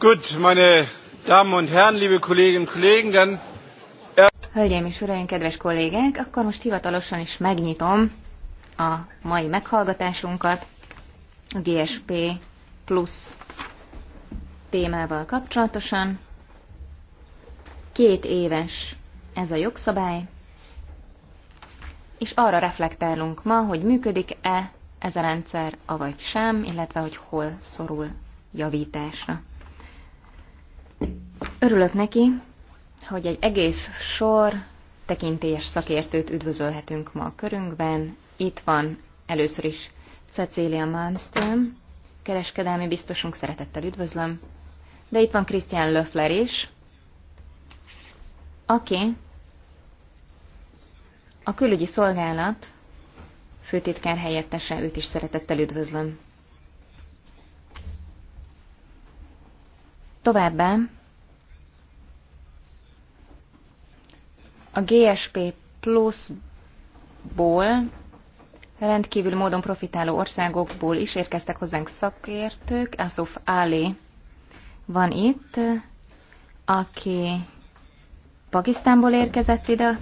Gut, meine Damen und Herren, liebe Kolleginnen und Kollegen, dann... Er- Hölgyeim és uraim, kedves kollégák, akkor most hivatalosan is megnyitom a mai meghallgatásunkat a GSP plusz témával kapcsolatosan. Két éves ez a jogszabály, és arra reflektálunk ma, hogy működik-e ez a rendszer, avagy sem, illetve hogy hol szorul javításra. Örülök neki, hogy egy egész sor tekintélyes szakértőt üdvözölhetünk ma a körünkben. Itt van először is Cecília Malmström, kereskedelmi biztosunk, szeretettel üdvözlöm. De itt van Christian Löffler is, aki a külügyi szolgálat főtitkár helyettese, őt is szeretettel üdvözlöm. Továbbá a GSP pluszból rendkívül módon profitáló országokból is érkeztek hozzánk szakértők. Asuf Ali van itt, aki Pakisztánból érkezett ide,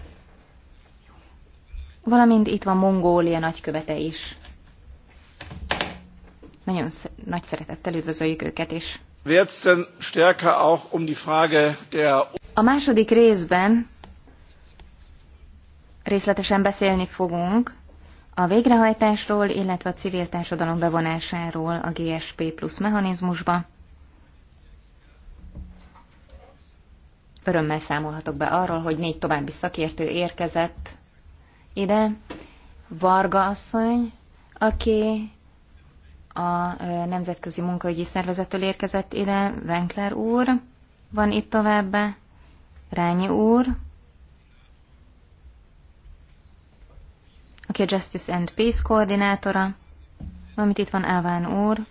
valamint itt van Mongólia nagykövete is. Nagyon sz- nagy szeretettel üdvözöljük őket is. Um a második részben részletesen beszélni fogunk a végrehajtásról, illetve a civil társadalom bevonásáról a GSP plusz mechanizmusba. Örömmel számolhatok be arról, hogy négy további szakértő érkezett ide. Varga asszony, aki a Nemzetközi Munkaügyi Szervezettől érkezett ide, Venkler úr, van itt továbbá, Rányi úr, aki a Justice and Peace koordinátora, valamint itt van Áván úr,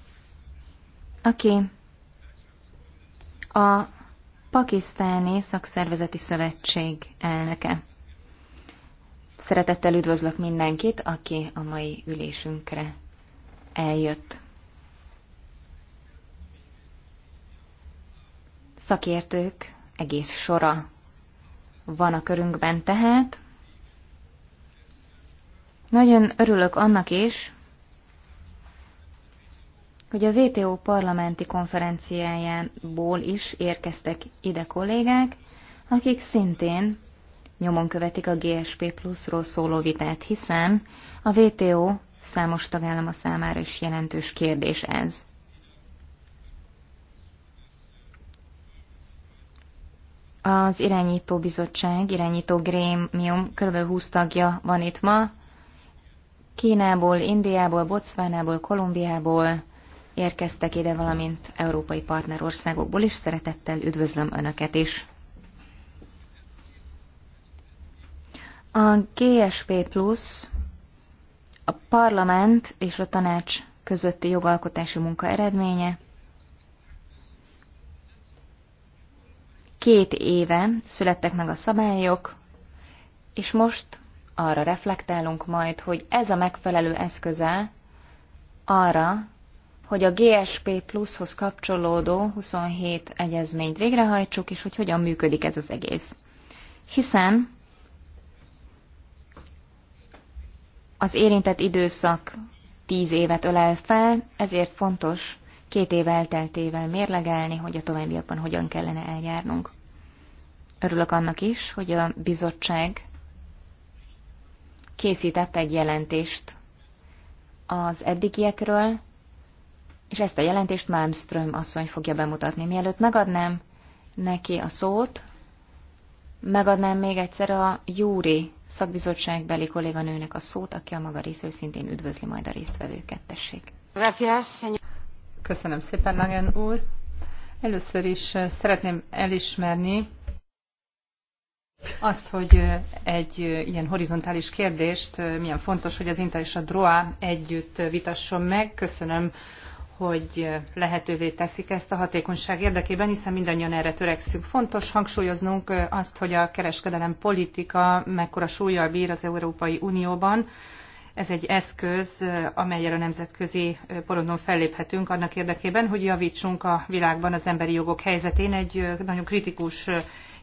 aki a Pakisztáni Szakszervezeti Szövetség elnöke. Szeretettel üdvözlök mindenkit, aki a mai ülésünkre eljött. Szakértők egész sora van a körünkben tehát, nagyon örülök annak is, hogy a VTO parlamenti konferenciájából is érkeztek ide kollégák, akik szintén nyomon követik a GSP Plus-ról szóló vitát, hiszen a VTO számos tagállama számára is jelentős kérdés ez. Az irányító bizottság, irányító grémium kb. 20 tagja van itt ma, Kínából, Indiából, Botswanából, Kolumbiából érkeztek ide, valamint európai partnerországokból is. Szeretettel üdvözlöm Önöket is! A GSP Plus a parlament és a tanács közötti jogalkotási munka eredménye. Két éve születtek meg a szabályok, és most arra reflektálunk majd, hogy ez a megfelelő eszköze arra, hogy a GSP pluszhoz kapcsolódó 27 egyezményt végrehajtsuk, és hogy hogyan működik ez az egész. Hiszen az érintett időszak 10 évet ölel fel, ezért fontos két év elteltével mérlegelni, hogy a továbbiakban hogyan kellene eljárnunk. Örülök annak is, hogy a bizottság készített egy jelentést az eddigiekről, és ezt a jelentést Malmström asszony fogja bemutatni. Mielőtt megadnám neki a szót, megadnám még egyszer a Júri szakbizottságbeli kolléganőnek a szót, aki a maga részéről szintén üdvözli majd a résztvevőket. Tessék. Köszönöm szépen, Langen úr. Először is eh, szeretném elismerni azt, hogy egy ilyen horizontális kérdést milyen fontos, hogy az Inter és a DROA együtt vitasson meg. Köszönöm, hogy lehetővé teszik ezt a hatékonyság érdekében, hiszen mindannyian erre törekszünk. Fontos hangsúlyoznunk azt, hogy a kereskedelem politika mekkora súlyjal bír az Európai Unióban, ez egy eszköz, amelyel a nemzetközi porondon felléphetünk annak érdekében, hogy javítsunk a világban az emberi jogok helyzetén egy nagyon kritikus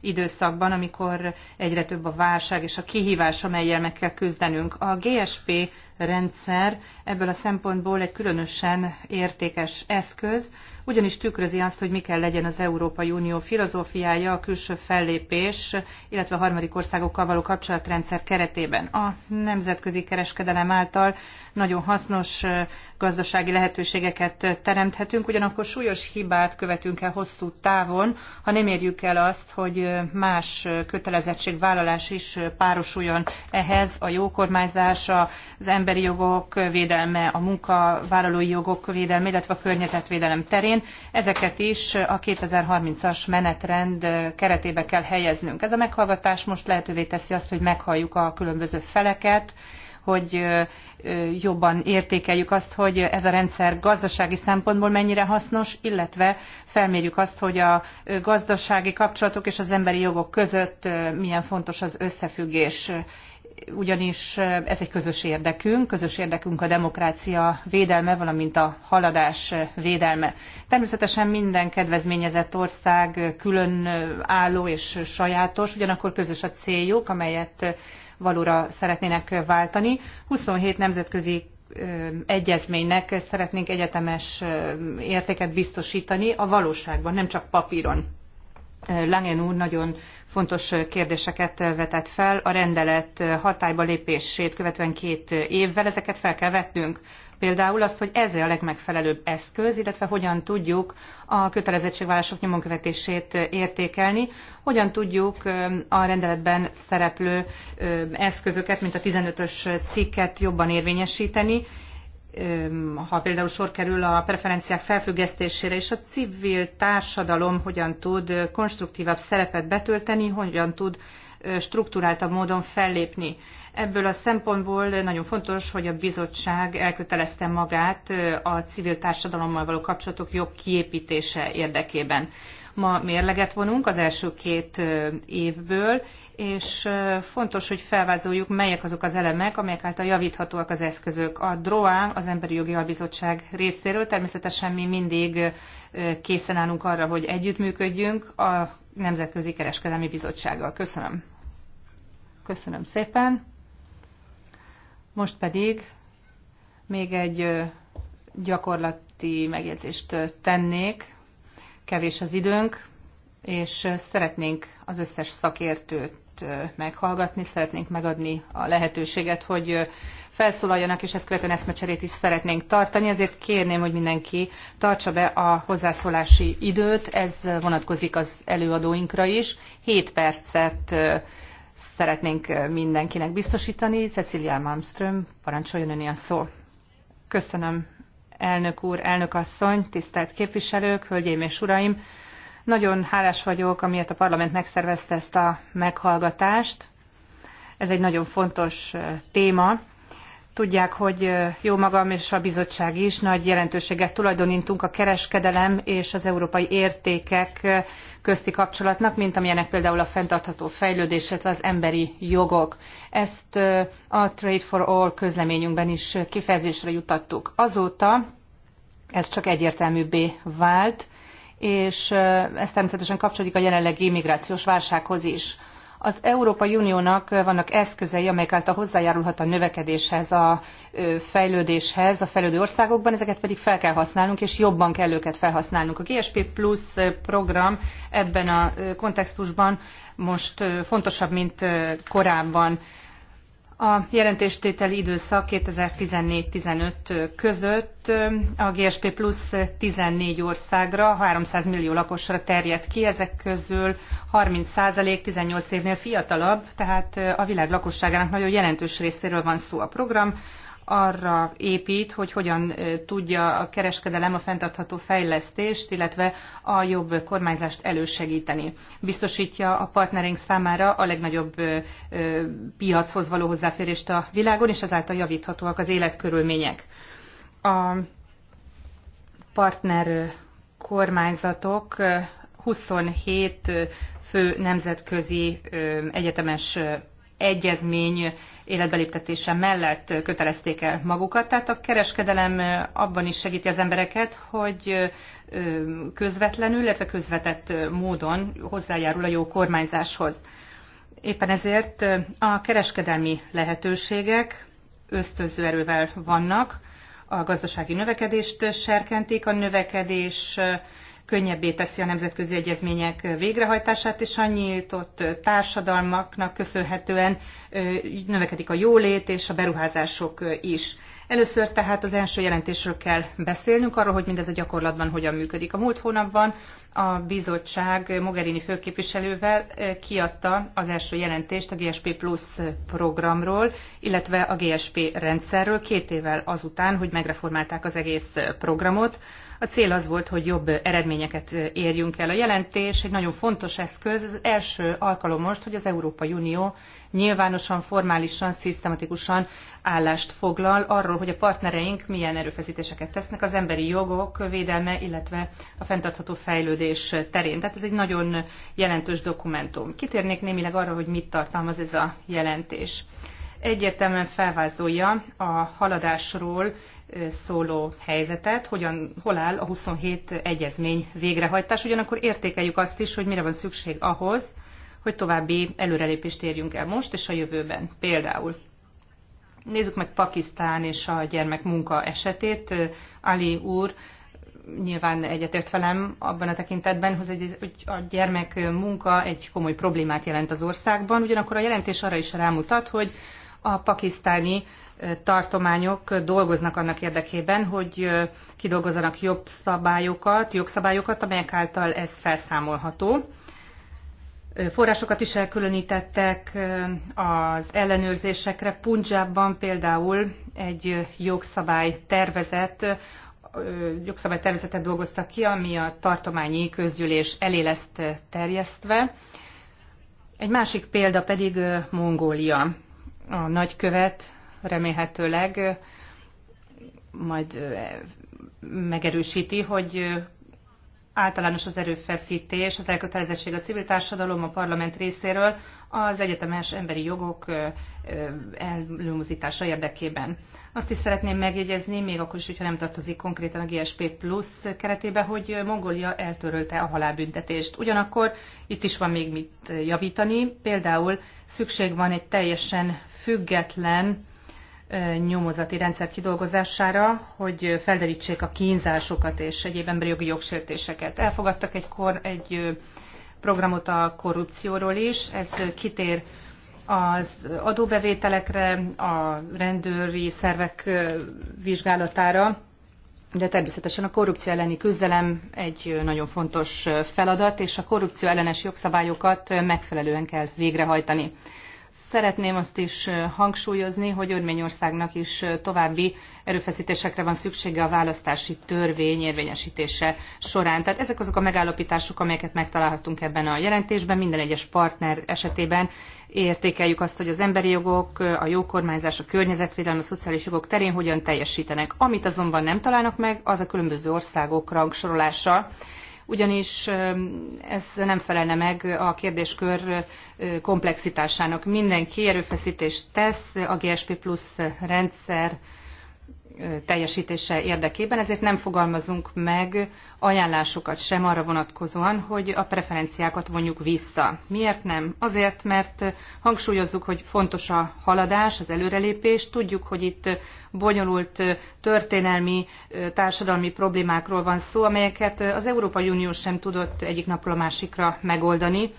időszakban, amikor egyre több a válság és a kihívás, amelyel meg kell küzdenünk. A GSP rendszer ebből a szempontból egy különösen értékes eszköz, ugyanis tükrözi azt, hogy mi kell legyen az Európai Unió filozófiája a külső fellépés, illetve a harmadik országokkal való kapcsolatrendszer keretében. A nemzetközi kereskedelem által nagyon hasznos gazdasági lehetőségeket teremthetünk, ugyanakkor súlyos hibát követünk el hosszú távon, ha nem érjük el azt, hogy más kötelezettségvállalás is párosuljon ehhez, a jó kormányzás, az emberi jogok védelme, a munkavállalói jogok védelme, illetve a környezetvédelem terén. Ezeket is a 2030-as menetrend keretébe kell helyeznünk. Ez a meghallgatás most lehetővé teszi azt, hogy meghalljuk a különböző feleket, hogy jobban értékeljük azt, hogy ez a rendszer gazdasági szempontból mennyire hasznos, illetve felmérjük azt, hogy a gazdasági kapcsolatok és az emberi jogok között milyen fontos az összefüggés ugyanis ez egy közös érdekünk, közös érdekünk a demokrácia védelme, valamint a haladás védelme. Természetesen minden kedvezményezett ország külön álló és sajátos, ugyanakkor közös a céljuk, amelyet valóra szeretnének váltani. 27 nemzetközi egyezménynek szeretnénk egyetemes értéket biztosítani a valóságban, nem csak papíron. Langen úr nagyon fontos kérdéseket vetett fel. A rendelet hatályba lépését követően két évvel ezeket fel kell vetnünk. Például azt, hogy ez a legmegfelelőbb eszköz, illetve hogyan tudjuk a kötelezettségvállások nyomonkövetését értékelni, hogyan tudjuk um, a rendeletben szereplő um, eszközöket, mint a 15-ös cikket jobban érvényesíteni, ha például sor kerül a preferenciák felfüggesztésére, és a civil társadalom hogyan tud konstruktívabb szerepet betölteni, hogyan tud struktúráltabb módon fellépni. Ebből a szempontból nagyon fontos, hogy a bizottság elkötelezte magát a civil társadalommal való kapcsolatok jobb kiépítése érdekében. Ma mérleget vonunk az első két évből, és fontos, hogy felvázoljuk, melyek azok az elemek, amelyek által javíthatóak az eszközök. A DROA, az Emberi Jogi Albizottság részéről természetesen mi mindig készen állunk arra, hogy együttműködjünk a Nemzetközi Kereskedelmi Bizottsággal. Köszönöm. Köszönöm szépen. Most pedig még egy gyakorlati megjegyzést tennék kevés az időnk, és szeretnénk az összes szakértőt meghallgatni, szeretnénk megadni a lehetőséget, hogy felszólaljanak, és ezt követően eszmecserét is szeretnénk tartani, ezért kérném, hogy mindenki tartsa be a hozzászólási időt, ez vonatkozik az előadóinkra is. 7 percet szeretnénk mindenkinek biztosítani. Cecilia Malmström, parancsoljon öné a szó. Köszönöm, elnök úr, elnök asszony, tisztelt képviselők, hölgyeim és uraim! Nagyon hálás vagyok, amiért a parlament megszervezte ezt a meghallgatást. Ez egy nagyon fontos téma, Tudják, hogy jó magam és a bizottság is nagy jelentőséget tulajdonítunk a kereskedelem és az európai értékek közti kapcsolatnak, mint amilyenek például a fenntartható fejlődés, illetve az emberi jogok. Ezt a Trade for All közleményünkben is kifejezésre jutattuk. Azóta ez csak egyértelműbbé vált, és ez természetesen kapcsolódik a jelenlegi migrációs válsághoz is. Az Európai Uniónak vannak eszközei, amelyek által hozzájárulhat a növekedéshez, a fejlődéshez a fejlődő országokban, ezeket pedig fel kell használnunk, és jobban kell őket felhasználnunk. A GSP Plus program ebben a kontextusban most fontosabb, mint korábban a jelentéstételi időszak 2014-15 között a GSP plusz 14 országra, 300 millió lakosra terjed ki, ezek közül 30% 18 évnél fiatalabb, tehát a világ lakosságának nagyon jelentős részéről van szó a program arra épít, hogy hogyan tudja a kereskedelem a fenntartható fejlesztést, illetve a jobb kormányzást elősegíteni. Biztosítja a partnereink számára a legnagyobb piachoz való hozzáférést a világon, és ezáltal javíthatóak az életkörülmények. A partner kormányzatok 27 fő nemzetközi egyetemes egyezmény életbeléptetése mellett kötelezték el magukat. Tehát a kereskedelem abban is segíti az embereket, hogy közvetlenül, illetve közvetett módon hozzájárul a jó kormányzáshoz. Éppen ezért a kereskedelmi lehetőségek ösztönző erővel vannak, a gazdasági növekedést serkentik, a növekedés könnyebbé teszi a nemzetközi egyezmények végrehajtását, és a nyitott társadalmaknak köszönhetően növekedik a jólét és a beruházások is. Először tehát az első jelentésről kell beszélnünk, arról, hogy mindez a gyakorlatban hogyan működik. A múlt hónapban a bizottság Mogherini főképviselővel kiadta az első jelentést a GSP Plus programról, illetve a GSP rendszerről két évvel azután, hogy megreformálták az egész programot a cél az volt, hogy jobb eredményeket érjünk el. A jelentés egy nagyon fontos eszköz. Az első alkalom most, hogy az Európai Unió nyilvánosan, formálisan, szisztematikusan állást foglal arról, hogy a partnereink milyen erőfeszítéseket tesznek az emberi jogok védelme, illetve a fenntartható fejlődés terén. Tehát ez egy nagyon jelentős dokumentum. Kitérnék némileg arra, hogy mit tartalmaz ez a jelentés egyértelműen felvázolja a haladásról szóló helyzetet, hogyan, hol áll a 27 egyezmény végrehajtás, ugyanakkor értékeljük azt is, hogy mire van szükség ahhoz, hogy további előrelépést érjünk el most és a jövőben. Például nézzük meg Pakisztán és a gyermek munka esetét. Ali úr nyilván egyetért velem abban a tekintetben, hogy a gyermek munka egy komoly problémát jelent az országban, ugyanakkor a jelentés arra is rámutat, hogy a pakisztáni tartományok dolgoznak annak érdekében, hogy kidolgozzanak jobb szabályokat, jogszabályokat, amelyek által ez felszámolható. Forrásokat is elkülönítettek az ellenőrzésekre. Punjabban például egy jogszabály tervezet, jogszabálytervezetet dolgoztak ki, ami a tartományi közgyűlés elé lesz terjesztve. Egy másik példa pedig Mongólia a nagykövet remélhetőleg majd megerősíti, hogy általános az erőfeszítés, az elkötelezettség a civil társadalom, a parlament részéről az egyetemes emberi jogok előmozítása érdekében. Azt is szeretném megjegyezni, még akkor is, hogyha nem tartozik konkrétan a GSP Plus keretébe, hogy Mongólia eltörölte a halálbüntetést. Ugyanakkor itt is van még mit javítani, például szükség van egy teljesen független nyomozati rendszer kidolgozására, hogy felderítsék a kínzásokat és egyéb emberi jogi jogsértéseket. Elfogadtak egykor egy programot a korrupcióról is, ez kitér az adóbevételekre, a rendőri szervek vizsgálatára, de természetesen a korrupció elleni küzdelem egy nagyon fontos feladat, és a korrupció ellenes jogszabályokat megfelelően kell végrehajtani. Szeretném azt is hangsúlyozni, hogy Örményországnak is további erőfeszítésekre van szüksége a választási törvény érvényesítése során. Tehát ezek azok a megállapítások, amelyeket megtalálhatunk ebben a jelentésben. Minden egyes partner esetében értékeljük azt, hogy az emberi jogok, a jó kormányzás, a környezetvédelem, a szociális jogok terén hogyan teljesítenek. Amit azonban nem találnak meg, az a különböző országok rangsorolása ugyanis ez nem felelne meg a kérdéskör komplexitásának. Mindenki erőfeszítést tesz, a GSP Plus rendszer teljesítése érdekében, ezért nem fogalmazunk meg ajánlásokat sem arra vonatkozóan, hogy a preferenciákat vonjuk vissza. Miért nem? Azért, mert hangsúlyozzuk, hogy fontos a haladás, az előrelépés, tudjuk, hogy itt bonyolult történelmi, társadalmi problémákról van szó, amelyeket az Európai Unió sem tudott egyik napról a másikra megoldani,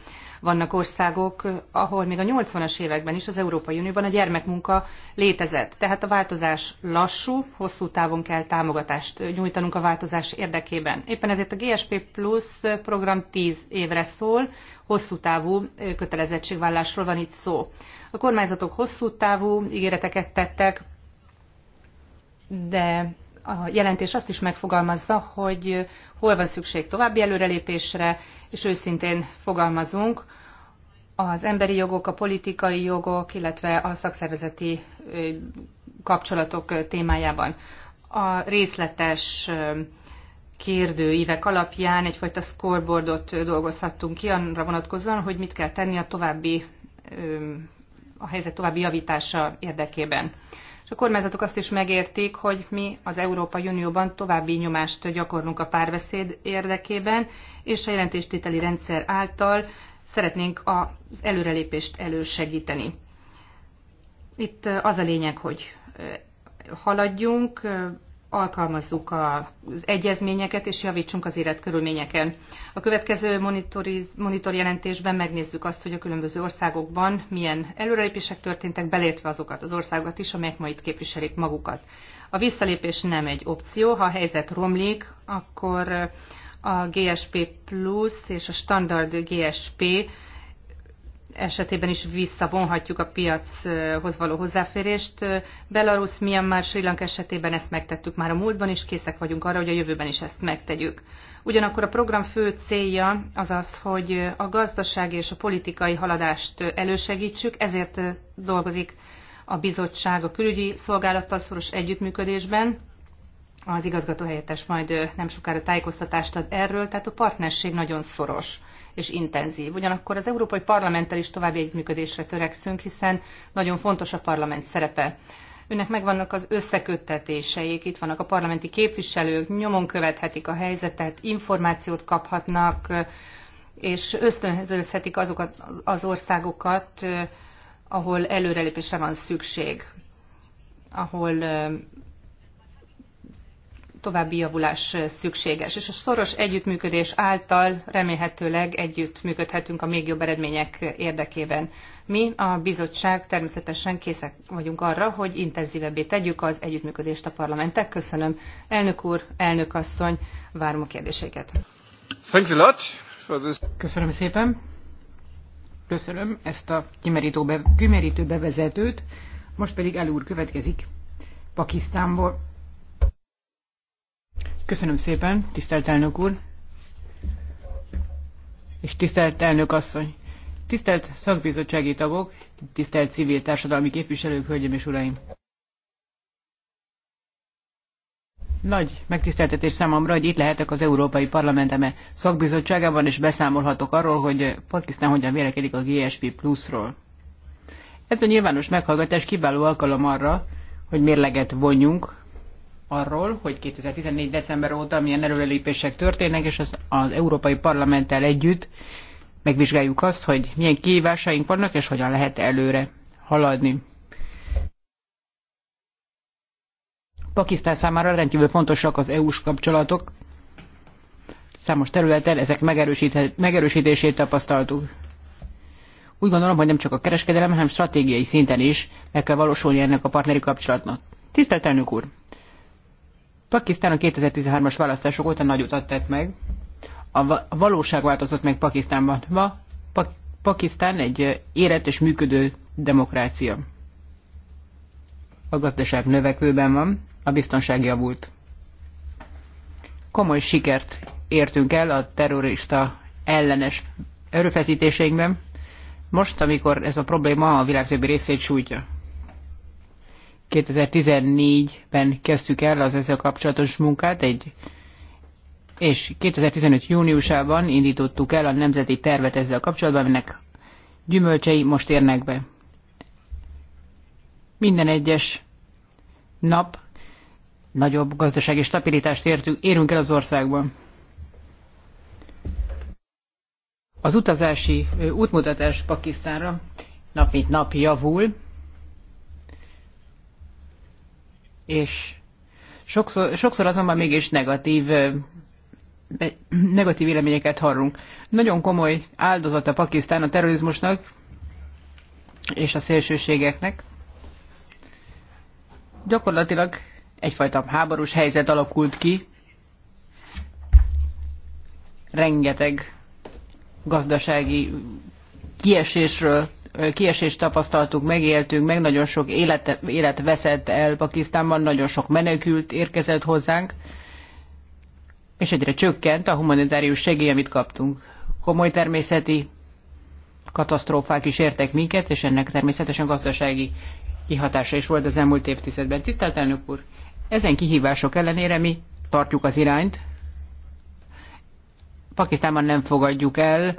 vannak országok, ahol még a 80-as években is az Európai Unióban a gyermekmunka létezett. Tehát a változás lassú, hosszú távon kell támogatást nyújtanunk a változás érdekében. Éppen ezért a GSP Plus program 10 évre szól, hosszú távú kötelezettségvállásról van itt szó. A kormányzatok hosszú távú ígéreteket tettek, de a jelentés azt is megfogalmazza, hogy hol van szükség további előrelépésre, és őszintén fogalmazunk, az emberi jogok, a politikai jogok, illetve a szakszervezeti kapcsolatok témájában. A részletes kérdőívek alapján egyfajta scoreboardot dolgozhattunk ki, arra vonatkozóan, hogy mit kell tenni a további a helyzet további javítása érdekében. A kormányzatok azt is megértik, hogy mi az Európai Unióban további nyomást gyakorlunk a párbeszéd érdekében, és a jelentéstételi rendszer által szeretnénk az előrelépést elősegíteni. Itt az a lényeg, hogy haladjunk, alkalmazzuk az egyezményeket és javítsunk az életkörülményeken. A következő monitor jelentésben megnézzük azt, hogy a különböző országokban milyen előrelépések történtek, belértve azokat az országokat is, amelyek ma itt képviselik magukat. A visszalépés nem egy opció, ha a helyzet romlik, akkor a GSP Plus és a standard GSP esetében is visszavonhatjuk a piachoz való hozzáférést. Belarus, Myanmar, Sri Lanka esetében ezt megtettük már a múltban, és készek vagyunk arra, hogy a jövőben is ezt megtegyük. Ugyanakkor a program fő célja az az, hogy a gazdasági és a politikai haladást elősegítsük, ezért dolgozik a bizottság a külügyi szolgálattal szoros együttműködésben, az igazgatóhelyettes majd nem sokára tájékoztatást ad erről, tehát a partnerség nagyon szoros és intenzív. Ugyanakkor az Európai Parlamenttel is további együttműködésre törekszünk, hiszen nagyon fontos a parlament szerepe. Önnek megvannak az összeköttetéseik, itt vannak a parlamenti képviselők, nyomon követhetik a helyzetet, információt kaphatnak, és ösztönözhetik azokat az országokat, eh, ahol előrelépésre van szükség, ahol eh, további javulás szükséges, és a szoros együttműködés által remélhetőleg együttműködhetünk a még jobb eredmények érdekében. Mi, a bizottság természetesen készek vagyunk arra, hogy intenzívebbé tegyük az együttműködést a parlamentek. Köszönöm, elnök úr, elnök asszony, várom a kérdéseket. Thanks a lot for this. Köszönöm szépen. Köszönöm ezt a kimerítő, be, kimerítő bevezetőt. Most pedig elúr következik Pakisztánból. Köszönöm szépen, tisztelt elnök úr, és tisztelt elnök asszony, tisztelt szakbizottsági tagok, tisztelt civil társadalmi képviselők, hölgyeim és uraim. Nagy megtiszteltetés számomra, hogy itt lehetek az Európai Parlamenteme szakbizottságában, és beszámolhatok arról, hogy Pakisztán hogyan vélekedik a GSP Plus-ról. Ez a nyilvános meghallgatás kiváló alkalom arra, hogy mérleget vonjunk arról, hogy 2014. december óta milyen erőrelépések történnek, és az, az Európai Parlamenttel együtt megvizsgáljuk azt, hogy milyen kihívásaink vannak, és hogyan lehet előre haladni. Pakisztán számára rendkívül fontosak az EU-s kapcsolatok. Számos területen ezek megerősítését tapasztaltuk. Úgy gondolom, hogy nem csak a kereskedelem, hanem stratégiai szinten is meg kell valósulni ennek a partneri kapcsolatnak. Tisztelt elnök úr! Pakisztán a 2013-as választások óta nagy utat tett meg. A valóság változott meg Pakisztánban. Ma pa Pakisztán egy érett és működő demokrácia. A gazdaság növekvőben van, a biztonság javult. Komoly sikert értünk el a terrorista ellenes erőfeszítéseinkben, most, amikor ez a probléma a világ többi részét sújtja. 2014-ben kezdtük el az ezzel kapcsolatos munkát, egy, és 2015 júniusában indítottuk el a nemzeti tervet ezzel kapcsolatban, aminek gyümölcsei most érnek be. Minden egyes nap nagyobb gazdasági stabilitást értünk, érünk el az országban. Az utazási útmutatás Pakisztánra nap mint nap javul, és sokszor, sokszor azonban mégis negatív negatív véleményeket hallunk. Nagyon komoly áldozata Pakisztán a terrorizmusnak és a szélsőségeknek. Gyakorlatilag egyfajta háborús helyzet alakult ki. Rengeteg gazdasági kiesésről kiesést tapasztaltuk, megéltünk, meg nagyon sok élet, élet veszett el Pakisztánban, nagyon sok menekült érkezett hozzánk, és egyre csökkent a humanitárius segély, amit kaptunk. Komoly természeti katasztrófák is értek minket, és ennek természetesen gazdasági kihatása is volt az elmúlt évtizedben. Tisztelt elnök úr, ezen kihívások ellenére mi tartjuk az irányt. Pakisztánban nem fogadjuk el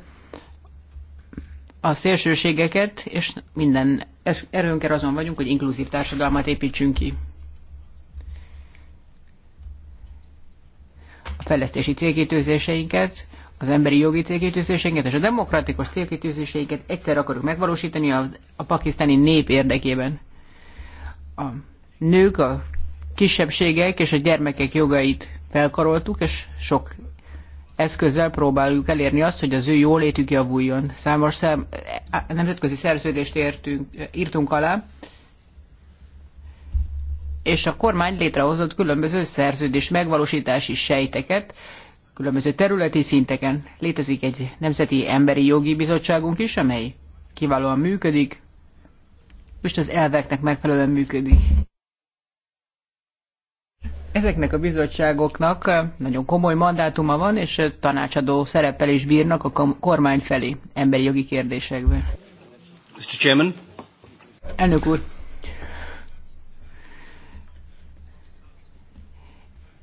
a szélsőségeket, és minden erőnkkel azon vagyunk, hogy inkluzív társadalmat építsünk ki. A fejlesztési célkítőzéseinket, az emberi jogi célkítőzéseinket és a demokratikus célkítőzéseinket egyszer akarjuk megvalósítani a, a pakisztáni nép érdekében. A nők, a kisebbségek és a gyermekek jogait felkaroltuk, és sok eszközzel próbáljuk elérni azt, hogy az ő jólétük javuljon. Számos szem, nemzetközi szerződést értünk, írtunk alá, és a kormány létrehozott különböző szerződés megvalósítási sejteket, különböző területi szinteken. Létezik egy Nemzeti Emberi Jogi Bizottságunk is, amely kiválóan működik, most az elveknek megfelelően működik. Ezeknek a bizottságoknak eh, nagyon komoly mandátuma van, és eh, tanácsadó szereppel is bírnak a kormány felé emberi jogi kérdésekben. Mr. Chairman. Elnök úr.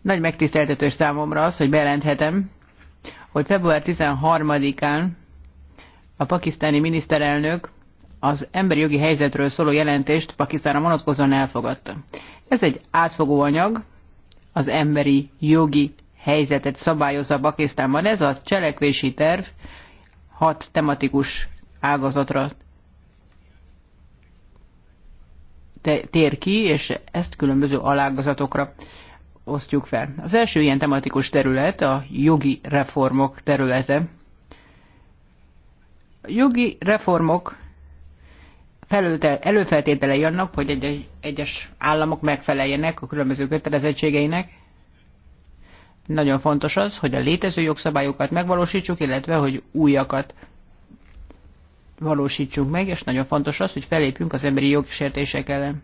Nagy megtiszteltetős számomra az, hogy bejelenthetem, hogy február 13-án a pakisztáni miniszterelnök az emberi jogi helyzetről szóló jelentést Pakisztánra vonatkozóan elfogadta. Ez egy átfogó anyag, az emberi jogi helyzetet szabályozza Pakisztánban. Ez a cselekvési terv hat tematikus ágazatra te- tér ki, és ezt különböző alágazatokra osztjuk fel. Az első ilyen tematikus terület a jogi reformok területe. A jogi reformok előfeltételei annak, hogy egy egyes államok megfeleljenek a különböző kötelezettségeinek. Nagyon fontos az, hogy a létező jogszabályokat megvalósítsuk, illetve hogy újakat valósítsunk meg, és nagyon fontos az, hogy felépjünk az emberi jogsértések ellen.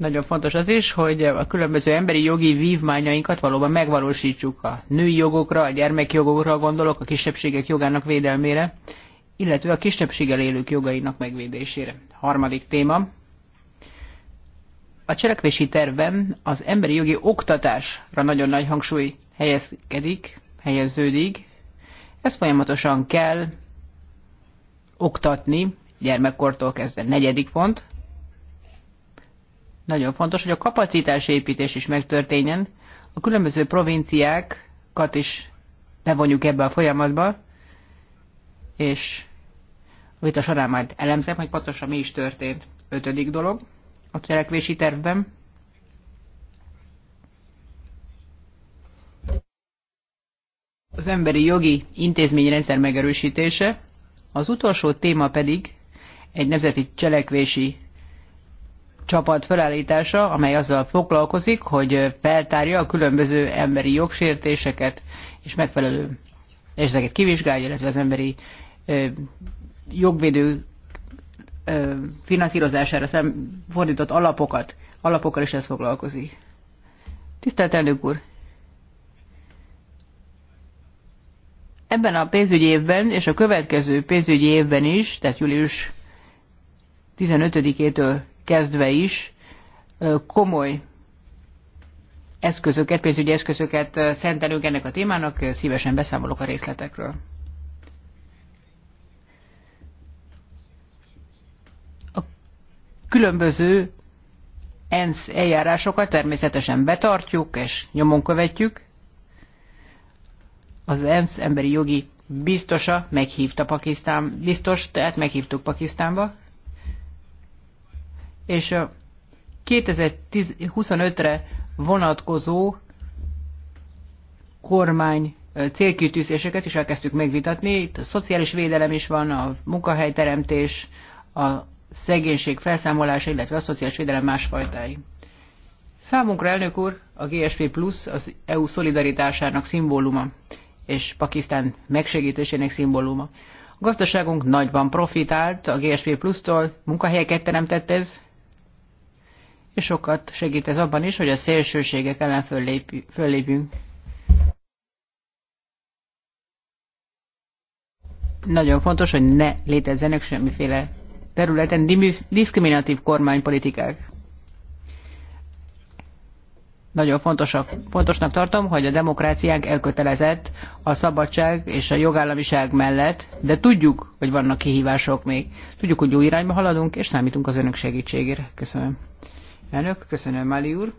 nagyon fontos az is, hogy a különböző emberi jogi vívmányainkat valóban megvalósítsuk a női jogokra, a gyermekjogokra gondolok, a kisebbségek jogának védelmére, illetve a kisebbséggel élők jogainak megvédésére. Harmadik téma. A cselekvési tervem az emberi jogi oktatásra nagyon nagy hangsúly helyezkedik, helyeződik. Ezt folyamatosan kell oktatni, gyermekkortól kezdve negyedik pont – nagyon fontos, hogy a kapacitásépítés is megtörténjen, a különböző provinciákat is bevonjuk ebbe a folyamatba, és a vita során majd elemzem, hogy pontosan mi is történt. Ötödik dolog a cselekvési tervben. Az emberi jogi intézményrendszer megerősítése, az utolsó téma pedig egy nemzeti cselekvési csapat felállítása, amely azzal foglalkozik, hogy feltárja a különböző emberi jogsértéseket, és megfelelő, és ezeket kivizsgálja, illetve az emberi ö, jogvédő ö, finanszírozására szem, fordított alapokat, alapokkal is ez foglalkozik. Tisztelt elnök úr! Ebben a pénzügyi évben és a következő pénzügyi évben is, tehát július 15-től kezdve is komoly eszközöket, pénzügyi eszközöket szentelünk ennek a témának, szívesen beszámolok a részletekről. A különböző ENSZ eljárásokat természetesen betartjuk és nyomon követjük. Az ENSZ emberi jogi biztosa meghívta Pakisztán, biztos, tehát meghívtuk Pakisztánba, és a 2025-re vonatkozó kormány célkitűzéseket is elkezdtük megvitatni. Itt a szociális védelem is van, a munkahelyteremtés, a szegénység felszámolása, illetve a szociális védelem más fajtái. Számunkra, elnök úr, a GSP Plus az EU szolidaritásának szimbóluma, és Pakisztán megsegítésének szimbóluma. A gazdaságunk nagyban profitált a GSP Plus-tól, munkahelyeket teremtett ez, és sokat segít ez abban is, hogy a szélsőségek ellen föllépjünk. Nagyon fontos, hogy ne létezzenek semmiféle területen diszkriminatív kormánypolitikák. Nagyon fontosak, fontosnak tartom, hogy a demokráciánk elkötelezett a szabadság és a jogállamiság mellett, de tudjuk, hogy vannak kihívások még. Tudjuk, hogy jó irányba haladunk, és számítunk az önök segítségére. Köszönöm. Elnök, köszönöm, Mali úr.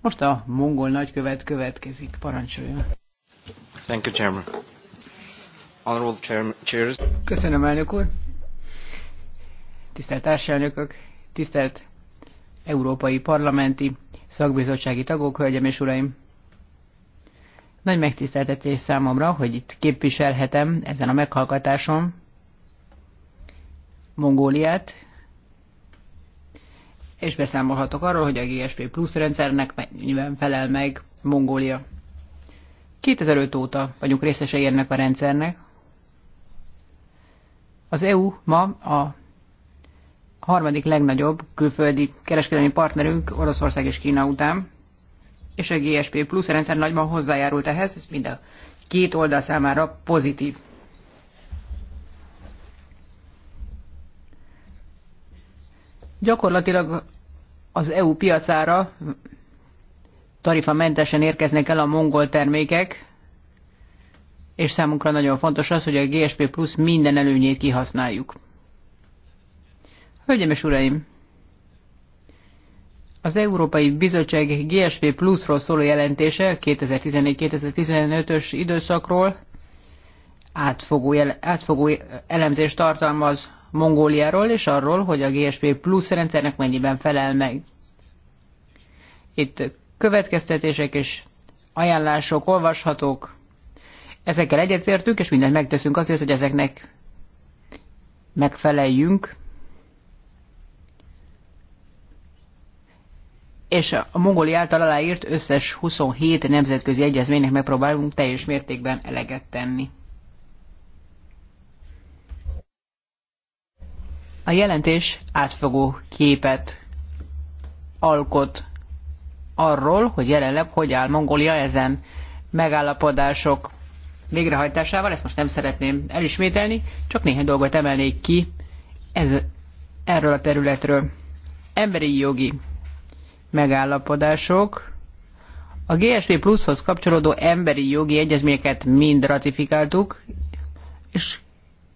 Most a mongol nagykövet következik. Parancsoljon. Thank you, Chairman. Honorable chairman, cheers. Köszönöm, elnök úr. Tisztelt társelnökök, tisztelt európai parlamenti szakbizottsági tagok, hölgyem és uraim. Nagy megtiszteltetés számomra, hogy itt képviselhetem ezen a meghallgatáson Mongóliát, és beszámolhatok arról, hogy a GSP Plus rendszernek mennyiben felel meg Mongólia. 2005 óta vagyunk részesei ennek a rendszernek. Az EU ma a harmadik legnagyobb külföldi kereskedelmi partnerünk Oroszország és Kína után, és a GSP Plus rendszer nagyban hozzájárult ehhez, ez mind a két oldal számára pozitív. Gyakorlatilag az EU piacára tarifamentesen érkeznek el a mongol termékek, és számunkra nagyon fontos az, hogy a GSP Plus minden előnyét kihasználjuk. Hölgyeim és Uraim! Az Európai Bizottság GSP Plusról ról szóló jelentése 2014-2015-ös időszakról átfogó, átfogó elemzést tartalmaz Mongóliáról és arról, hogy a GSP Plus rendszernek mennyiben felel meg. Itt következtetések és ajánlások olvashatók. Ezekkel egyetértünk, és mindent megteszünk azért, hogy ezeknek megfeleljünk. És a mongoli által aláírt összes 27 nemzetközi egyezménynek megpróbálunk teljes mértékben eleget tenni. A jelentés átfogó képet alkot arról, hogy jelenleg hogy áll Mongólia ezen megállapodások végrehajtásával, ezt most nem szeretném elismételni, csak néhány dolgot emelnék ki ez, erről a területről. Emberi jogi megállapodások. A GSP pluszhoz kapcsolódó emberi jogi egyezményeket mind ratifikáltuk, és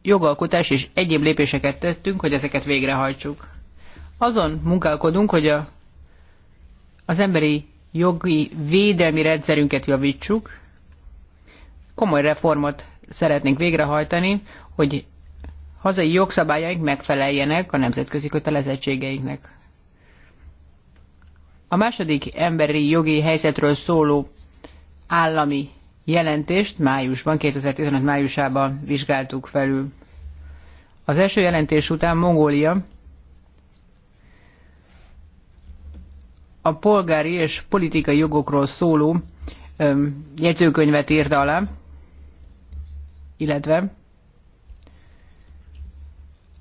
jogalkotás és egyéb lépéseket tettünk, hogy ezeket végrehajtsuk. Azon munkálkodunk, hogy a, az emberi jogi védelmi rendszerünket javítsuk. Komoly reformot szeretnénk végrehajtani, hogy hazai jogszabályaink megfeleljenek a nemzetközi kötelezettségeinknek. A második emberi jogi helyzetről szóló állami jelentést májusban, 2015 májusában vizsgáltuk felül. Az első jelentés után Mongólia a polgári és politikai jogokról szóló jegyzőkönyvet írta alá, illetve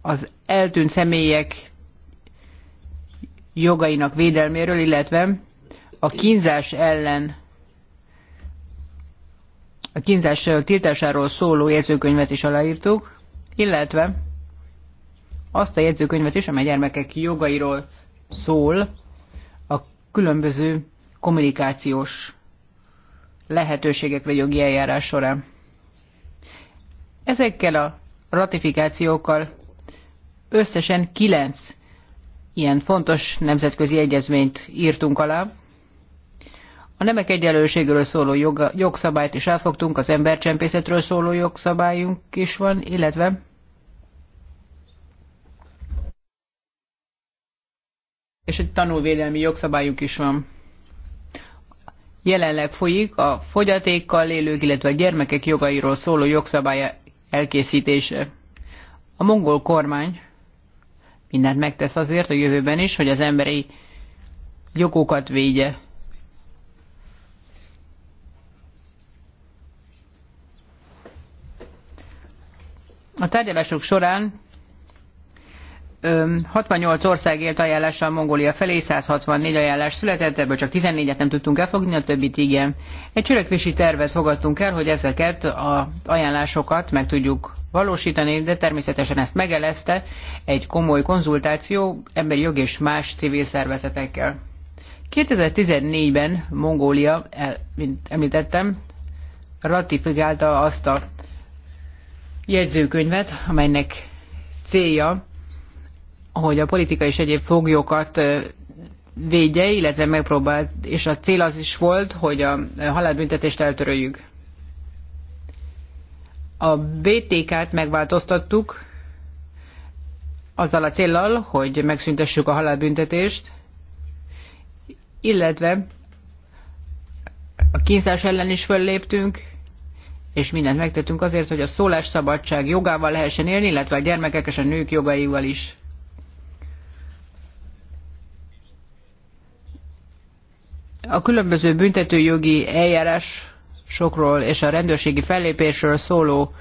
az eltűnt személyek jogainak védelméről, illetve a kínzás ellen a kínzás tiltásáról szóló jegyzőkönyvet is aláírtuk, illetve azt a jegyzőkönyvet is, amely gyermekek jogairól szól, a különböző kommunikációs lehetőségekre jogi eljárás során. Ezekkel a ratifikációkkal összesen kilenc ilyen fontos nemzetközi egyezményt írtunk alá. A nemek egyenlőségről szóló jog jogszabályt is elfogtunk, az embercsempészetről szóló jogszabályunk is van, illetve és egy tanulvédelmi jogszabályunk is van. Jelenleg folyik a fogyatékkal élők, illetve a gyermekek jogairól szóló jogszabály elkészítése. A mongol kormány mindent megtesz azért a jövőben is, hogy az emberi jogokat védje. A tárgyalások során 68 ország élt ajánlással Mongólia felé, 164 ajánlás született, ebből csak 14-et nem tudtunk elfogni, a többit igen. Egy cselekvési tervet fogadtunk el, hogy ezeket az ajánlásokat meg tudjuk valósítani, de természetesen ezt megelezte egy komoly konzultáció emberi jog és más civil szervezetekkel. 2014-ben Mongólia, mint említettem, ratifikálta azt a jegyzőkönyvet, amelynek célja, hogy a politika és egyéb foglyokat védje, illetve megpróbált, és a cél az is volt, hogy a halálbüntetést eltöröljük. A BTK-t megváltoztattuk, azzal a célral, hogy megszüntessük a halálbüntetést, illetve a kínzás ellen is fölléptünk, és mindent megtettünk azért, hogy a szólásszabadság jogával lehessen élni, illetve a gyermekek és a nők jogaival is. A különböző büntetőjogi eljárás sokról és a rendőrségi fellépésről szóló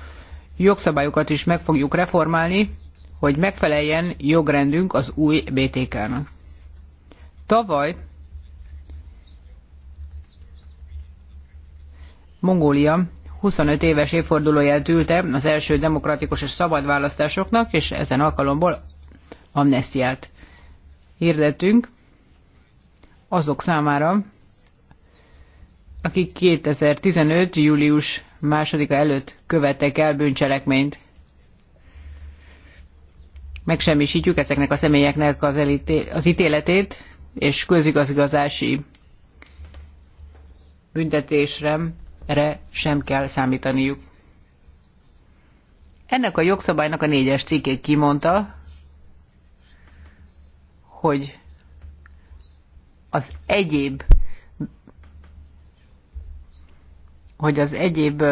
jogszabályokat is meg fogjuk reformálni, hogy megfeleljen jogrendünk az új BTK-nak. Tavaly Mongólia 25 éves évfordulóját ülte az első demokratikus és szabad választásoknak, és ezen alkalomból amnestiát hirdettünk azok számára, akik 2015. július másodika előtt követtek el bűncselekményt. Megsemmisítjük ezeknek a személyeknek az, elité- az ítéletét, és közigazgazási büntetésre re sem kell számítaniuk. Ennek a jogszabálynak a négyes cikke kimondta, hogy az egyéb hogy az egyéb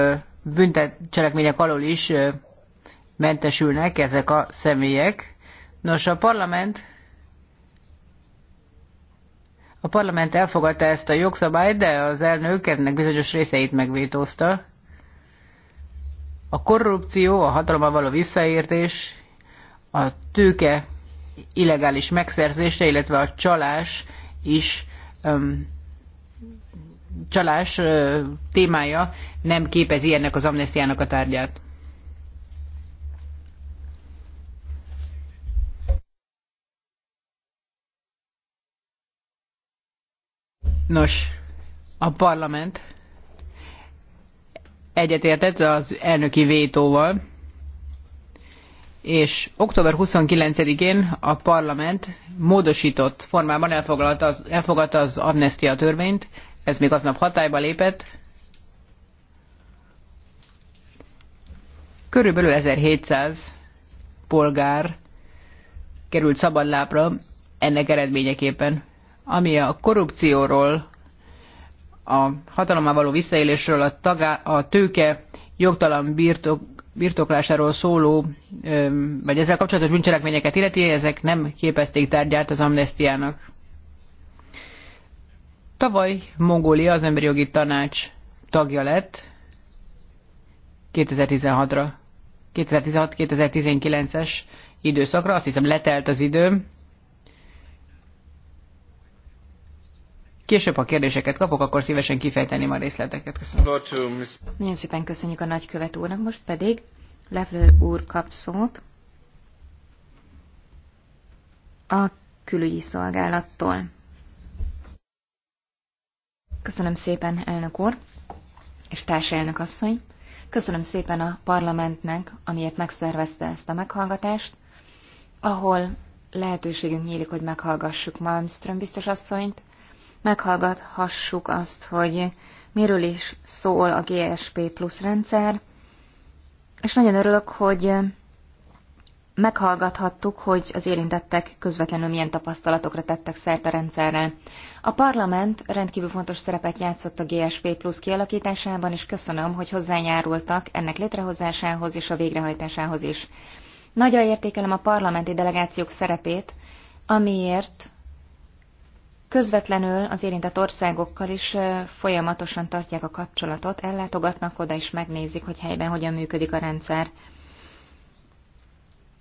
büntetcselekmények alól is mentesülnek ezek a személyek. Nos, a parlament a parlament elfogadta ezt a jogszabályt, de az elnök ennek bizonyos részeit megvétózta. A korrupció, a hatalommal való visszaértés, a tőke illegális megszerzése, illetve a csalás is um, csalás uh, témája nem képezi ennek az amnestiának a tárgyát. Nos, a parlament egyetértett az elnöki vétóval, és október 29-én a parlament módosított formában elfogadta az, elfogadta az amnestia törvényt, ez még aznap hatályba lépett. Körülbelül 1700 polgár került szabadlábra ennek eredményeképpen ami a korrupcióról, a hatalommal való visszaélésről, a, tagá, a tőke jogtalan birtok, birtoklásáról szóló, vagy ezzel kapcsolatos bűncselekményeket illeti, ezek nem képezték tárgyát az amnestiának. Tavaly Mongólia az Emberi Jogi Tanács tagja lett 2016-ra. 2016-2019-es időszakra, azt hiszem letelt az időm. később, ha kérdéseket kapok, akkor szívesen kifejteném a részleteket. Köszönöm. Nagyon szépen köszönjük a nagykövet úrnak, most pedig Levlő úr kap szót a külügyi szolgálattól. Köszönöm szépen, elnök úr és társelnök asszony. Köszönöm szépen a parlamentnek, amiért megszervezte ezt a meghallgatást, ahol lehetőségünk nyílik, hogy meghallgassuk Malmström biztos asszonyt, meghallgathassuk azt, hogy miről is szól a GSP plusz rendszer, és nagyon örülök, hogy meghallgathattuk, hogy az érintettek közvetlenül milyen tapasztalatokra tettek szert a rendszerrel. A parlament rendkívül fontos szerepet játszott a GSP Plus kialakításában, és köszönöm, hogy hozzájárultak ennek létrehozásához és a végrehajtásához is. Nagyra értékelem a parlamenti delegációk szerepét, amiért Közvetlenül az érintett országokkal is folyamatosan tartják a kapcsolatot, ellátogatnak oda és megnézik, hogy helyben hogyan működik a rendszer.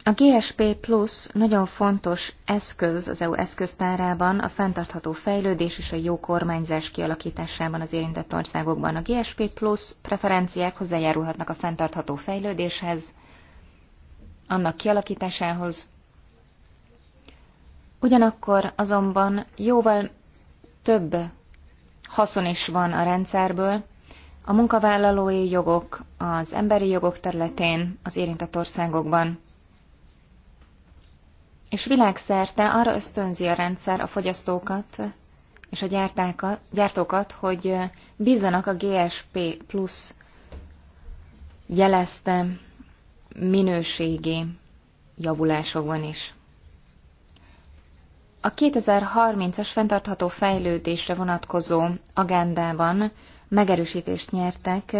A GSP Plus nagyon fontos eszköz az EU eszköztárában a fenntartható fejlődés és a jó kormányzás kialakításában az érintett országokban. A GSP Plus preferenciák hozzájárulhatnak a fenntartható fejlődéshez, annak kialakításához, Ugyanakkor azonban jóval több haszon is van a rendszerből, a munkavállalói jogok, az emberi jogok területén, az érintett országokban. És világszerte arra ösztönzi a rendszer a fogyasztókat és a gyártókat, hogy bízzanak a GSP plusz jelezte minőségi javulásokban is. A 2030-as fenntartható fejlődésre vonatkozó agendában megerősítést nyertek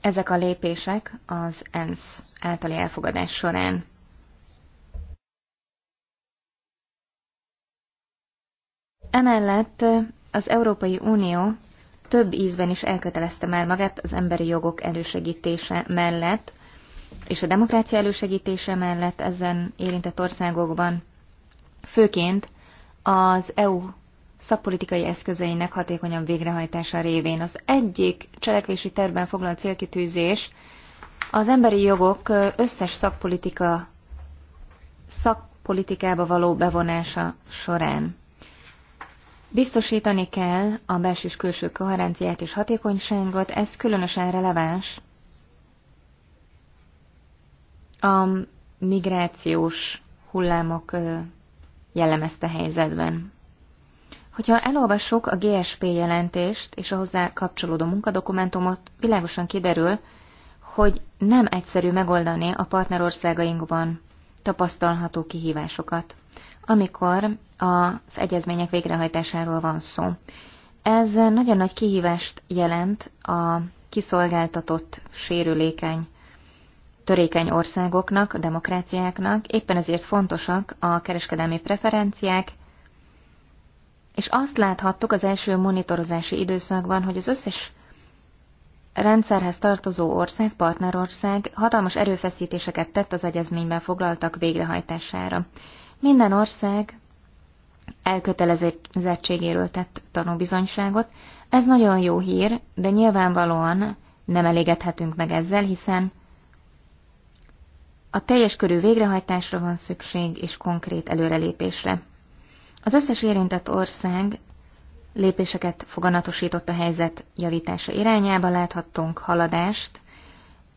ezek a lépések az ENSZ általi elfogadás során. Emellett az Európai Unió több ízben is elkötelezte már magát az emberi jogok elősegítése mellett, és a demokrácia elősegítése mellett ezen érintett országokban főként az EU szakpolitikai eszközeinek hatékonyabb végrehajtása révén. Az egyik cselekvési tervben foglalt célkitűzés az emberi jogok összes szakpolitika szakpolitikába való bevonása során. Biztosítani kell a belső és külső koherenciát és hatékonyságot, ez különösen releváns a migrációs hullámok jellemezte helyzetben. Hogyha elolvassuk a GSP jelentést és a hozzá kapcsolódó munkadokumentumot, világosan kiderül, hogy nem egyszerű megoldani a partnerországainkban tapasztalható kihívásokat, amikor az egyezmények végrehajtásáról van szó. Ez nagyon nagy kihívást jelent a kiszolgáltatott, sérülékeny törékeny országoknak, a demokráciáknak, éppen ezért fontosak a kereskedelmi preferenciák, és azt láthattuk az első monitorozási időszakban, hogy az összes rendszerhez tartozó ország, partnerország hatalmas erőfeszítéseket tett az egyezményben foglaltak végrehajtására. Minden ország elkötelezettségéről tett tanúbizonyságot. Ez nagyon jó hír, de nyilvánvalóan nem elégedhetünk meg ezzel, hiszen a teljes körű végrehajtásra van szükség és konkrét előrelépésre. Az összes érintett ország lépéseket foganatosított a helyzet javítása irányába, láthattunk haladást,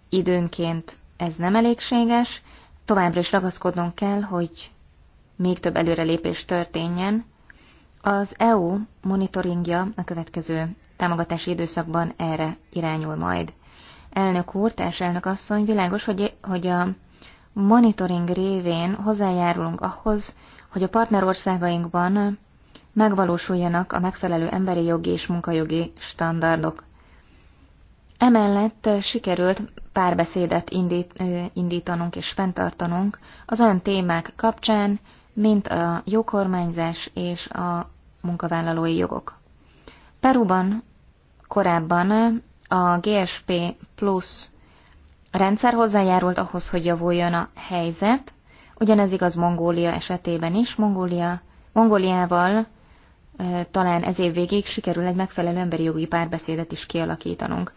időnként ez nem elégséges, továbbra is ragaszkodnunk kell, hogy még több előrelépés történjen. Az EU monitoringja a következő támogatási időszakban erre irányul majd. Elnök úr, társelnök asszony, világos, hogy, hogy a monitoring révén hozzájárulunk ahhoz, hogy a partnerországainkban megvalósuljanak a megfelelő emberi jogi és munkajogi standardok. Emellett sikerült párbeszédet indít, indítanunk és fenntartanunk az olyan témák kapcsán, mint a jókormányzás és a munkavállalói jogok. Peruban korábban a GSP Plus a rendszer hozzájárult ahhoz, hogy javuljon a helyzet, ugyanez igaz Mongólia esetében is. Mongólia, Mongóliával e, talán ez év végéig sikerül egy megfelelő emberi jogi párbeszédet is kialakítanunk.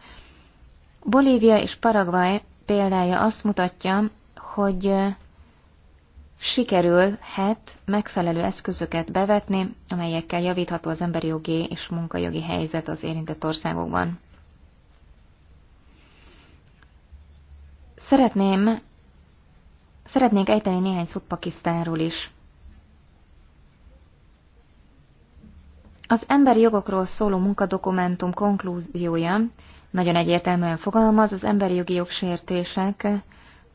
Bolívia és Paraguay példája azt mutatja, hogy sikerülhet megfelelő eszközöket bevetni, amelyekkel javítható az emberi jogi és munkajogi helyzet az érintett országokban. Szeretném, szeretnék ejteni néhány szót Pakisztánról is. Az emberi jogokról szóló munkadokumentum konklúziója nagyon egyértelműen fogalmaz, az emberi jogi jogsértések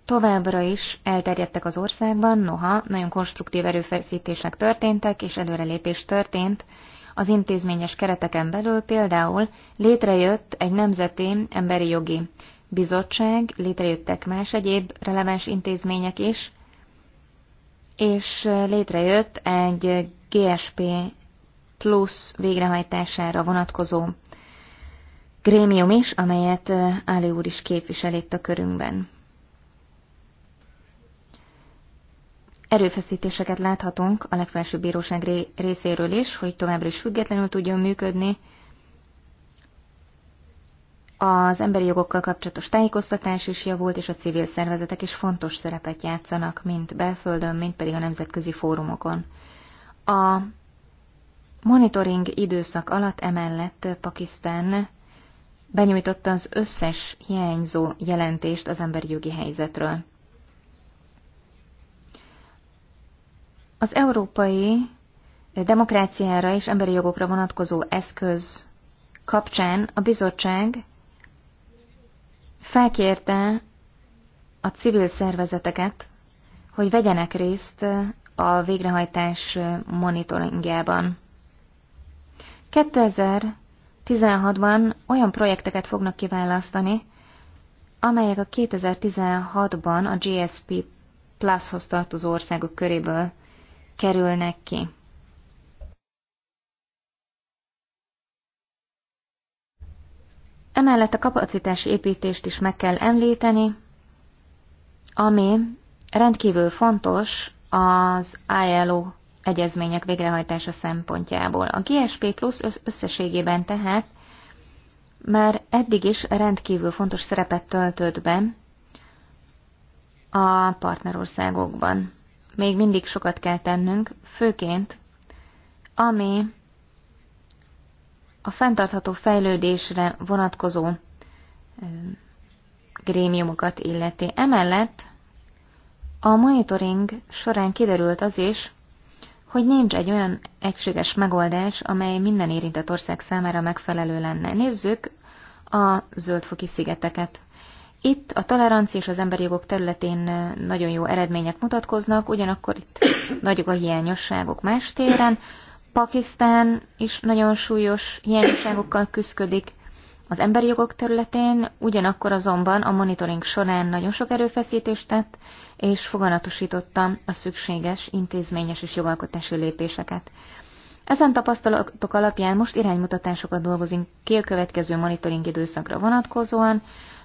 továbbra is elterjedtek az országban, noha nagyon konstruktív erőfeszítések történtek, és előrelépés történt az intézményes kereteken belül például létrejött egy nemzeti emberi jogi bizottság, létrejöttek más egyéb releváns intézmények is, és létrejött egy GSP plusz végrehajtására vonatkozó grémium is, amelyet Áli úr is képvisel itt a körünkben. Erőfeszítéseket láthatunk a legfelsőbb bíróság részéről is, hogy továbbra is függetlenül tudjon működni, az emberi jogokkal kapcsolatos tájékoztatás is javult, és a civil szervezetek is fontos szerepet játszanak, mint belföldön, mint pedig a nemzetközi fórumokon. A monitoring időszak alatt emellett Pakisztán benyújtotta az összes hiányzó jelentést az emberi jogi helyzetről. Az európai demokráciára és emberi jogokra vonatkozó eszköz kapcsán a bizottság felkérte a civil szervezeteket, hogy vegyenek részt a végrehajtás monitoringjában. 2016-ban olyan projekteket fognak kiválasztani, amelyek a 2016-ban a GSP Plushoz tartozó országok köréből kerülnek ki. Emellett a kapacitás építést is meg kell említeni, ami rendkívül fontos az ILO egyezmények végrehajtása szempontjából. A GSP Plus összességében tehát már eddig is rendkívül fontos szerepet töltött be a partnerországokban. Még mindig sokat kell tennünk, főként ami a fenntartható fejlődésre vonatkozó grémiumokat illeti. Emellett a monitoring során kiderült az is, hogy nincs egy olyan egységes megoldás, amely minden érintett ország számára megfelelő lenne. Nézzük a zöldfoki szigeteket. Itt a tolerancia és az emberi jogok területén nagyon jó eredmények mutatkoznak, ugyanakkor itt nagyok a hiányosságok más téren. Pakisztán is nagyon súlyos hiányosságokkal küzdik az emberi jogok területén, ugyanakkor azonban a monitoring során nagyon sok erőfeszítést tett, és foganatosította a szükséges intézményes és jogalkotási lépéseket. Ezen tapasztalatok alapján most iránymutatásokat dolgozunk ki a következő monitoring időszakra vonatkozóan,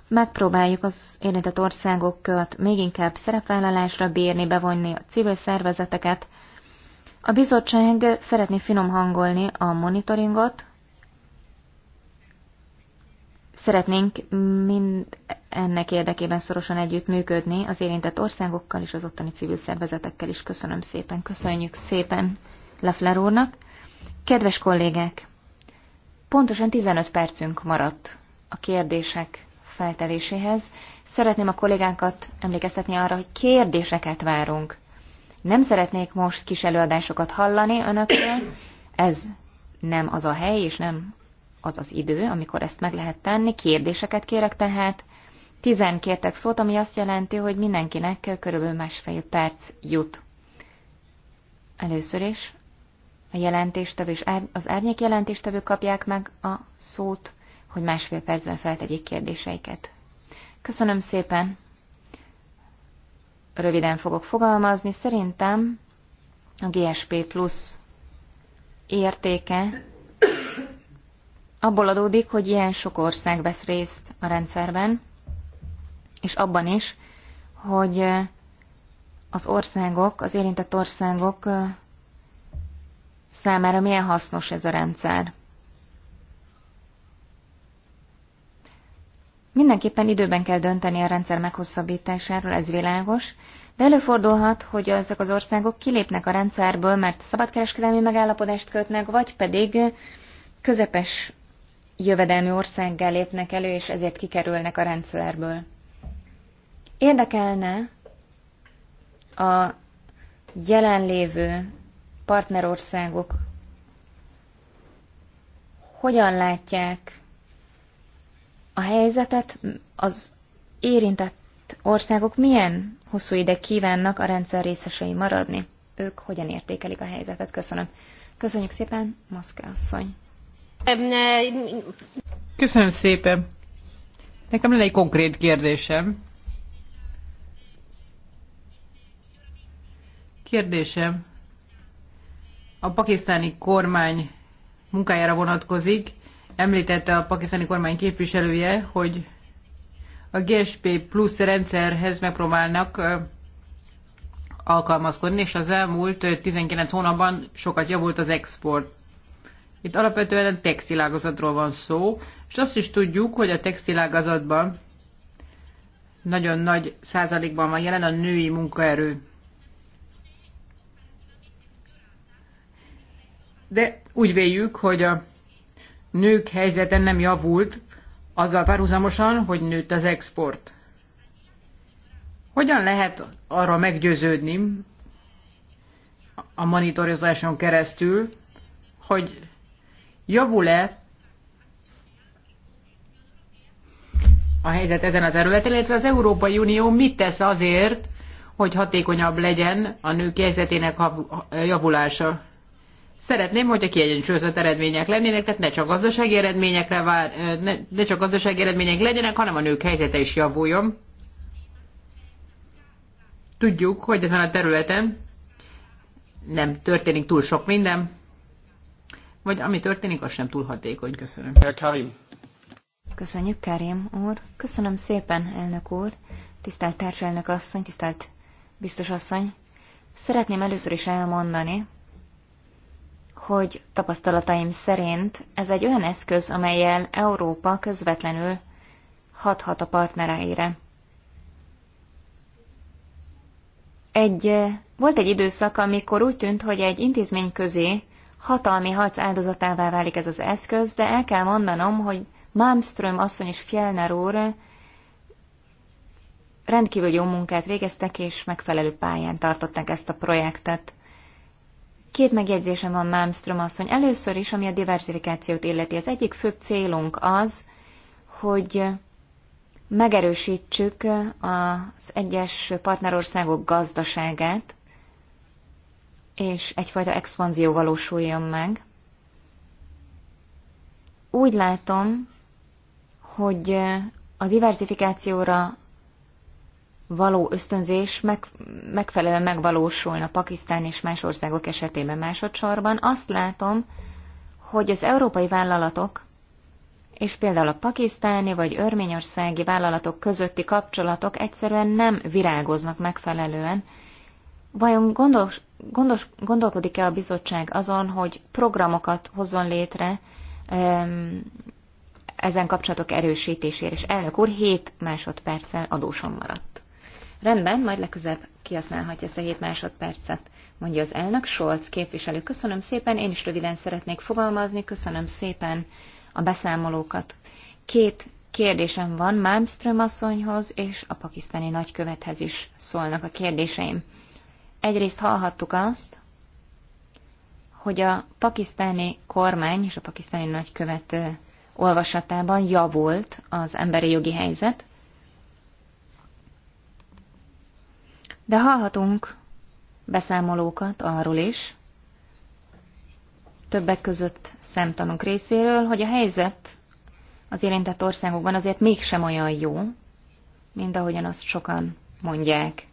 megpróbáljuk az érintett országokat még inkább szerepvállalásra bírni, bevonni a civil szervezeteket, a bizottság szeretné finom hangolni a monitoringot, Szeretnénk mind ennek érdekében szorosan együttműködni az érintett országokkal és az ottani civil szervezetekkel is. Köszönöm szépen, köszönjük szépen Lefler úrnak. Kedves kollégák, pontosan 15 percünk maradt a kérdések felteléséhez. Szeretném a kollégánkat emlékeztetni arra, hogy kérdéseket várunk nem szeretnék most kis előadásokat hallani önökről, ez nem az a hely, és nem az az idő, amikor ezt meg lehet tenni. Kérdéseket kérek tehát. Tizen kértek szót, ami azt jelenti, hogy mindenkinek körülbelül másfél perc jut. Először is a jelentéstevő és az árnyék jelentéstevő kapják meg a szót, hogy másfél percben feltegyék kérdéseiket. Köszönöm szépen! röviden fogok fogalmazni. Szerintem a GSP plusz értéke abból adódik, hogy ilyen sok ország vesz részt a rendszerben, és abban is, hogy az országok, az érintett országok számára milyen hasznos ez a rendszer. Mindenképpen időben kell dönteni a rendszer meghosszabbításáról, ez világos, de előfordulhat, hogy ezek az országok kilépnek a rendszerből, mert szabadkereskedelmi megállapodást kötnek, vagy pedig közepes jövedelmi országgá lépnek elő, és ezért kikerülnek a rendszerből. Érdekelne a jelenlévő partnerországok hogyan látják a helyzetet, az érintett országok milyen hosszú ideig kívánnak a rendszer részesei maradni? Ők hogyan értékelik a helyzetet? Köszönöm. Köszönjük szépen, Maszke asszony. Köszönöm szépen. Nekem lenne egy konkrét kérdésem. Kérdésem a pakisztáni kormány munkájára vonatkozik. Említette a pakisztáni kormány képviselője, hogy a GSP plusz rendszerhez megpróbálnak alkalmazkodni, és az elmúlt 19 hónapban sokat javult az export. Itt alapvetően textilágazatról van szó, és azt is tudjuk, hogy a textilágazatban nagyon nagy százalékban van jelen a női munkaerő. De úgy véljük, hogy a nők helyzete nem javult, azzal párhuzamosan, hogy nőtt az export. Hogyan lehet arra meggyőződni a monitorozáson keresztül, hogy javul-e a helyzet ezen a területen, illetve az Európai Unió mit tesz azért, hogy hatékonyabb legyen a nők helyzetének javulása? Szeretném, a kiegyensúlyozott eredmények lennének, tehát ne csak gazdasági eredményekre vár, ne, ne csak gazdasági eredmények legyenek, hanem a nők helyzete is javuljon. Tudjuk, hogy ezen a területen nem történik túl sok minden, vagy ami történik, az sem túl hatékony. Köszönöm. Karim. Köszönjük, Karim úr. Köszönöm szépen, elnök úr. Tisztelt társelnök asszony, tisztelt biztos asszony. Szeretném először is elmondani, hogy tapasztalataim szerint ez egy olyan eszköz, amelyel Európa közvetlenül hathat a partnereire. Egy, volt egy időszak, amikor úgy tűnt, hogy egy intézmény közé hatalmi harc áldozatává válik ez az eszköz, de el kell mondanom, hogy Malmström asszony és Fjellner úr rendkívül jó munkát végeztek, és megfelelő pályán tartották ezt a projektet. Két megjegyzésem van, Mámström asszony. Először is, ami a diversifikációt illeti. Az egyik fő célunk az, hogy megerősítsük az egyes partnerországok gazdaságát, és egyfajta expanzió valósuljon meg. Úgy látom, hogy a diversifikációra való ösztönzés meg, megfelelően megvalósulna Pakisztán és más országok esetében másodszorban. Azt látom, hogy az európai vállalatok és például a pakisztáni vagy örményországi vállalatok közötti kapcsolatok egyszerűen nem virágoznak megfelelően. Vajon gondos, gondos, gondolkodik-e a bizottság azon, hogy programokat hozzon létre ezen kapcsolatok erősítésére? És elnök úr, 7 másodperccel adósom maradt. Rendben, majd legközebb kihasználhatja ezt a 7 másodpercet, mondja az elnök. Scholz képviselő, köszönöm szépen, én is röviden szeretnék fogalmazni, köszönöm szépen a beszámolókat. Két kérdésem van Malmström asszonyhoz és a pakisztáni nagykövethez is szólnak a kérdéseim. Egyrészt hallhattuk azt, hogy a pakisztáni kormány és a pakisztáni nagykövet olvasatában javult az emberi jogi helyzet, de hallhatunk beszámolókat arról is, többek között szemtanúk részéről, hogy a helyzet az érintett országokban azért mégsem olyan jó, mint ahogyan azt sokan mondják.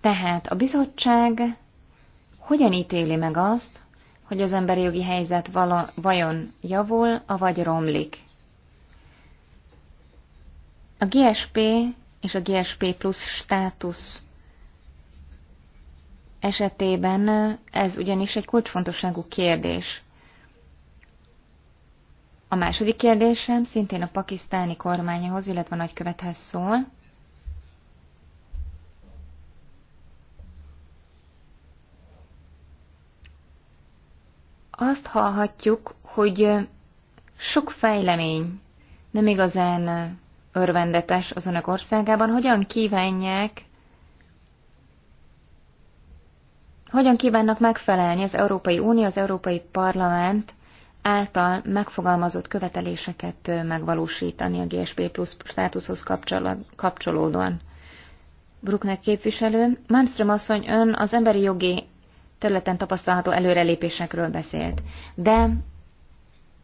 Tehát a bizottság hogyan ítéli meg azt, hogy az emberi jogi helyzet vala, vajon javul, avagy romlik? A GSP és a GSP plusz státusz esetében ez ugyanis egy kulcsfontosságú kérdés. A második kérdésem szintén a pakisztáni kormányhoz, illetve a nagykövethez szól. Azt hallhatjuk, hogy sok fejlemény nem igazán örvendetes az önök országában. Hogyan kívánják Hogyan kívánnak megfelelni az Európai Unió, az Európai Parlament által megfogalmazott követeléseket megvalósítani a GSP plusz státuszhoz kapcsolódóan? Bruckner képviselő, Malmström asszony ön az emberi jogi területen tapasztalható előrelépésekről beszélt, de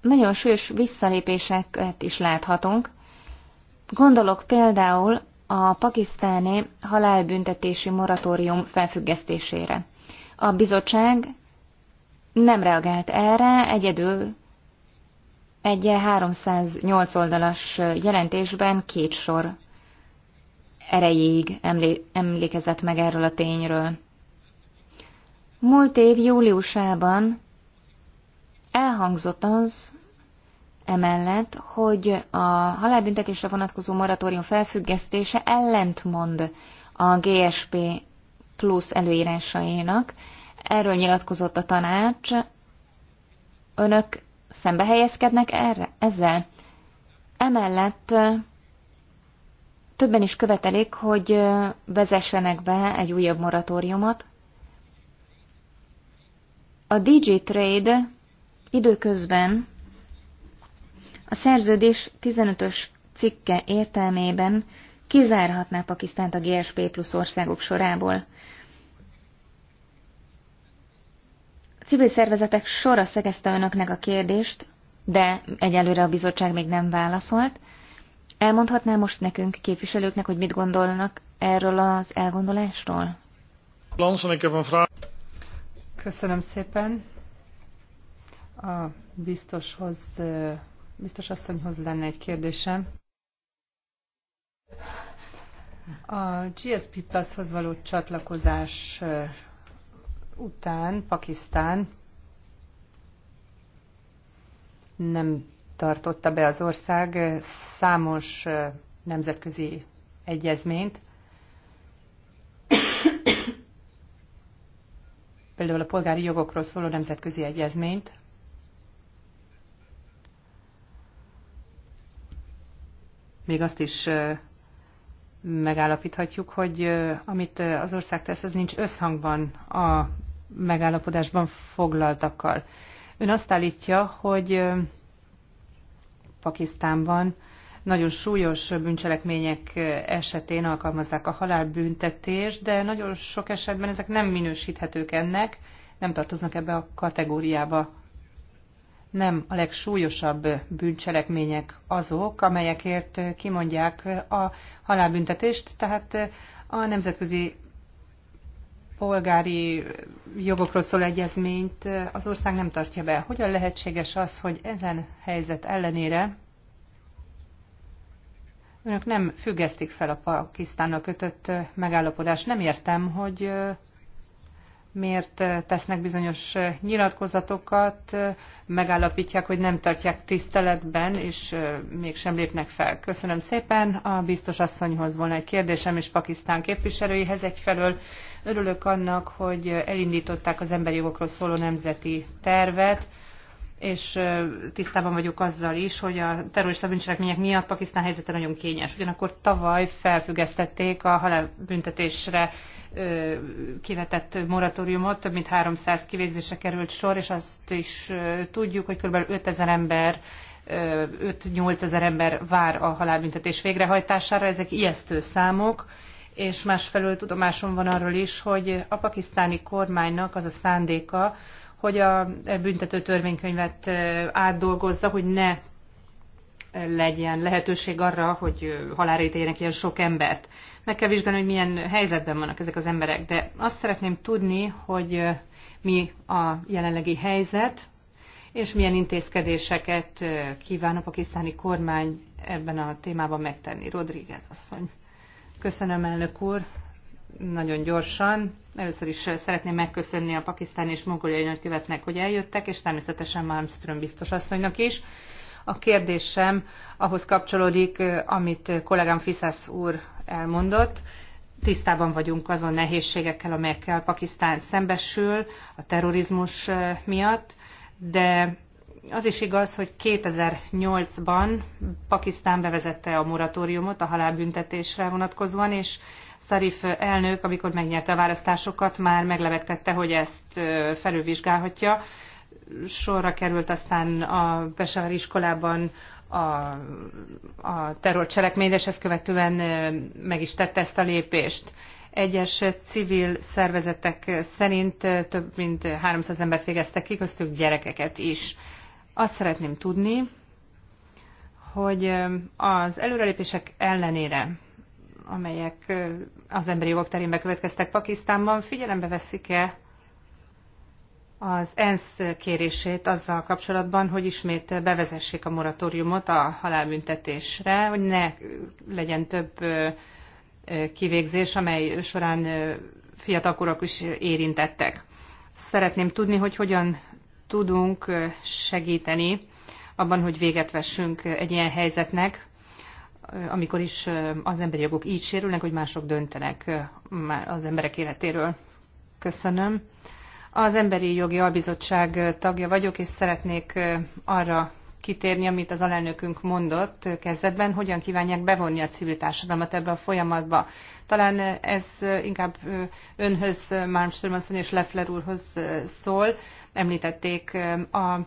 nagyon súlyos visszalépéseket is láthatunk. Gondolok például a pakisztáni halálbüntetési moratórium felfüggesztésére. A bizottság nem reagált erre, egyedül egy 308 oldalas jelentésben két sor erejéig emlékezett meg erről a tényről. Múlt év júliusában elhangzott az, emellett, hogy a halálbüntetésre vonatkozó moratórium felfüggesztése ellentmond a GSP plusz előírásainak. Erről nyilatkozott a tanács. Önök szembe helyezkednek erre, ezzel? Emellett többen is követelik, hogy vezessenek be egy újabb moratóriumot. A DigiTrade időközben a szerződés 15-ös cikke értelmében kizárhatná Pakisztánt a GSP plusz országok sorából. civil szervezetek sora szegezte önöknek a kérdést, de egyelőre a bizottság még nem válaszolt. Elmondhatná most nekünk, képviselőknek, hogy mit gondolnak erről az elgondolásról? Köszönöm szépen. A biztoshoz, biztos asszonyhoz lenne egy kérdésem. A GSP Plus-hoz való csatlakozás után Pakisztán nem tartotta be az ország számos nemzetközi egyezményt, például a polgári jogokról szóló nemzetközi egyezményt, még azt is megállapíthatjuk, hogy amit az ország tesz, az nincs összhangban a megállapodásban foglaltakkal. Ön azt állítja, hogy Pakisztánban nagyon súlyos bűncselekmények esetén alkalmazzák a halálbüntetést, de nagyon sok esetben ezek nem minősíthetők ennek, nem tartoznak ebbe a kategóriába nem a legsúlyosabb bűncselekmények azok, amelyekért kimondják a halálbüntetést, tehát a nemzetközi polgári jogokról szól egyezményt az ország nem tartja be. Hogyan lehetséges az, hogy ezen helyzet ellenére önök nem függesztik fel a Pakisztánnal kötött megállapodást? Nem értem, hogy miért eh, tesznek bizonyos eh, nyilatkozatokat, eh, megállapítják, hogy nem tartják tiszteletben, és mégsem lépnek fel. Köszönöm szépen. A biztos asszonyhoz volna egy kérdésem, és Pakisztán képviselőihez egyfelől. Örülök annak, hogy elindították az emberi jogokról szóló nemzeti tervet, és tisztában vagyok azzal is, hogy a terrorista bűncselekmények miatt Pakisztán helyzete nagyon kényes. Ugyanakkor tavaly felfüggesztették a halálbüntetésre kivetett moratóriumot, több mint 300 kivégzése került sor, és azt is tudjuk, hogy kb. 5000 ember 5-8 ezer ember vár a halálbüntetés végrehajtására, ezek ijesztő számok, és másfelől tudomásom van arról is, hogy a pakisztáni kormánynak az a szándéka, hogy a büntető törvénykönyvet átdolgozza, hogy ne legyen lehetőség arra, hogy halálra ítéljenek ilyen sok embert. Meg kell vizsgálni, hogy milyen helyzetben vannak ezek az emberek, de azt szeretném tudni, hogy mi a jelenlegi helyzet, és milyen intézkedéseket kíván a pakisztáni kormány ebben a témában megtenni. Rodríguez asszony. Köszönöm, elnök úr nagyon gyorsan. Először is szeretném megköszönni a pakisztáni és mongoliai nagykövetnek, hogy eljöttek, és természetesen Malmström biztos asszonynak is. A kérdésem ahhoz kapcsolódik, amit kollégám Fiszász úr elmondott. Tisztában vagyunk azon nehézségekkel, amelyekkel Pakisztán szembesül a terrorizmus eh, miatt, de az is igaz, hogy 2008-ban Pakisztán bevezette a moratóriumot a halálbüntetésre vonatkozóan, és Sarif elnök, amikor megnyerte a választásokat, már meglevegtette, hogy ezt felülvizsgálhatja. Sorra került aztán a Pesahar iskolában a, a terrorcselekmény, és ezt követően meg is tette ezt a lépést. Egyes civil szervezetek szerint több mint 300 embert végeztek ki, köztük gyerekeket is. Azt szeretném tudni, hogy az előrelépések ellenére amelyek az emberi jogok terén bekövetkeztek Pakisztánban, figyelembe veszik-e az ENSZ kérését azzal kapcsolatban, hogy ismét bevezessék a moratóriumot a halálbüntetésre, hogy ne legyen több kivégzés, amely során fiatalkorok is érintettek. Szeretném tudni, hogy hogyan tudunk segíteni abban, hogy véget vessünk egy ilyen helyzetnek, amikor is az emberi jogok így sérülnek, hogy mások döntenek az emberek életéről. Köszönöm. Az Emberi Jogi Albizottság tagja vagyok, és szeretnék arra kitérni, amit az alelnökünk mondott kezdetben, hogyan kívánják bevonni a civil társadalmat ebbe a folyamatba. Talán ez inkább önhöz, Malmström asszony és Leffler úrhoz szól említették a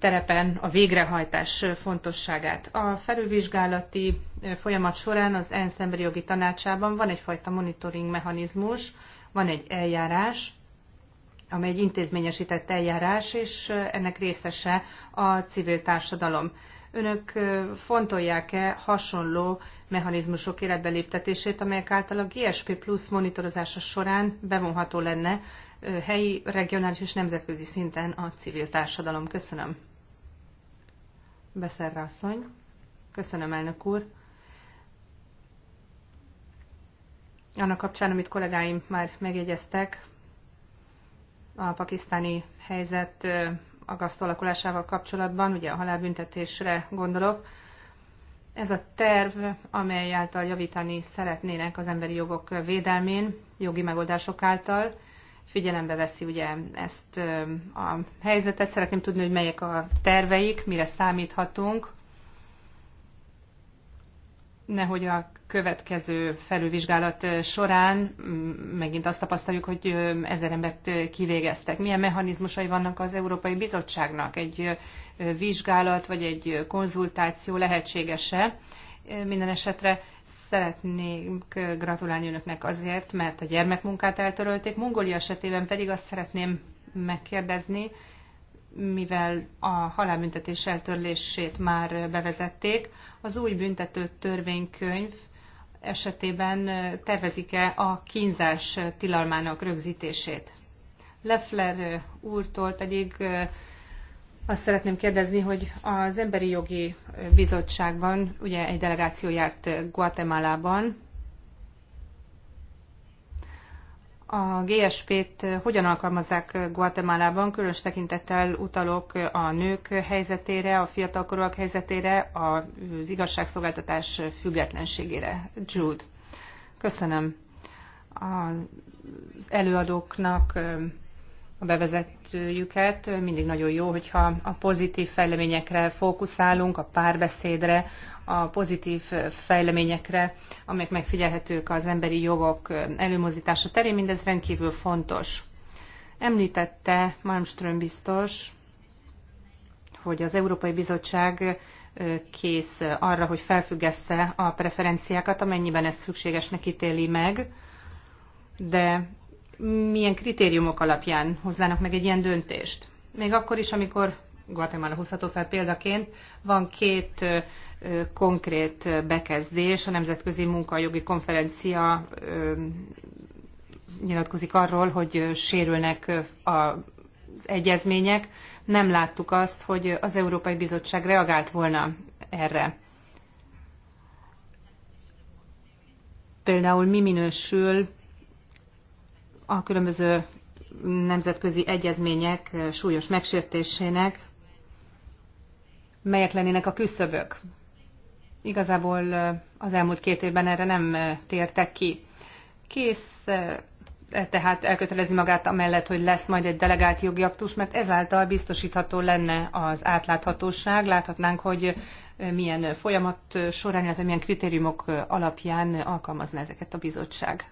terepen a végrehajtás fontosságát. A felülvizsgálati folyamat során az ENSZ emberi jogi tanácsában van egyfajta monitoring mechanizmus, van egy eljárás, amely egy intézményesített eljárás, és ennek részese a civil társadalom. Önök fontolják-e hasonló mechanizmusok életbe léptetését, amelyek által a GSP Plus monitorozása során bevonható lenne helyi, regionális és nemzetközi szinten a civil társadalom. Köszönöm. Beszerre asszony. Köszönöm, elnök úr. Annak kapcsán, amit kollégáim már megjegyeztek, a pakisztáni helyzet agasztó alakulásával kapcsolatban, ugye a halálbüntetésre gondolok, ez a terv, amely által javítani szeretnének az emberi jogok védelmén, jogi megoldások által, figyelembe veszi ugye ezt a helyzetet. Szeretném tudni, hogy melyek a terveik, mire számíthatunk, nehogy a következő felülvizsgálat során mm, megint azt tapasztaljuk, hogy ezer embert kivégeztek. Milyen mechanizmusai vannak az Európai Bizottságnak? Egy vizsgálat vagy egy konzultáció lehetséges-e? Minden esetre szeretnék gratulálni önöknek azért, mert a gyermekmunkát eltörölték. Mongolia esetében pedig azt szeretném megkérdezni, mivel a halálbüntetés eltörlését már bevezették, az új büntető törvénykönyv esetében tervezik-e a kínzás tilalmának rögzítését. Leffler úrtól pedig azt szeretném kérdezni, hogy az Emberi Jogi Bizottságban ugye egy delegáció járt Guatemalában. A GSP-t hogyan alkalmazzák Guatemalában? Különös tekintettel utalok a nők helyzetére, a fiatalkorúak helyzetére, az igazságszolgáltatás függetlenségére. Jude. Köszönöm az előadóknak a bevezetőjüket. Mindig nagyon jó, hogyha a pozitív fejleményekre fókuszálunk, a párbeszédre, a pozitív fejleményekre, amelyek megfigyelhetők az emberi jogok előmozdítása terén, mindez rendkívül fontos. Említette Malmström biztos, hogy az Európai Bizottság kész arra, hogy felfüggesse a preferenciákat, amennyiben ez szükségesnek ítéli meg, de milyen kritériumok alapján hozzának meg egy ilyen döntést. Még akkor is, amikor Guatemala hozható fel példaként, van két konkrét bekezdés, a Nemzetközi Munkajogi Konferencia nyilatkozik arról, hogy sérülnek az egyezmények. Nem láttuk azt, hogy az Európai Bizottság reagált volna erre. Például mi minősül a különböző nemzetközi egyezmények súlyos megsértésének, melyek lennének a küszöbök. Igazából az elmúlt két évben erre nem tértek ki. Kész tehát elkötelezi magát amellett, hogy lesz majd egy delegált jogi aktus, mert ezáltal biztosítható lenne az átláthatóság. Láthatnánk, hogy milyen folyamat során, illetve milyen kritériumok alapján alkalmazna ezeket a bizottság.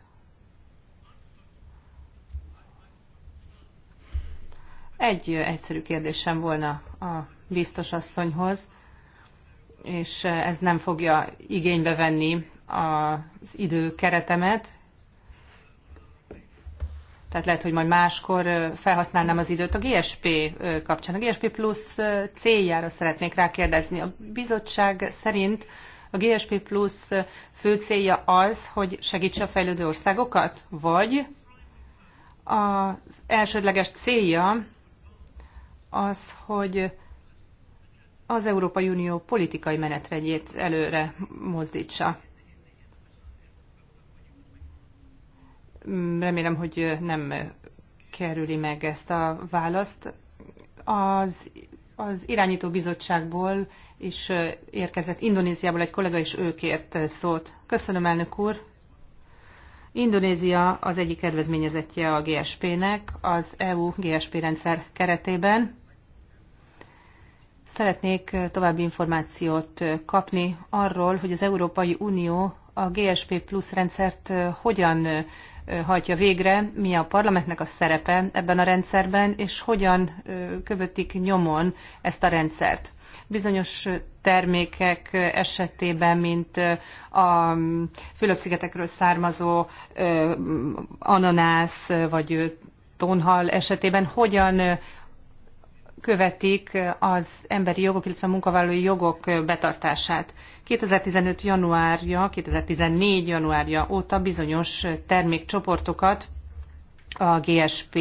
Egy egyszerű kérdésem volna a biztos asszonyhoz, és ez nem fogja igénybe venni az időkeretemet, tehát lehet, hogy majd máskor felhasználnám az időt a GSP kapcsán. A GSP plusz céljára szeretnék rákérdezni. A bizottság szerint a GSP plusz fő célja az, hogy segítse a fejlődő országokat, vagy az elsődleges célja az, hogy az Európai Unió politikai menetrendjét előre mozdítsa. Remélem, hogy nem kerüli meg ezt a választ. Az, az irányító bizottságból is érkezett Indonéziából egy kollega, és ő kért szót. Köszönöm, elnök úr! Indonézia az egyik kedvezményezettje a GSP-nek az EU GSP rendszer keretében Szeretnék további információt kapni arról, hogy az Európai Unió a GSP Plus rendszert hogyan hajtja végre, mi a parlamentnek a szerepe ebben a rendszerben, és hogyan követik nyomon ezt a rendszert. Bizonyos termékek esetében, mint a Fülöp-szigetekről származó ananász vagy tonhal esetében, hogyan követik az emberi jogok, illetve munkavállalói jogok betartását. 2015. januárja, 2014. januárja óta bizonyos termékcsoportokat a GSP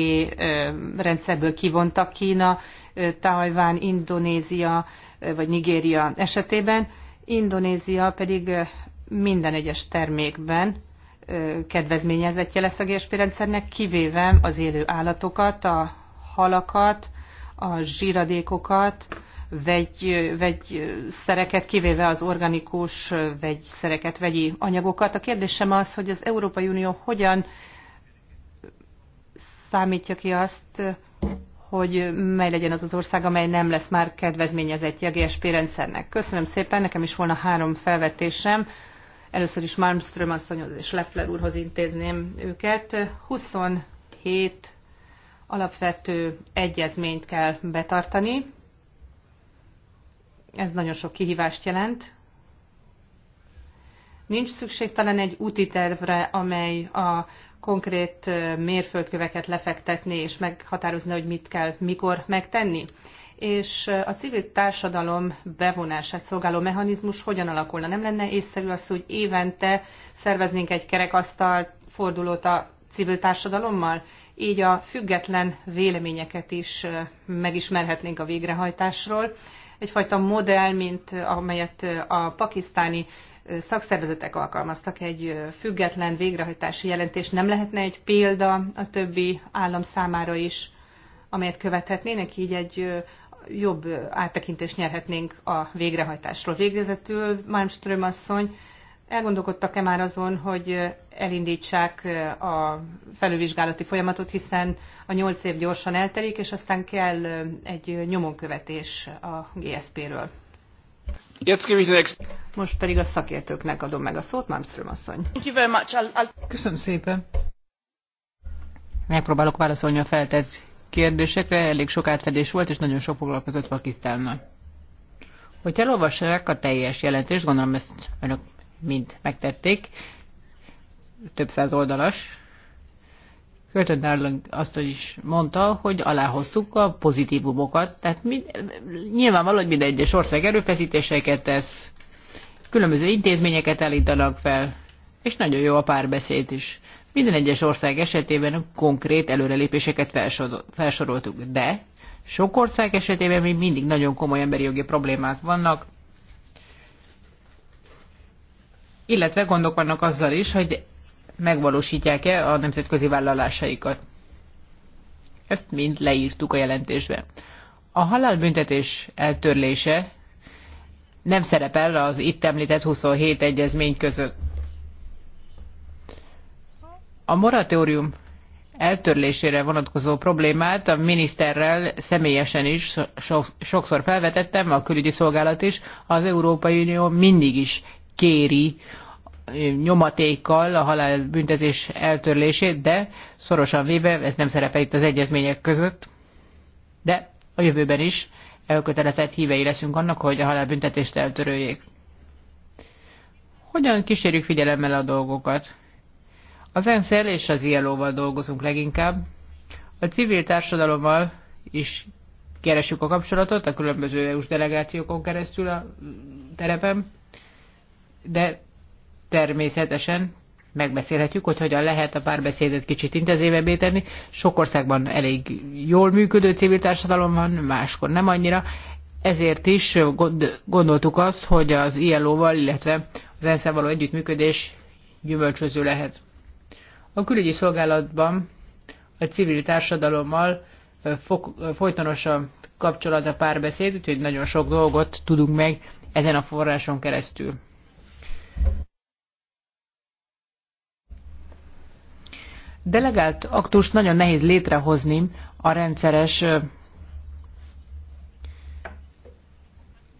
rendszerből kivontak Kína, Tajván, Indonézia vagy Nigéria esetében. Indonézia pedig minden egyes termékben kedvezményezettje lesz a GSP rendszernek, kivéve az élő állatokat, a halakat, a zsíradékokat, vegy, szereket kivéve az organikus szereket vegyi anyagokat. A kérdésem az, hogy az Európai Unió hogyan számítja ki azt, hogy mely legyen az az ország, amely nem lesz már kedvezményezett a GSP rendszernek. Köszönöm szépen, nekem is volna három felvetésem. Először is Malmström asszonyhoz és Leffler úrhoz intézném őket. 27 alapvető egyezményt kell betartani. Ez nagyon sok kihívást jelent. Nincs szükség talán egy úti tervre, amely a konkrét mérföldköveket lefektetni és meghatározni, hogy mit kell mikor megtenni. És a civil társadalom bevonását szolgáló mechanizmus hogyan alakulna? Nem lenne észszerű az, hogy évente szerveznénk egy kerekasztal fordulót a civil társadalommal, így a független véleményeket is megismerhetnénk a végrehajtásról. Egyfajta modell, mint amelyet a pakisztáni szakszervezetek alkalmaztak egy független végrehajtási jelentés. Nem lehetne egy példa a többi állam számára is, amelyet követhetnének, így egy jobb áttekintést nyerhetnénk a végrehajtásról. Végezetül Malmström asszony Elgondolkodtak-e már azon, hogy elindítsák a felülvizsgálati folyamatot, hiszen a nyolc év gyorsan eltelik, és aztán kell egy nyomonkövetés a GSP-ről. Most pedig a szakértőknek adom meg a szót, Malmström asszony. Köszönöm szépen. Megpróbálok válaszolni a feltett kérdésekre, elég sok átfedés volt, és nagyon sok foglalkozott Pakisztánnal. Hogyha elolvassák a teljes jelentést, gondolom ezt önök mind megtették, több száz oldalas. Költön Darling azt is mondta, hogy aláhoztuk a pozitívumokat, tehát mind, nyilvánvaló, minden egyes ország erőfeszítéseket tesz, különböző intézményeket állítanak fel, és nagyon jó a párbeszéd is. Minden egyes ország esetében konkrét előrelépéseket felsoroltuk, de sok ország esetében még mindig nagyon komoly emberi jogi problémák vannak, illetve gondok vannak azzal is, hogy megvalósítják-e a nemzetközi vállalásaikat. Ezt mind leírtuk a jelentésbe. A halálbüntetés eltörlése nem szerepel az itt említett 27 egyezmény között. A moratórium eltörlésére vonatkozó problémát a miniszterrel személyesen is sokszor felvetettem, a külügyi szolgálat is, az Európai Unió mindig is kéri nyomatékkal a halálbüntetés eltörlését, de szorosan véve ez nem szerepel itt az egyezmények között, de a jövőben is elkötelezett hívei leszünk annak, hogy a halálbüntetést eltöröljék. Hogyan kísérjük figyelemmel a dolgokat? Az ensz és az ILO-val dolgozunk leginkább. A civil társadalommal is keresjük a kapcsolatot a különböző EU-s delegációkon keresztül a terepen de természetesen megbeszélhetjük, hogy hogyan lehet a párbeszédet kicsit intenzívebbé tenni. Sok országban elég jól működő civil társadalom van, máskor nem annyira. Ezért is gondoltuk azt, hogy az ILO-val, illetve az ensz való együttműködés gyümölcsöző lehet. A külügyi szolgálatban a civil társadalommal folytonos a kapcsolat a párbeszéd, úgyhogy nagyon sok dolgot tudunk meg ezen a forráson keresztül. Delegált aktust nagyon nehéz létrehozni a rendszeres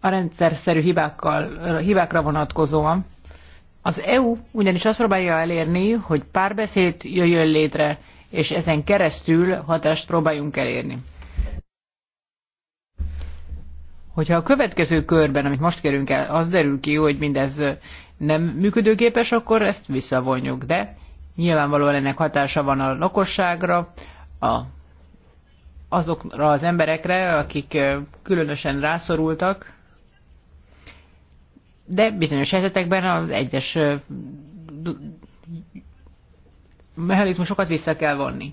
a rendszerszerű hibákkal, hibákra vonatkozóan. Az EU ugyanis azt próbálja elérni, hogy párbeszéd jöjjön létre, és ezen keresztül hatást próbáljunk elérni. Hogyha a következő körben, amit most kérünk el, az derül ki, hogy mindez nem működőképes, akkor ezt visszavonjuk. De nyilvánvalóan ennek hatása van a lakosságra, a, azokra az emberekre, akik különösen rászorultak, de bizonyos helyzetekben az egyes mechanizmusokat vissza kell vonni.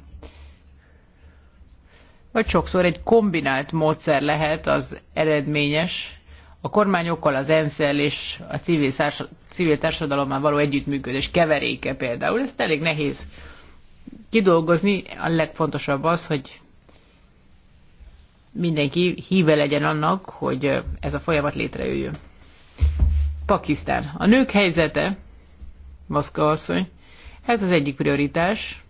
Vagy sokszor egy kombinált módszer lehet az eredményes, a kormányokkal, az ensz és a civil, szárs- civil társadalommal való együttműködés keveréke például. Ezt elég nehéz kidolgozni. A legfontosabb az, hogy mindenki híve legyen annak, hogy ez a folyamat létrejöjjön. Pakisztán. A nők helyzete, Maszka asszony, ez az egyik prioritás.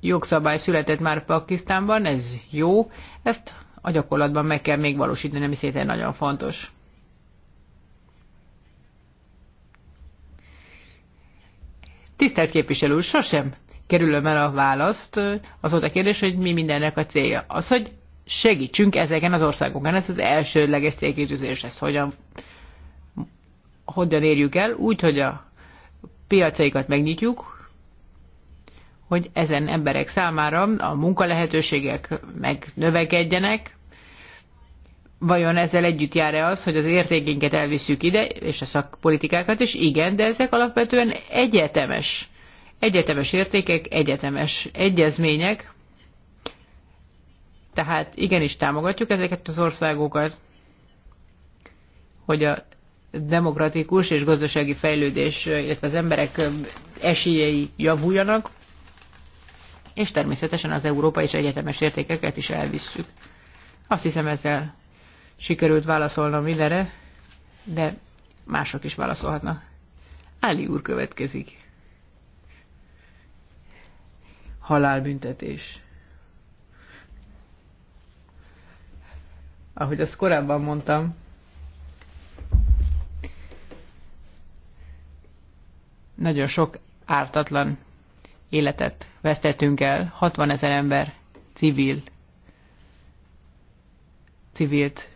Jogszabály született már Pakisztánban, ez jó. Ezt a gyakorlatban meg kell még valósítani, ami szintén nagyon fontos. Tisztelt képviselő úr, sosem kerülöm el a választ. Az volt a kérdés, hogy mi mindennek a célja. Az, hogy segítsünk ezeken az országokon. Ez az elsőleges célkitűzés. Ezt hogyan, hogyan érjük el? Úgy, hogy a piacaikat megnyitjuk, hogy ezen emberek számára a munkalehetőségek megnövekedjenek, vajon ezzel együtt jár-e az, hogy az értékénket elviszük ide, és a szakpolitikákat is, igen, de ezek alapvetően egyetemes, egyetemes értékek, egyetemes egyezmények, tehát igenis támogatjuk ezeket az országokat, hogy a demokratikus és gazdasági fejlődés, illetve az emberek esélyei javuljanak és természetesen az európai és egyetemes értékeket is elvisszük. Azt hiszem ezzel sikerült válaszolnom mindenre, de mások is válaszolhatnak. Áli úr következik. Halálbüntetés. Ahogy azt korábban mondtam, nagyon sok ártatlan életet vesztettünk el, 60 ezer ember civil, civilt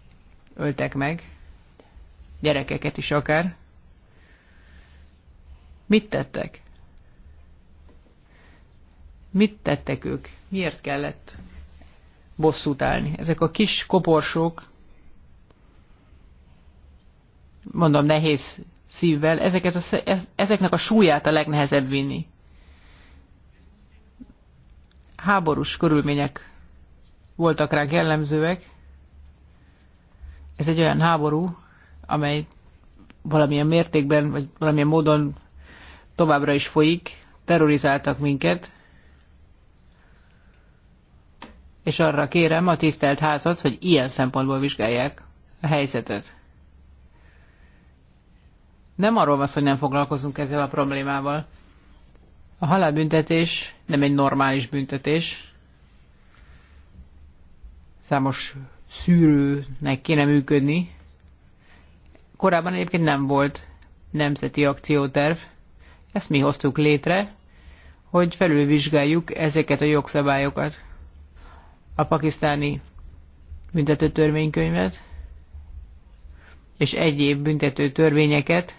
öltek meg, gyerekeket is akár. Mit tettek? Mit tettek ők? Miért kellett bosszút állni? Ezek a kis koporsók, mondom, nehéz szívvel, ezeket a, ezeknek a súlyát a legnehezebb vinni háborús körülmények voltak rá jellemzőek. Ez egy olyan háború, amely valamilyen mértékben, vagy valamilyen módon továbbra is folyik, terrorizáltak minket, és arra kérem a tisztelt házat, hogy ilyen szempontból vizsgálják a helyzetet. Nem arról van szó, hogy nem foglalkozunk ezzel a problémával. A halálbüntetés nem egy normális büntetés. Számos szűrőnek kéne működni. Korábban egyébként nem volt nemzeti akcióterv. Ezt mi hoztuk létre, hogy felülvizsgáljuk ezeket a jogszabályokat. A pakisztáni büntető törvénykönyvet és egyéb büntető törvényeket,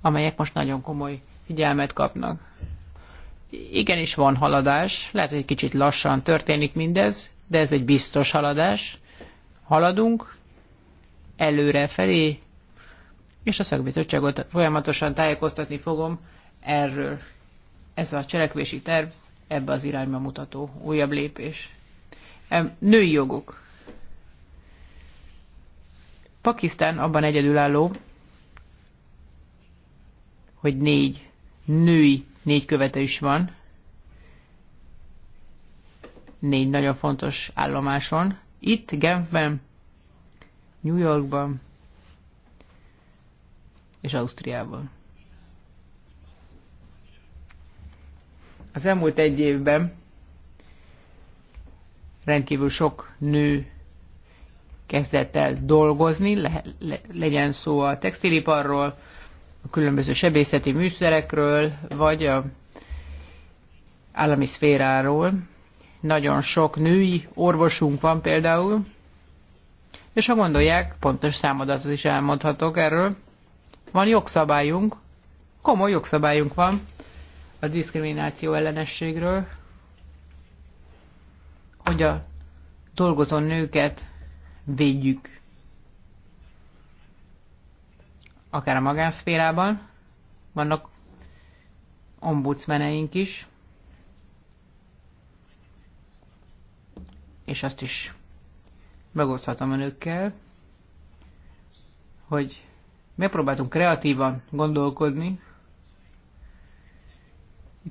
amelyek most nagyon komoly figyelmet kapnak. Igenis van haladás, lehet, hogy egy kicsit lassan történik mindez, de ez egy biztos haladás. Haladunk előre felé, és a szakbizottságot folyamatosan tájékoztatni fogom erről. Ez a cselekvési terv ebbe az irányba mutató újabb lépés. Női jogok. Pakisztán abban egyedülálló, hogy négy női négy követe is van. Négy nagyon fontos állomáson. Itt, Genfben, New Yorkban és Ausztriában. Az elmúlt egy évben rendkívül sok nő kezdett el dolgozni, le, le, legyen szó a textiliparról, a különböző sebészeti műszerekről, vagy a állami szféráról. Nagyon sok női orvosunk van például, és ha gondolják, pontos számodat is elmondhatok erről, van jogszabályunk, komoly jogszabályunk van a diszkrimináció ellenességről, hogy a dolgozó nőket védjük. akár a magánszférában, vannak ombudsmeneink is, és azt is megoszthatom önökkel, hogy megpróbáltunk kreatívan gondolkodni,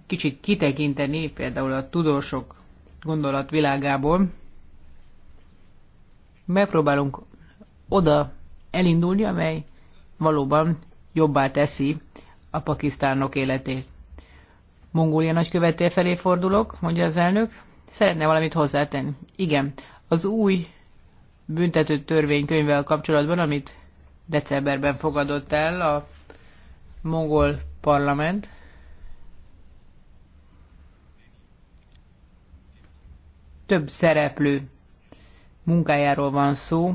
kicsit kitekinteni például a tudósok gondolatvilágából, megpróbálunk oda elindulni, amely valóban jobbá teszi a pakisztánok életét. Mongólia nagyköveté felé fordulok, mondja az elnök. Szeretne valamit hozzátenni. Igen, az új büntető törvénykönyvvel kapcsolatban, amit decemberben fogadott el a mongol parlament, több szereplő munkájáról van szó,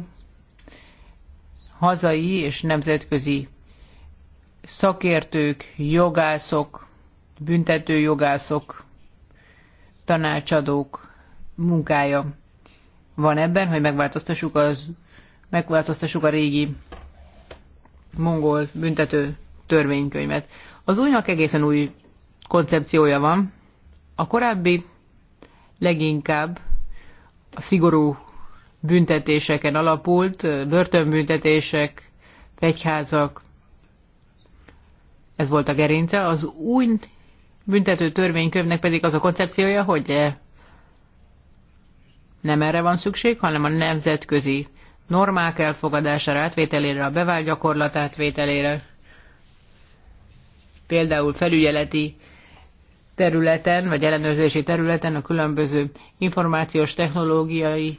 hazai és nemzetközi szakértők, jogászok, büntetőjogászok, tanácsadók munkája van ebben, hogy megváltoztassuk, az, megváltoztassuk a régi mongol büntető törvénykönyvet. Az újnak egészen új koncepciója van. A korábbi leginkább a szigorú büntetéseken alapult, börtönbüntetések, fegyházak, ez volt a gerince. Az új büntető törvénykövnek pedig az a koncepciója, hogy nem erre van szükség, hanem a nemzetközi normák elfogadására, átvételére, a bevált gyakorlat átvételére, például felügyeleti területen, vagy ellenőrzési területen a különböző információs technológiai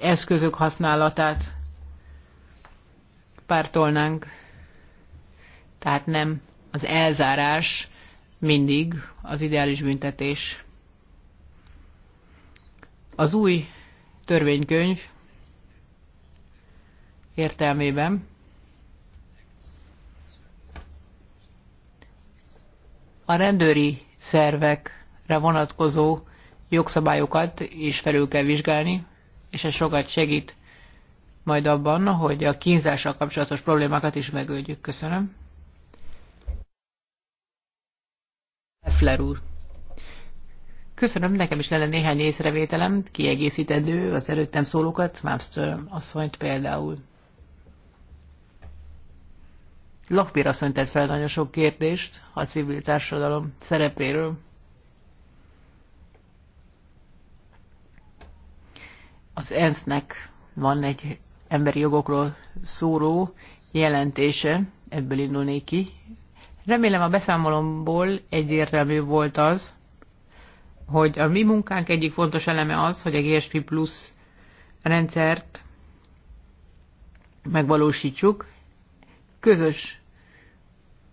eszközök használatát pártolnánk. Tehát nem az elzárás mindig az ideális büntetés. Az új törvénykönyv értelmében a rendőri szervekre vonatkozó jogszabályokat is felül kell vizsgálni, és ez sokat segít majd abban, hogy a kínzással kapcsolatos problémákat is megöldjük. Köszönöm. Leffler úr. Köszönöm, nekem is lenne néhány észrevételem, kiegészítendő az előttem szólókat, Mámström asszonyt például. Lakpér asszony tett fel nagyon sok kérdést a civil társadalom szerepéről. az ENSZ-nek van egy emberi jogokról szóró jelentése, ebből indulnék ki. Remélem a beszámolomból egyértelmű volt az, hogy a mi munkánk egyik fontos eleme az, hogy a GSP Plus rendszert megvalósítsuk. Közös,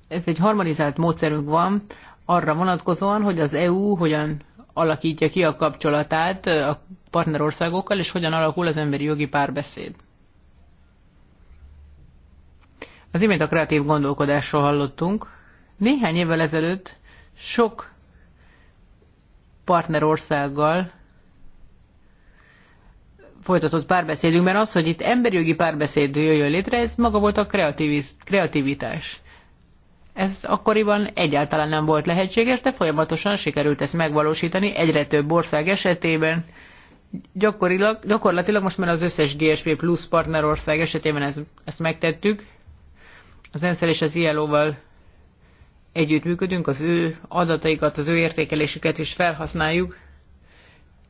ez egy harmonizált módszerünk van arra vonatkozóan, hogy az EU hogyan alakítja ki a kapcsolatát a partnerországokkal, és hogyan alakul az emberi jogi párbeszéd. Az imént a kreatív gondolkodásról hallottunk. Néhány évvel ezelőtt sok partnerországgal folytatott párbeszédünkben az, hogy itt emberi jogi párbeszéd jöjjön létre, ez maga volt a kreativitás. Ez akkoriban egyáltalán nem volt lehetséges, de folyamatosan sikerült ezt megvalósítani egyre több ország esetében. Gyakorilag, gyakorlatilag most már az összes GSP plusz partnerország esetében ez, ezt megtettük. Az ensz és az ILO-val együttműködünk, az ő adataikat, az ő értékelésüket is felhasználjuk.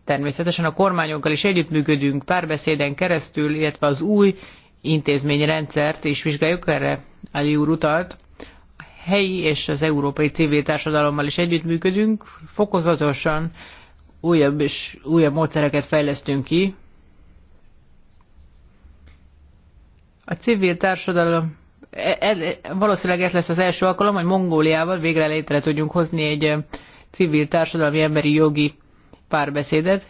Természetesen a kormányokkal is együttműködünk párbeszéden keresztül, illetve az új intézményrendszert is vizsgáljuk, erre Ali úr utalt helyi és az európai civil társadalommal is együttműködünk. Fokozatosan újabb és újabb módszereket fejlesztünk ki. A civil társadalom e, e, valószínűleg ez lesz az első alkalom, hogy Mongóliával végre létre tudjunk hozni egy civil társadalmi emberi jogi párbeszédet.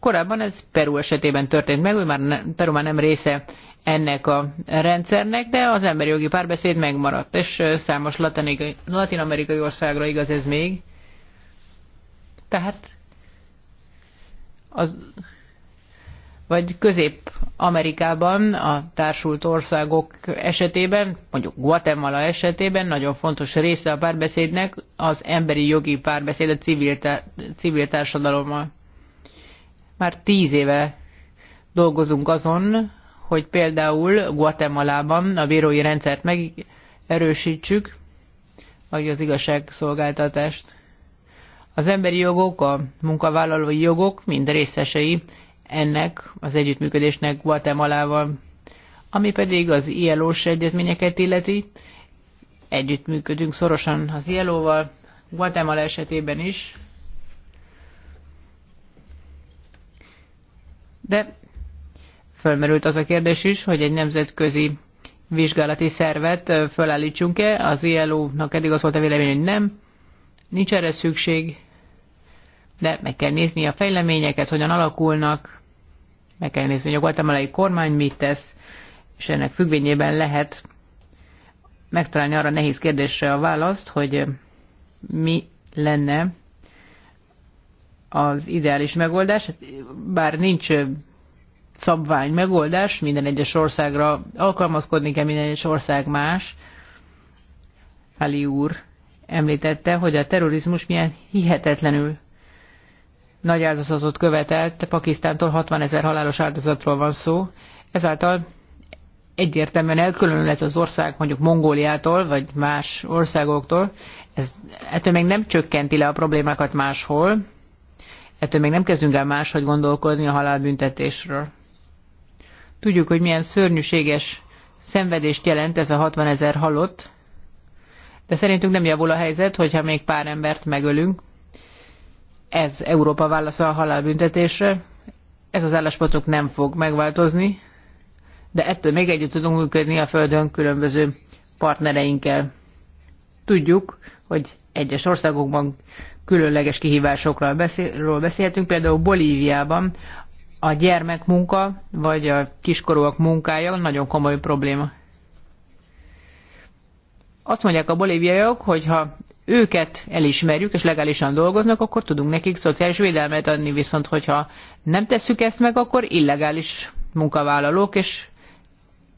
Korábban ez Peru esetében történt meg, hogy már ne, Peru már nem része ennek a rendszernek, de az emberi jogi párbeszéd megmaradt, és számos latin-amerikai országra igaz ez még. Tehát az, vagy Közép-Amerikában a társult országok esetében, mondjuk Guatemala esetében nagyon fontos része a párbeszédnek az emberi jogi párbeszéd a civil, civil társadalommal. Már tíz éve dolgozunk azon, hogy például Guatemalában a bírói rendszert megerősítsük, vagy az igazságszolgáltatást. Az emberi jogok, a munkavállalói jogok mind részesei ennek az együttműködésnek Guatemalával. Ami pedig az ILO-s egyezményeket illeti, együttműködünk szorosan az ILO-val, Guatemala esetében is. De Fölmerült az a kérdés is, hogy egy nemzetközi vizsgálati szervet fölállítsunk-e. Az ILO-nak eddig az volt a vélemény, hogy nem, nincs erre szükség, de meg kell nézni a fejleményeket, hogyan alakulnak, meg kell nézni, hogy a guatemalai kormány mit tesz, és ennek függvényében lehet megtalálni arra nehéz kérdésre a választ, hogy mi lenne az ideális megoldás, bár nincs szabvány megoldás, minden egyes országra alkalmazkodni kell, minden egyes ország más. Ali úr említette, hogy a terrorizmus milyen hihetetlenül nagy áldozatot követelt, Pakisztántól 60 ezer halálos áldozatról van szó, ezáltal egyértelműen elkülönül ez az ország mondjuk Mongóliától, vagy más országoktól, ez, ettől még nem csökkenti le a problémákat máshol, ettől még nem kezdünk el máshogy gondolkodni a halálbüntetésről. Tudjuk, hogy milyen szörnyűséges szenvedést jelent ez a 60 ezer halott, de szerintünk nem javul a helyzet, hogyha még pár embert megölünk. Ez Európa válasza a halálbüntetésre. Ez az álláspontok nem fog megváltozni, de ettől még együtt tudunk működni a Földön különböző partnereinkkel. Tudjuk, hogy egyes országokban különleges kihívásokról beszélhetünk, például Bolíviában a gyermek munka vagy a kiskorúak munkája nagyon komoly probléma. Azt mondják a bolíviaiak, hogy ha őket elismerjük és legálisan dolgoznak, akkor tudunk nekik szociális védelmet adni, viszont hogyha nem tesszük ezt meg, akkor illegális munkavállalók, és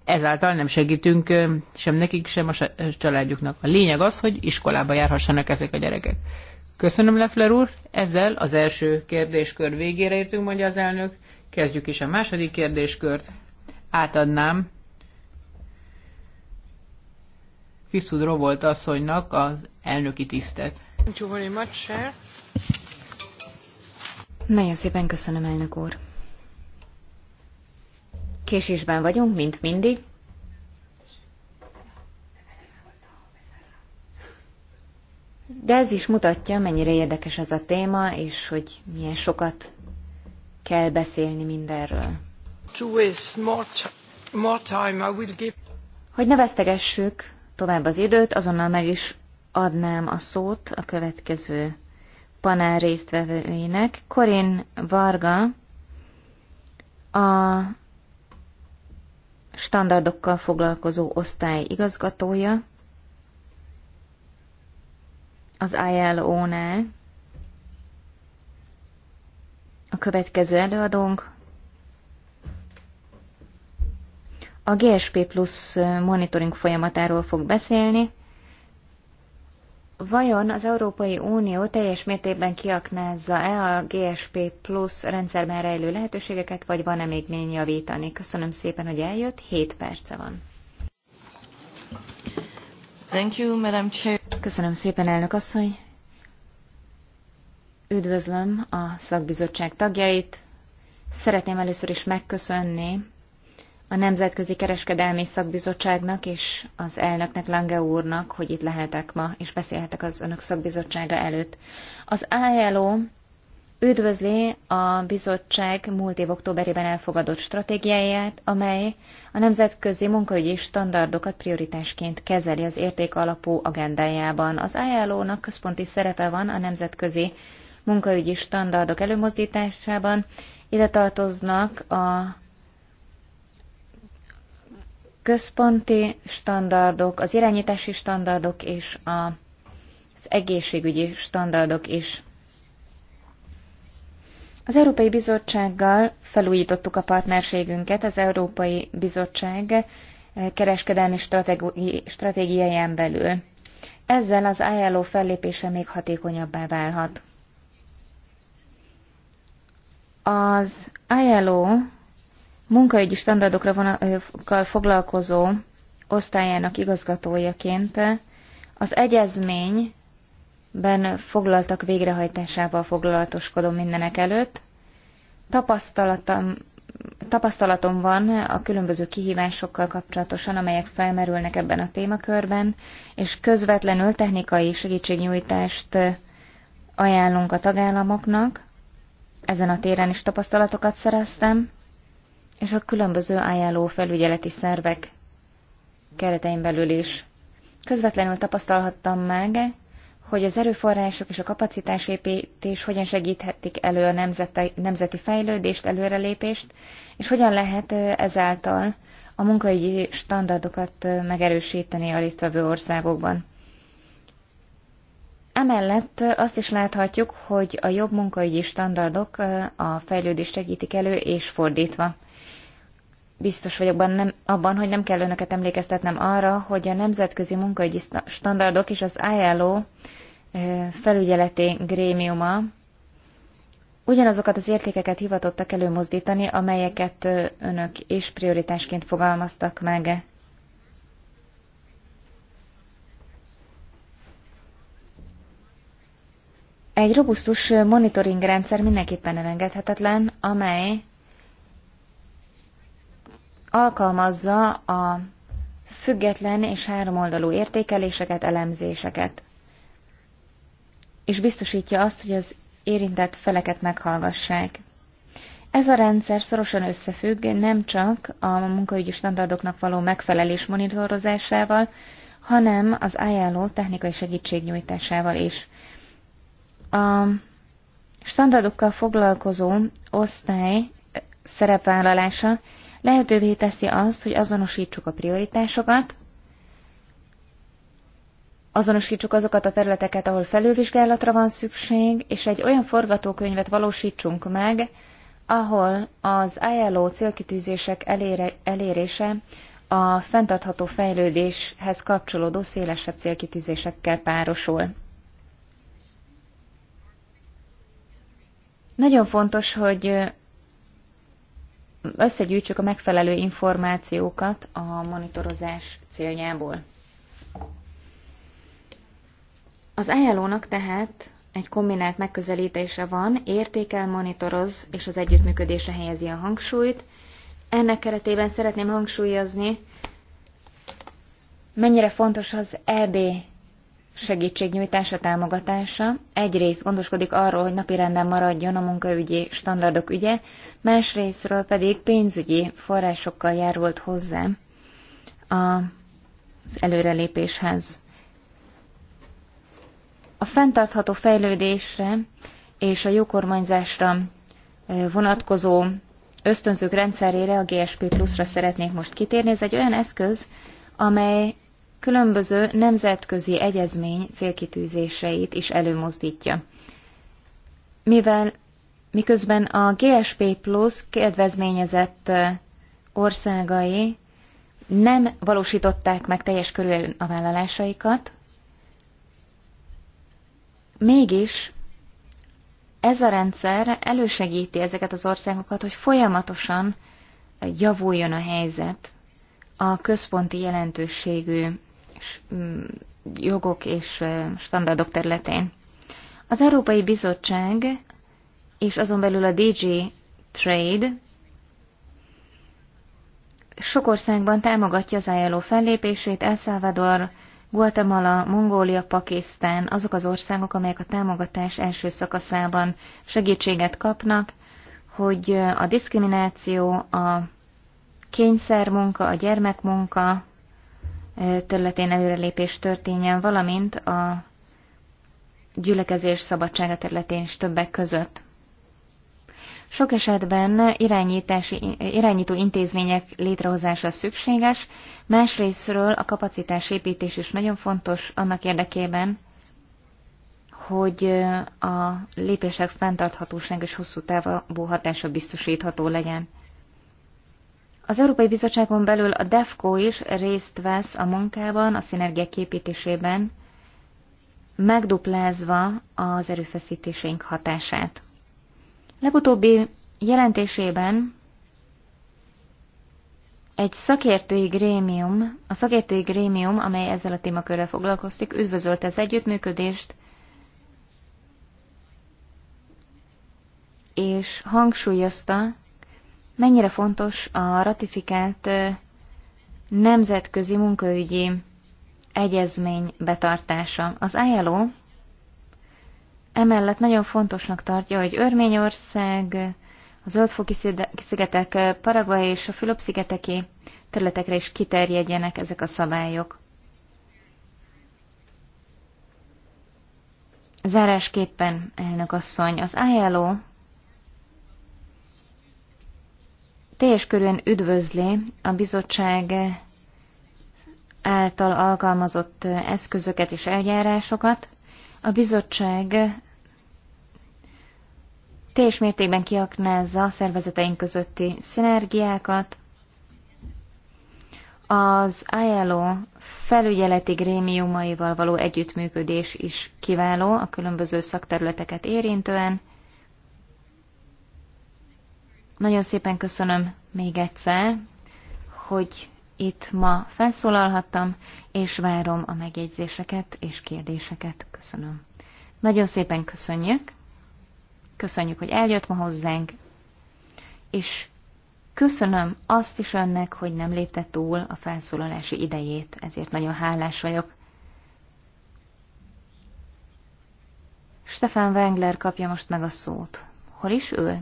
ezáltal nem segítünk sem nekik, sem a családjuknak. A lényeg az, hogy iskolába járhassanak ezek a gyerekek. Köszönöm, Leffler úr. Ezzel az első kérdéskör végére értünk, mondja az elnök. Kezdjük is a második kérdéskört. Átadnám Fiszud Robolt asszonynak az elnöki tisztet. Thank you very much, sir. Nagyon szépen köszönöm, elnök úr. Késésben vagyunk, mint mindig. De ez is mutatja, mennyire érdekes ez a téma, és hogy milyen sokat kell beszélni mindenről. Hogy ne vesztegessük tovább az időt, azonnal meg is adnám a szót a következő panel résztvevőinek, Korin Varga a standardokkal foglalkozó osztály igazgatója, az ILO-nál. A következő előadónk a GSP Plus monitoring folyamatáról fog beszélni. Vajon az Európai Unió teljes mértékben kiaknázza-e a GSP Plus rendszerben rejlő lehetőségeket, vagy van-e még mi javítani? Köszönöm szépen, hogy eljött, 7 perce van. Thank you, Madam Chair. Köszönöm szépen, elnök asszony. Üdvözlöm a szakbizottság tagjait. Szeretném először is megköszönni a Nemzetközi Kereskedelmi Szakbizottságnak és az elnöknek, Lange úrnak, hogy itt lehetek ma, és beszélhetek az önök szakbizottsága előtt. Az ILO üdvözli a bizottság múlt év októberében elfogadott stratégiáját, amely a nemzetközi munkaügyi standardokat prioritásként kezeli az érték alapú agendájában. Az ajánlónak központi szerepe van a nemzetközi munkaügyi standardok előmozdításában, ide tartoznak a központi standardok, az irányítási standardok és az egészségügyi standardok is. Az Európai Bizottsággal felújítottuk a partnerségünket, az Európai Bizottság eh, kereskedelmi stratégiáján belül. Ezzel az ILO fellépése még hatékonyabbá válhat. Az ILO munkaügyi standardokra vonal, eh, foglalkozó osztályának igazgatójaként eh, az egyezmény ben foglaltak végrehajtásával foglalatoskodom mindenek előtt. Tapasztalatom, tapasztalatom van a különböző kihívásokkal kapcsolatosan, amelyek felmerülnek ebben a témakörben, és közvetlenül technikai segítségnyújtást ajánlunk a tagállamoknak. Ezen a téren is tapasztalatokat szereztem, és a különböző ajánló felügyeleti szervek keretein belül is. Közvetlenül tapasztalhattam meg, hogy az erőforrások és a kapacitásépítés hogyan segíthetik elő a nemzeti, nemzeti fejlődést, előrelépést, és hogyan lehet ezáltal a munkaügyi standardokat megerősíteni a résztvevő országokban. Emellett azt is láthatjuk, hogy a jobb munkaügyi standardok a fejlődést segítik elő, és fordítva biztos vagyok abban, hogy nem kell önöket emlékeztetnem arra, hogy a nemzetközi munkaügyi standardok és az ILO felügyeleti grémiuma ugyanazokat az értékeket hivatottak előmozdítani, amelyeket önök is prioritásként fogalmaztak meg. Egy robusztus monitoring rendszer mindenképpen elengedhetetlen, amely alkalmazza a független és háromoldalú értékeléseket, elemzéseket, és biztosítja azt, hogy az érintett feleket meghallgassák. Ez a rendszer szorosan összefügg nem csak a munkaügyi standardoknak való megfelelés monitorozásával, hanem az ajánló technikai segítségnyújtásával is. A standardokkal foglalkozó osztály szerepvállalása lehetővé teszi azt, hogy azonosítsuk a prioritásokat, azonosítsuk azokat a területeket, ahol felülvizsgálatra van szükség, és egy olyan forgatókönyvet valósítsunk meg, ahol az ILO célkitűzések elére, elérése a fenntartható fejlődéshez kapcsolódó szélesebb célkitűzésekkel párosul. Nagyon fontos, hogy összegyűjtsük a megfelelő információkat a monitorozás céljából. Az ajánlónak tehát egy kombinált megközelítése van, értékel, monitoroz és az együttműködésre helyezi a hangsúlyt. Ennek keretében szeretném hangsúlyozni, mennyire fontos az EB segítségnyújtása, támogatása. Egyrészt gondoskodik arról, hogy napirenden maradjon a munkaügyi standardok ügye, másrésztről pedig pénzügyi forrásokkal járult hozzá az előrelépéshez. A fenntartható fejlődésre és a jókormányzásra vonatkozó ösztönzők rendszerére, a GSP Plus-ra szeretnék most kitérni. Ez egy olyan eszköz, amely különböző nemzetközi egyezmény célkitűzéseit is előmozdítja. Mivel miközben a GSP Plus kedvezményezett országai nem valósították meg teljes körülön a vállalásaikat, mégis ez a rendszer elősegíti ezeket az országokat, hogy folyamatosan javuljon a helyzet a központi jelentőségű Mm, jogok és standardok területén. Az Európai Bizottság és azon belül a DG Trade sok országban támogatja az ILO fellépését, El Salvador, Guatemala, Mongólia, Pakisztán, azok az országok, amelyek a támogatás első szakaszában segítséget kapnak, hogy a diszkrimináció, a kényszermunka, a gyermekmunka területén előrelépés történjen, valamint a gyülekezés szabadsága területén is többek között. Sok esetben irányítási, irányító intézmények létrehozása szükséges, másrésztről a kapacitás építés is nagyon fontos annak érdekében, hogy a lépések fenntarthatóság és hosszú távú hatása biztosítható legyen. Az Európai Bizottságon belül a DEFCO is részt vesz a munkában, a szinergiák képítésében, megduplázva az erőfeszítésénk hatását. Legutóbbi jelentésében egy szakértői grémium, a szakértői grémium, amely ezzel a témakörrel foglalkoztik, üdvözölte az együttműködést, és hangsúlyozta, mennyire fontos a ratifikált nemzetközi munkaügyi egyezmény betartása. Az ILO emellett nagyon fontosnak tartja, hogy Örményország, a Zöldfoki szigetek, Paraguay és a Fülöp-szigeteki területekre is kiterjedjenek ezek a szabályok. Zárásképpen, elnök asszony, az ILO teljes körűen üdvözli a bizottság által alkalmazott eszközöket és eljárásokat. A bizottság teljes mértékben kiaknázza a szervezeteink közötti szinergiákat. Az ILO felügyeleti grémiumaival való együttműködés is kiváló a különböző szakterületeket érintően, nagyon szépen köszönöm még egyszer, hogy itt ma felszólalhattam, és várom a megjegyzéseket és kérdéseket. Köszönöm. Nagyon szépen köszönjük. Köszönjük, hogy eljött ma hozzánk, és köszönöm azt is önnek, hogy nem lépte túl a felszólalási idejét, ezért nagyon hálás vagyok. Stefan Wengler kapja most meg a szót. Hol is ő?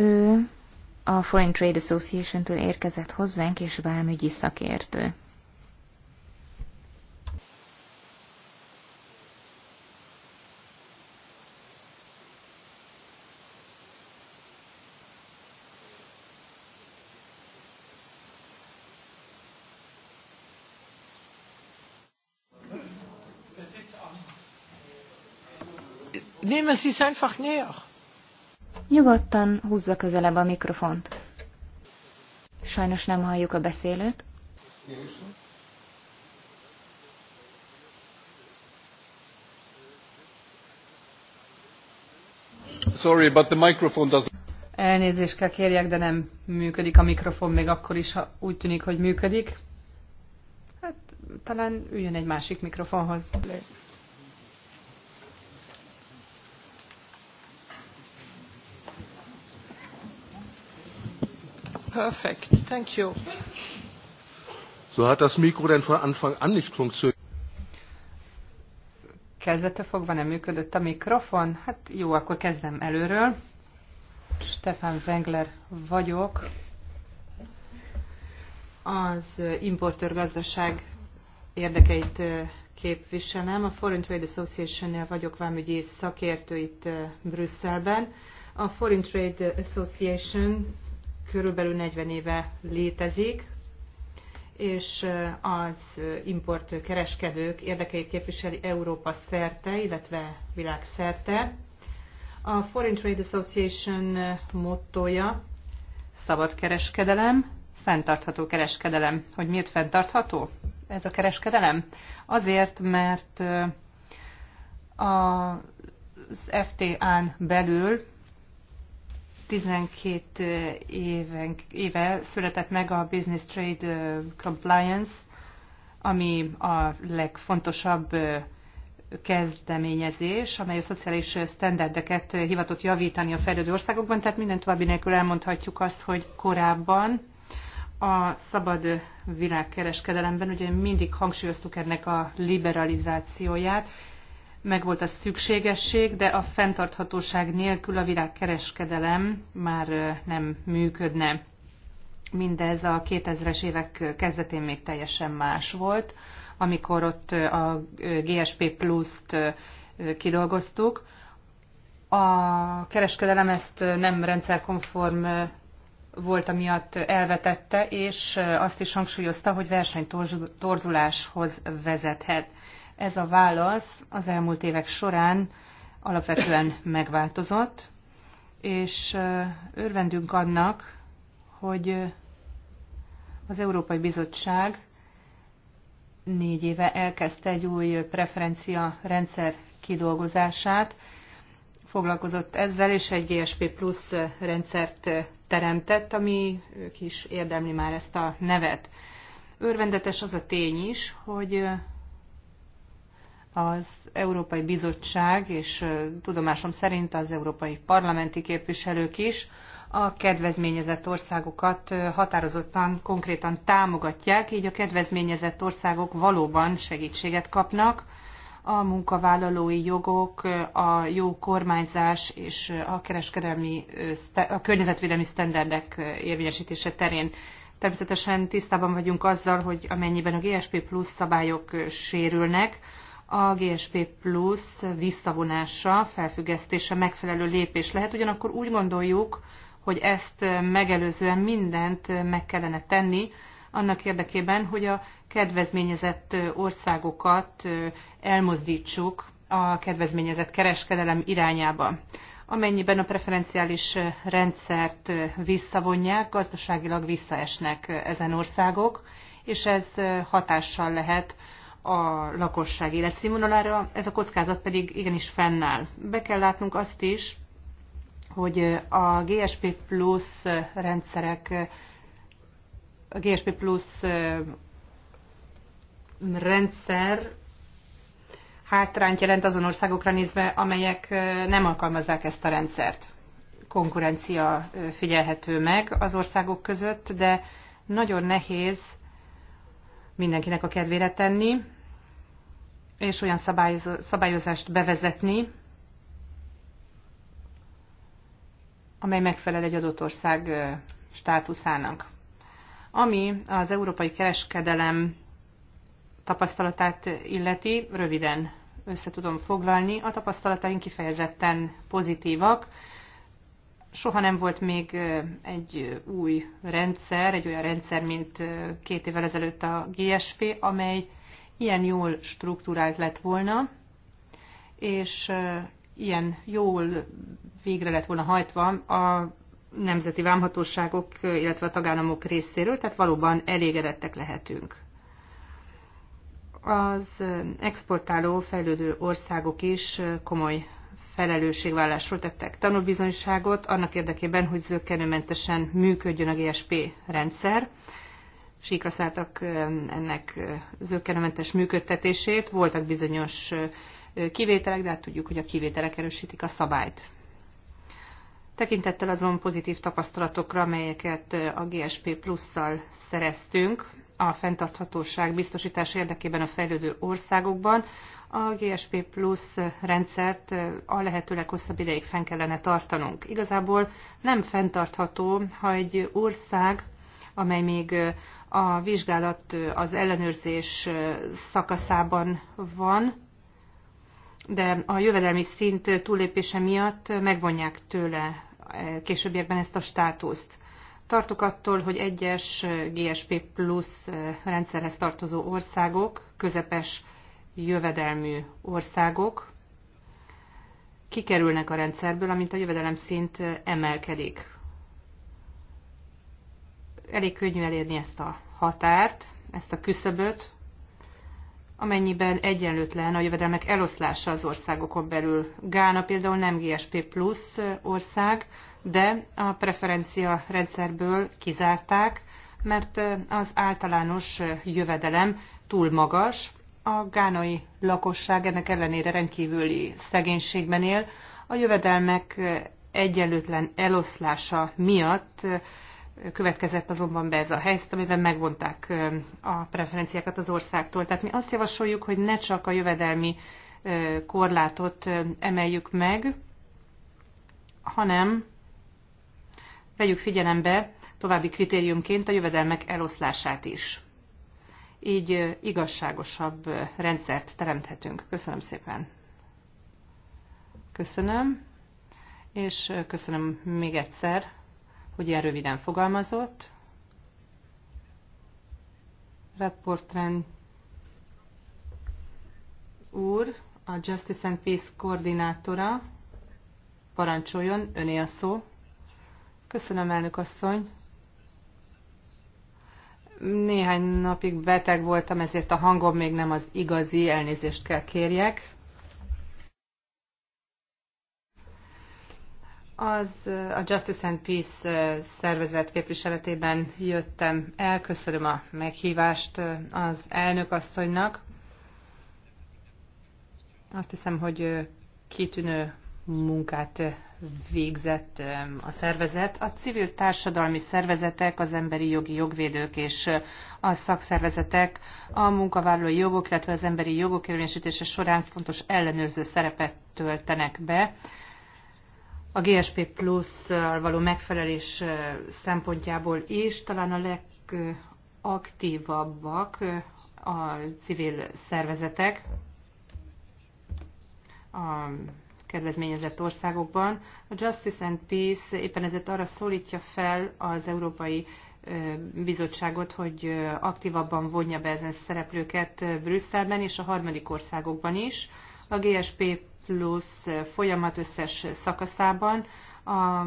Ő a Foreign Trade Association-től érkezett hozzánk, és vámügyi szakértő. Nehmen Sie es einfach näher. Nyugodtan húzza közelebb a mikrofont. Sajnos nem halljuk a beszélőt. Sorry, but the microphone doesn't... Elnézést kell kérjek, de nem működik a mikrofon, még akkor is, ha úgy tűnik, hogy működik. Hát talán üljön egy másik mikrofonhoz. Perfect. Thank you. So hat das Mikro denn von Anfang an nicht funktioniert. Kezdete fogva nem működött a mikrofon? Hát jó, akkor kezdem előről. Stefan Wengler vagyok. Az importőr gazdaság érdekeit képviselem. A Foreign Trade Association-nél vagyok vámügyi szakértő itt Brüsszelben. A Foreign Trade Association körülbelül 40 éve létezik, és az importkereskedők érdekeit képviseli Európa szerte, illetve világszerte. A Foreign Trade Association mottoja szabad kereskedelem, fenntartható kereskedelem. Hogy miért fenntartható ez a kereskedelem? Azért, mert az FTA-n belül 12 éven, éve született meg a Business Trade Compliance, ami a legfontosabb kezdeményezés, amely a szociális sztenderdeket hivatott javítani a fejlődő országokban, tehát minden további nélkül elmondhatjuk azt, hogy korábban a szabad világkereskedelemben ugye mindig hangsúlyoztuk ennek a liberalizációját, megvolt a szükségesség, de a fenntarthatóság nélkül a világkereskedelem már nem működne. Mindez a 2000-es évek kezdetén még teljesen más volt, amikor ott a GSP Plus-t kidolgoztuk. A kereskedelem ezt nem rendszerkonform volt, amiatt elvetette, és azt is hangsúlyozta, hogy versenytorzuláshoz vezethet. Ez a válasz az elmúlt évek során alapvetően megváltozott, és örvendünk annak, hogy az Európai Bizottság négy éve elkezdte egy új preferencia rendszer kidolgozását, foglalkozott ezzel, és egy GSP Plus rendszert teremtett, ami ők is érdemli már ezt a nevet. Örvendetes az a tény is, hogy az Európai Bizottság, és tudomásom szerint az Európai Parlamenti képviselők is a kedvezményezett országokat határozottan, konkrétan támogatják, így a kedvezményezett országok valóban segítséget kapnak, a munkavállalói jogok, a jó kormányzás és a kereskedelmi, a környezetvédelmi sztenderdek érvényesítése terén. Természetesen tisztában vagyunk azzal, hogy amennyiben a GSP plusz szabályok sérülnek, a GSP Plus visszavonása, felfüggesztése megfelelő lépés lehet, ugyanakkor úgy gondoljuk, hogy ezt megelőzően mindent meg kellene tenni, annak érdekében, hogy a kedvezményezett országokat elmozdítsuk a kedvezményezett kereskedelem irányába. Amennyiben a preferenciális rendszert visszavonják, gazdaságilag visszaesnek ezen országok, és ez hatással lehet a lakosság életszínvonalára, ez a kockázat pedig igenis fennáll. Be kell látnunk azt is, hogy a GSP Plus rendszerek, a GSP Plus um, rendszer hátrányt jelent azon országokra nézve, amelyek uh, nem alkalmazzák ezt a rendszert. Konkurencia uh, figyelhető meg az országok között, de nagyon nehéz mindenkinek a kedvére tenni, és olyan szabályozást bevezetni, amely megfelel egy adott ország státuszának. Ami az európai kereskedelem tapasztalatát illeti, röviden össze tudom foglalni. A tapasztalataink kifejezetten pozitívak, soha nem volt még egy új rendszer, egy olyan rendszer, mint két évvel ezelőtt a GSP, amely ilyen jól struktúrált lett volna, és ilyen jól végre lett volna hajtva a nemzeti vámhatóságok, illetve a tagállamok részéről, tehát valóban elégedettek lehetünk. Az exportáló fejlődő országok is komoly felelősségvállásról tettek tanúbizonyságot annak érdekében, hogy zöggenőmentesen működjön a GSP rendszer. Síkra szálltak ennek zöggenőmentes működtetését, voltak bizonyos kivételek, de hát tudjuk, hogy a kivételek erősítik a szabályt. Tekintettel azon pozitív tapasztalatokra, amelyeket a GSP plusszal szereztünk, a fenntarthatóság biztosítás érdekében a fejlődő országokban a GSP Plus rendszert a lehető leghosszabb ideig fenn kellene tartanunk. Igazából nem fenntartható, ha egy ország, amely még a vizsgálat, az ellenőrzés szakaszában van, de a jövedelmi szint túllépése miatt megvonják tőle későbbiekben ezt a státuszt. Tartok attól, hogy egyes GSP rendszerhez tartozó országok közepes jövedelmű országok kikerülnek a rendszerből, amint a jövedelem szint emelkedik. Elég könnyű elérni ezt a határt, ezt a küszöböt, amennyiben egyenlőtlen a jövedelmek eloszlása az országokon belül. Gána például nem GSP plusz ország, de a preferencia rendszerből kizárták, mert az általános jövedelem túl magas, a gánai lakosság ennek ellenére rendkívüli szegénységben él. A jövedelmek egyenlőtlen eloszlása miatt következett azonban be ez a helyzet, amiben megvonták a preferenciákat az országtól. Tehát mi azt javasoljuk, hogy ne csak a jövedelmi korlátot emeljük meg, hanem vegyük figyelembe további kritériumként a jövedelmek eloszlását is így igazságosabb rendszert teremthetünk. Köszönöm szépen. Köszönöm, és köszönöm még egyszer, hogy ilyen röviden fogalmazott. reportrend úr, a Justice and Peace koordinátora, parancsoljon, öné a szó. Köszönöm, elnök asszony néhány napig beteg voltam, ezért a hangom még nem az igazi, elnézést kell kérjek. Az a Justice and Peace eh, szervezet képviseletében jöttem el. Köszönöm a meghívást eh, az elnök asszonynak. Azt hiszem, hogy eh, kitűnő munkát végzett a szervezet. A civil társadalmi szervezetek, az emberi jogi jogvédők és a szakszervezetek a munkavállalói jogok, illetve az emberi jogok érvényesítése során fontos ellenőrző szerepet töltenek be. A GSP plus való megfelelés szempontjából is talán a legaktívabbak a civil szervezetek, a kedvezményezett országokban. A Justice and Peace éppen ezért arra szólítja fel az Európai Bizottságot, hogy aktívabban vonja be ezen szereplőket Brüsszelben és a harmadik országokban is. A GSP Plus folyamat összes szakaszában a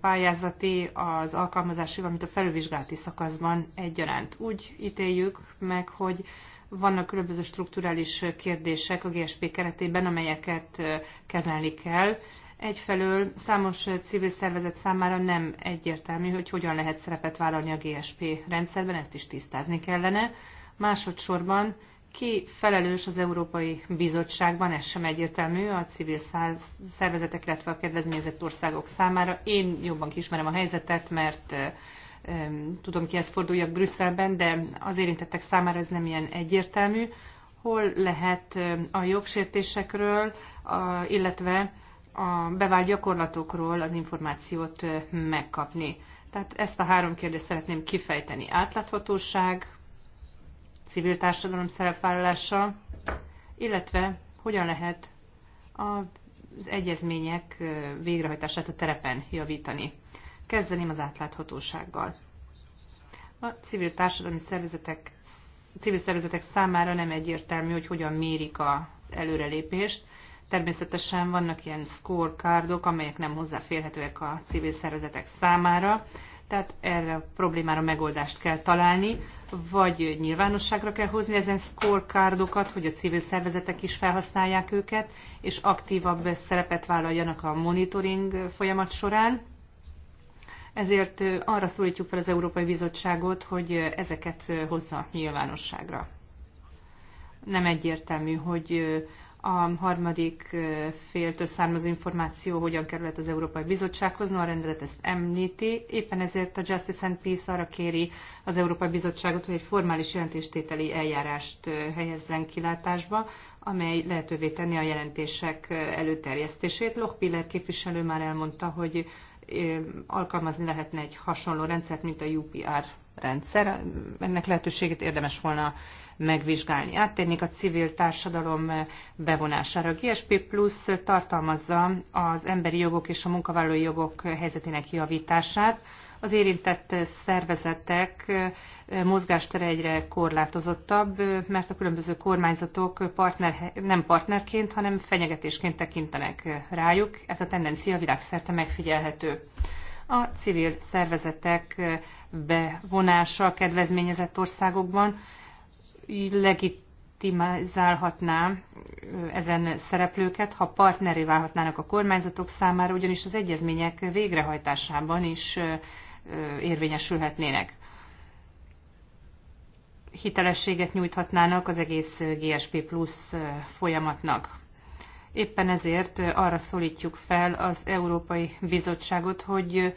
pályázati, az alkalmazási, valamint a felülvizsgálati szakaszban egyaránt. Úgy ítéljük meg, hogy vannak különböző strukturális kérdések a GSP keretében, amelyeket kezelni kell. Egyfelől számos civil szervezet számára nem egyértelmű, hogy hogyan lehet szerepet vállalni a GSP rendszerben, ezt is tisztázni kellene. Másodszorban ki felelős az Európai Bizottságban, ez sem egyértelmű, a civil szervezetek, illetve a kedvezményezett országok számára. Én jobban kismerem a helyzetet, mert tudom kihez forduljak Brüsszelben, de az érintettek számára ez nem ilyen egyértelmű, hol lehet a jogsértésekről, illetve a bevált gyakorlatokról az információt megkapni. Tehát ezt a három kérdést szeretném kifejteni. Átláthatóság, civil társadalom szerepvállalása, illetve hogyan lehet az egyezmények végrehajtását a terepen javítani. Kezdeném az átláthatósággal. A civil társadalmi szervezetek, civil szervezetek számára nem egyértelmű, hogy hogyan mérik az előrelépést. Természetesen vannak ilyen scorecardok, amelyek nem hozzáférhetőek a civil szervezetek számára, tehát erre a problémára megoldást kell találni, vagy nyilvánosságra kell hozni ezen scorecardokat, hogy a civil szervezetek is felhasználják őket, és aktívabb szerepet vállaljanak a monitoring folyamat során ezért arra szólítjuk fel az Európai Bizottságot, hogy ezeket hozza nyilvánosságra. Nem egyértelmű, hogy a harmadik féltől származó információ hogyan kerülhet az Európai Bizottsághoz. No, a rendelet ezt említi. Éppen ezért a Justice and Peace arra kéri az Európai Bizottságot, hogy egy formális jelentéstételi eljárást helyezzen kilátásba, amely lehetővé tenni a jelentések előterjesztését. Lochpiller képviselő már elmondta, hogy alkalmazni lehetne egy hasonló rendszert, mint a UPR rendszer. Ennek lehetőségét érdemes volna megvizsgálni. Áttérnék a civil társadalom bevonására. A GSP Plus tartalmazza az emberi jogok és a munkavállalói jogok helyzetének javítását, az érintett szervezetek eh, mozgástere egyre korlátozottabb, eh, mert a különböző kormányzatok partner, nem partnerként, hanem fenyegetésként tekintenek eh, rájuk. Ez a tendencia világszerte megfigyelhető. A civil szervezetek bevonása a kedvezményezett országokban legitimizálhatná ezen szereplőket, ha partneré válhatnának a kormányzatok számára, ugyanis az egyezmények végrehajtásában is érvényesülhetnének. Hitelességet nyújthatnának az egész GSP Plus folyamatnak. Éppen ezért arra szólítjuk fel az Európai Bizottságot, hogy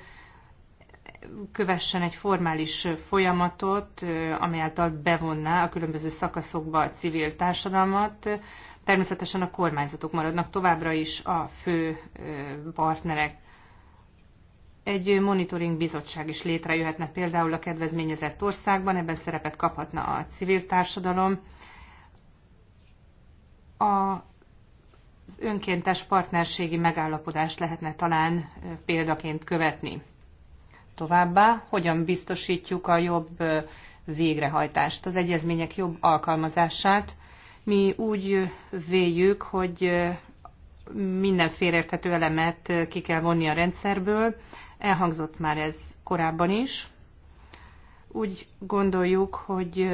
kövessen egy formális folyamatot, ami által bevonná a különböző szakaszokba a civil társadalmat. Természetesen a kormányzatok maradnak továbbra is a fő partnerek egy monitoring bizottság is létrejöhetne például a kedvezményezett országban, ebben szerepet kaphatna a civil társadalom. A az önkéntes partnerségi megállapodást lehetne talán példaként követni. Továbbá, hogyan biztosítjuk a jobb végrehajtást, az egyezmények jobb alkalmazását. Mi úgy véljük, hogy minden félérthető elemet ki kell vonni a rendszerből, Elhangzott már ez korábban is. Úgy gondoljuk, hogy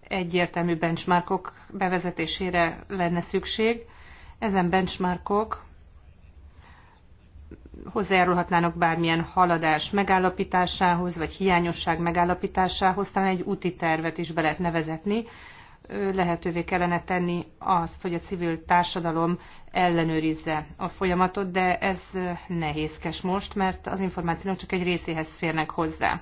egyértelmű benchmarkok bevezetésére lenne szükség. Ezen benchmarkok hozzájárulhatnának bármilyen haladás megállapításához, vagy hiányosság megállapításához, talán egy úti tervet is be lehet nevezetni, lehetővé kellene tenni azt, hogy a civil társadalom ellenőrizze a folyamatot, de ez nehézkes most, mert az információk csak egy részéhez férnek hozzá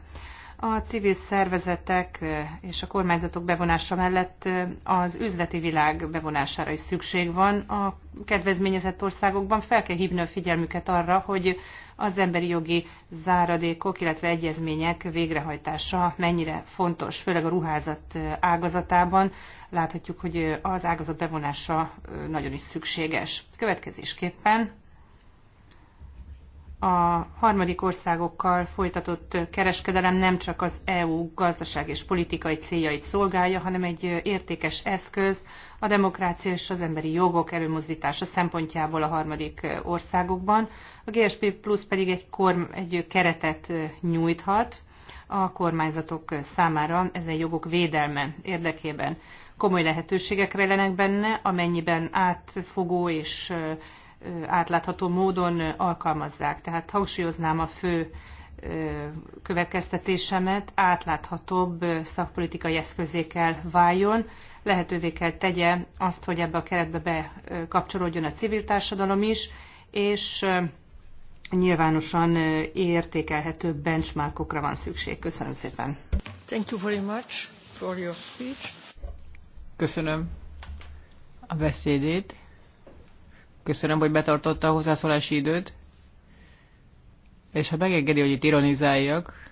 a civil szervezetek és a kormányzatok bevonása mellett az üzleti világ bevonására is szükség van. A kedvezményezett országokban fel kell hívni a figyelmüket arra, hogy az emberi jogi záradékok, illetve egyezmények végrehajtása mennyire fontos, főleg a ruházat ágazatában. Láthatjuk, hogy az ágazat bevonása nagyon is szükséges. Következésképpen a harmadik országokkal folytatott kereskedelem nem csak az EU gazdaság és politikai céljait szolgálja, hanem egy értékes eszköz a demokrácia és az emberi jogok előmozdítása szempontjából a harmadik országokban. A GSP Plus pedig egy, korm, egy keretet nyújthat a kormányzatok számára ezen jogok védelme érdekében. Komoly lehetőségek rejlenek benne, amennyiben átfogó és átlátható módon alkalmazzák. Tehát hangsúlyoznám a fő következtetésemet, átláthatóbb szakpolitikai eszközékkel váljon, lehetővé kell tegye azt, hogy ebbe a keretbe bekapcsolódjon a civil társadalom is, és nyilvánosan értékelhető benchmarkokra van szükség. Köszönöm szépen. Thank you very much for your speech. Köszönöm a beszédét. Köszönöm, hogy betartotta a hozzászólási időt. És ha megengedi, hogy itt ironizáljak,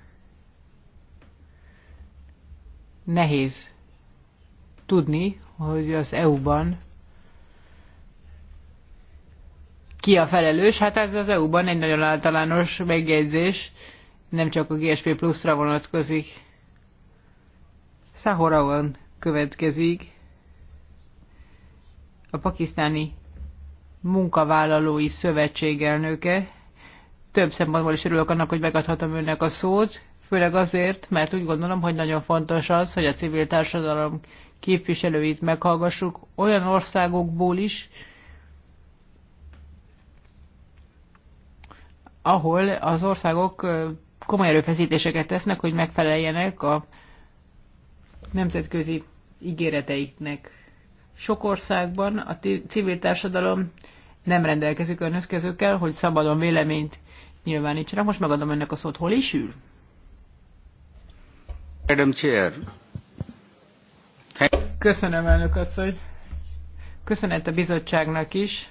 nehéz tudni, hogy az EU-ban ki a felelős. Hát ez az EU-ban egy nagyon általános megjegyzés, nem csak a GSP Plus-ra vonatkozik. Szahoraon következik a pakisztáni munkavállalói szövetségelnöke. Több szempontból is örülök annak, hogy megadhatom önnek a szót, főleg azért, mert úgy gondolom, hogy nagyon fontos az, hogy a civil társadalom képviselőit meghallgassuk olyan országokból is, ahol az országok komoly erőfeszítéseket tesznek, hogy megfeleljenek a nemzetközi ígéreteiknek. Sok országban a civil társadalom nem rendelkezik önözkezőkkel, hogy szabadon véleményt nyilvánítsanak. Most megadom önnek a szót. Hol is ül? Madam Chair. Köszönöm, elnök asszony. Köszönet a bizottságnak is.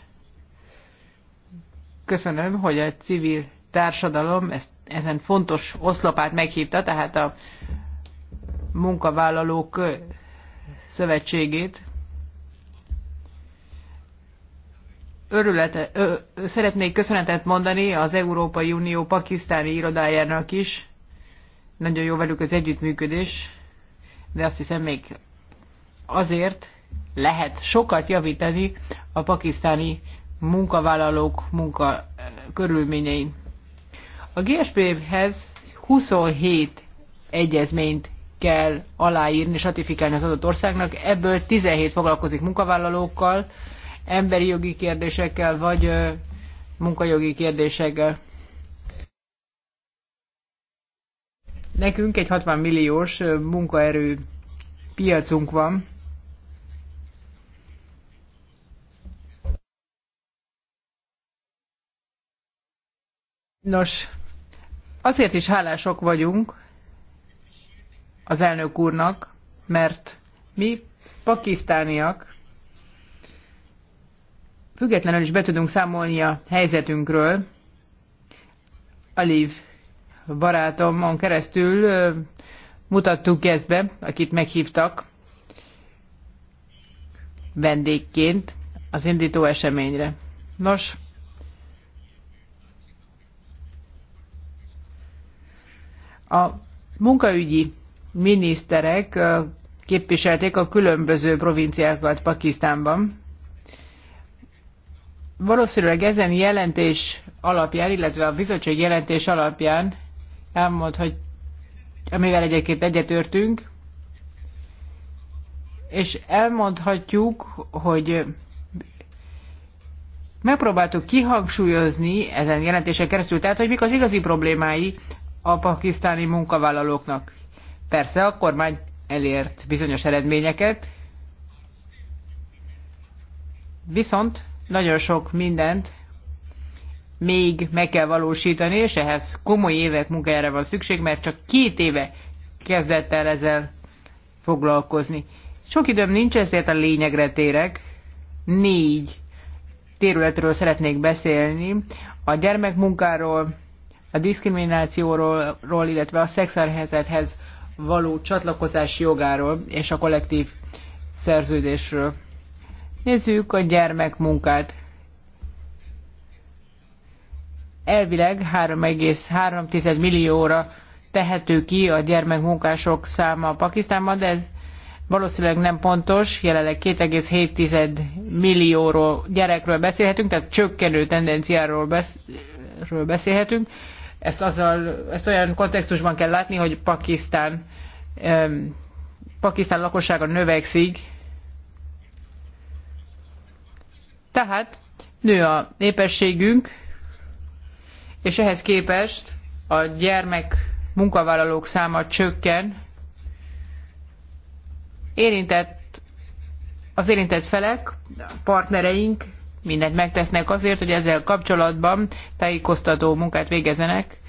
Köszönöm, hogy a civil társadalom ezt, ezen fontos oszlopát meghívta, tehát a munkavállalók szövetségét. örülete, ö, szeretnék köszönetet mondani az Európai Unió pakisztáni irodájának is. Nagyon jó velük az együttműködés, de azt hiszem még azért lehet sokat javítani a pakisztáni munkavállalók munka körülményein. A GSP-hez 27 egyezményt kell aláírni és ratifikálni az adott országnak, ebből 17 foglalkozik munkavállalókkal, emberi jogi kérdésekkel, vagy munkajogi kérdésekkel. Nekünk egy 60 milliós munkaerő piacunk van. Nos, azért is hálások vagyunk az elnök úrnak, mert mi pakisztániak függetlenül is be tudunk számolni a helyzetünkről. Alív barátomon keresztül mutattuk ezt be, akit meghívtak vendégként az indító eseményre. Nos, a munkaügyi miniszterek képviselték a különböző provinciákat Pakisztánban valószínűleg ezen jelentés alapján, illetve a bizottság jelentés alapján elmond, hogy amivel egyébként egyetörtünk, és elmondhatjuk, hogy megpróbáltuk kihangsúlyozni ezen jelentésen keresztül, tehát hogy mik az igazi problémái a pakisztáni munkavállalóknak. Persze a kormány elért bizonyos eredményeket, viszont nagyon sok mindent még meg kell valósítani, és ehhez komoly évek munkájára van szükség, mert csak két éve kezdett el ezzel foglalkozni. Sok időm nincs, ezért a lényegre térek. Négy térületről szeretnék beszélni. A gyermekmunkáról, a diszkriminációról, illetve a szexuálhelyzethez való csatlakozás jogáról és a kollektív szerződésről. Nézzük a gyermekmunkát. Elvileg 3,3 millióra tehető ki a gyermekmunkások száma a Pakisztánban, de ez valószínűleg nem pontos, jelenleg 2,7 millióról gyerekről beszélhetünk, tehát csökkenő tendenciáról besz- beszélhetünk. Ezt, azzal, ezt olyan kontextusban kell látni, hogy Pakisztán, eh, Pakisztán lakossága növekszik, Tehát nő a népességünk, és ehhez képest a gyermek munkavállalók száma csökken. Érintett, az érintett felek, partnereink mindent megtesznek azért, hogy ezzel kapcsolatban tájékoztató munkát végezzenek.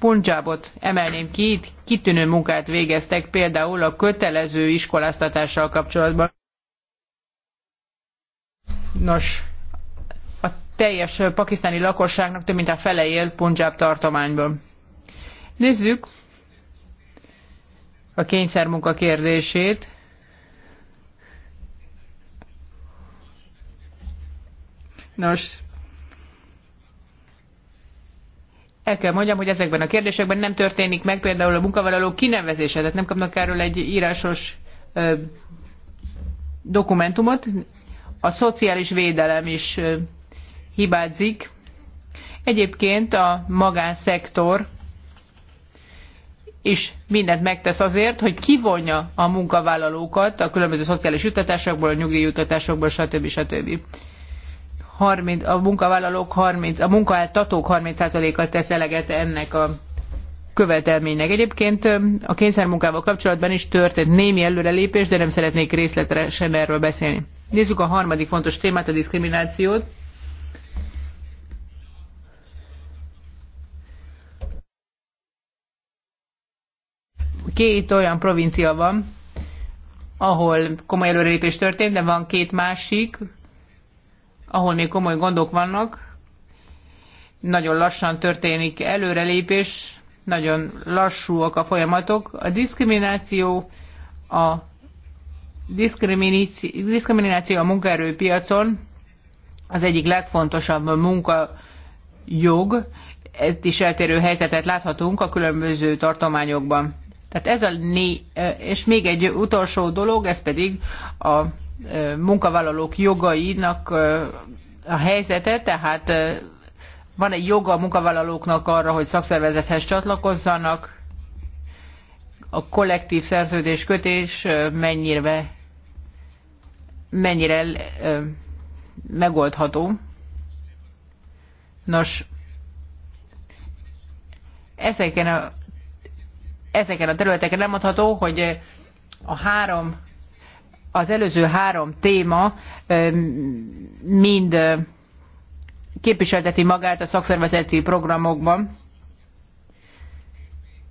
Punjabot emelném ki, itt kitűnő munkát végeztek például a kötelező iskoláztatással kapcsolatban. Nos, a teljes pakisztáni lakosságnak több mint a fele él Punjab tartományban. Nézzük a kényszermunka kérdését. Nos, el kell mondjam, hogy ezekben a kérdésekben nem történik meg például a munkavállalók kinevezése, tehát nem kapnak erről egy írásos ö, dokumentumot, a szociális védelem is hibázik. Egyébként a magánszektor is mindent megtesz azért, hogy kivonja a munkavállalókat a különböző szociális juttatásokból, a juttatásokból, stb. stb. 30, a munkavállalók 30, a munkáltatók 30%-a tesz eleget ennek a követelménynek. Egyébként a kényszermunkával kapcsolatban is történt némi előrelépés, de nem szeretnék részletesen erről beszélni. Nézzük a harmadik fontos témát, a diszkriminációt. Két olyan provincia van, ahol komoly előrelépés történt, de van két másik, ahol még komoly gondok vannak. Nagyon lassan történik előrelépés, nagyon lassúak a folyamatok. A diszkrimináció a diszkrimináció a munkaerőpiacon az egyik legfontosabb munkajog, ezt is eltérő helyzetet láthatunk a különböző tartományokban. Tehát ez a né, és még egy utolsó dolog, ez pedig a e, munkavállalók jogainak e, a helyzete, tehát e, van egy joga a munkavállalóknak arra, hogy szakszervezethez csatlakozzanak, a kollektív szerződés kötés mennyire, mennyire megoldható. Nos, ezeken a, ezeken a területeken nem mondható, hogy a három, az előző három téma mind képviselteti magát a szakszervezeti programokban.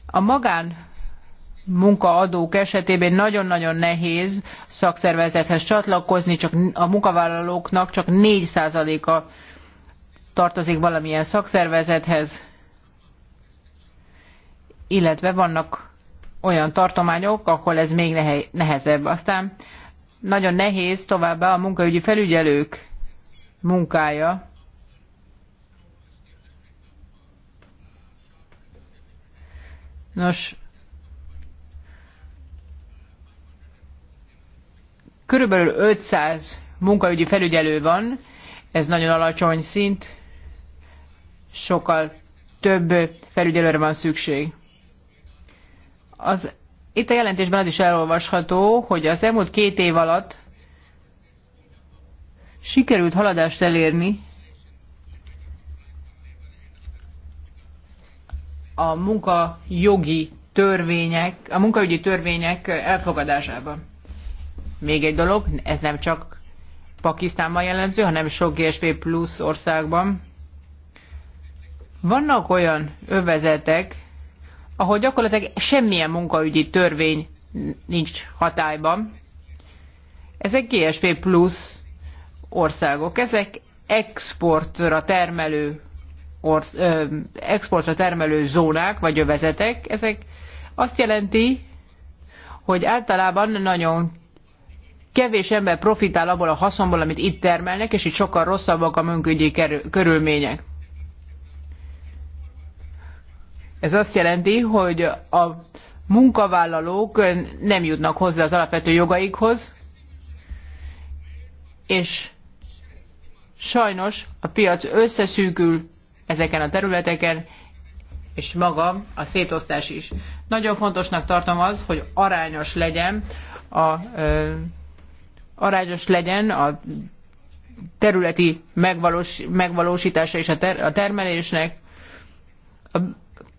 A magán munkaadók esetében nagyon-nagyon nehéz szakszervezethez csatlakozni, csak a munkavállalóknak csak 4%-a tartozik valamilyen szakszervezethez, illetve vannak olyan tartományok, ahol ez még nehezebb. Aztán nagyon nehéz továbbá a munkaügyi felügyelők munkája, Nos, körülbelül 500 munkaügyi felügyelő van, ez nagyon alacsony szint, sokkal több felügyelőre van szükség. Az, itt a jelentésben az is elolvasható, hogy az elmúlt két év alatt sikerült haladást elérni a munkajogi törvények, a munkaügyi törvények elfogadásában. Még egy dolog, ez nem csak Pakisztánban jellemző, hanem sok GSP plusz országban. Vannak olyan övezetek, ahol gyakorlatilag semmilyen munkaügyi törvény nincs hatályban. Ezek GSP plusz országok, ezek exportra termelő orsz, ö, exportra termelő zónák vagy övezetek, ezek azt jelenti, hogy általában nagyon kevés ember profitál abból a haszonból, amit itt termelnek, és itt sokkal rosszabbak a munkügyi körülmények. Ez azt jelenti, hogy a munkavállalók nem jutnak hozzá az alapvető jogaikhoz, és sajnos a piac összeszűkül, ezeken a területeken, és maga a szétosztás is. Nagyon fontosnak tartom az, hogy arányos legyen a, ö, arányos legyen a területi megvalós, megvalósítása és a, ter, a termelésnek. A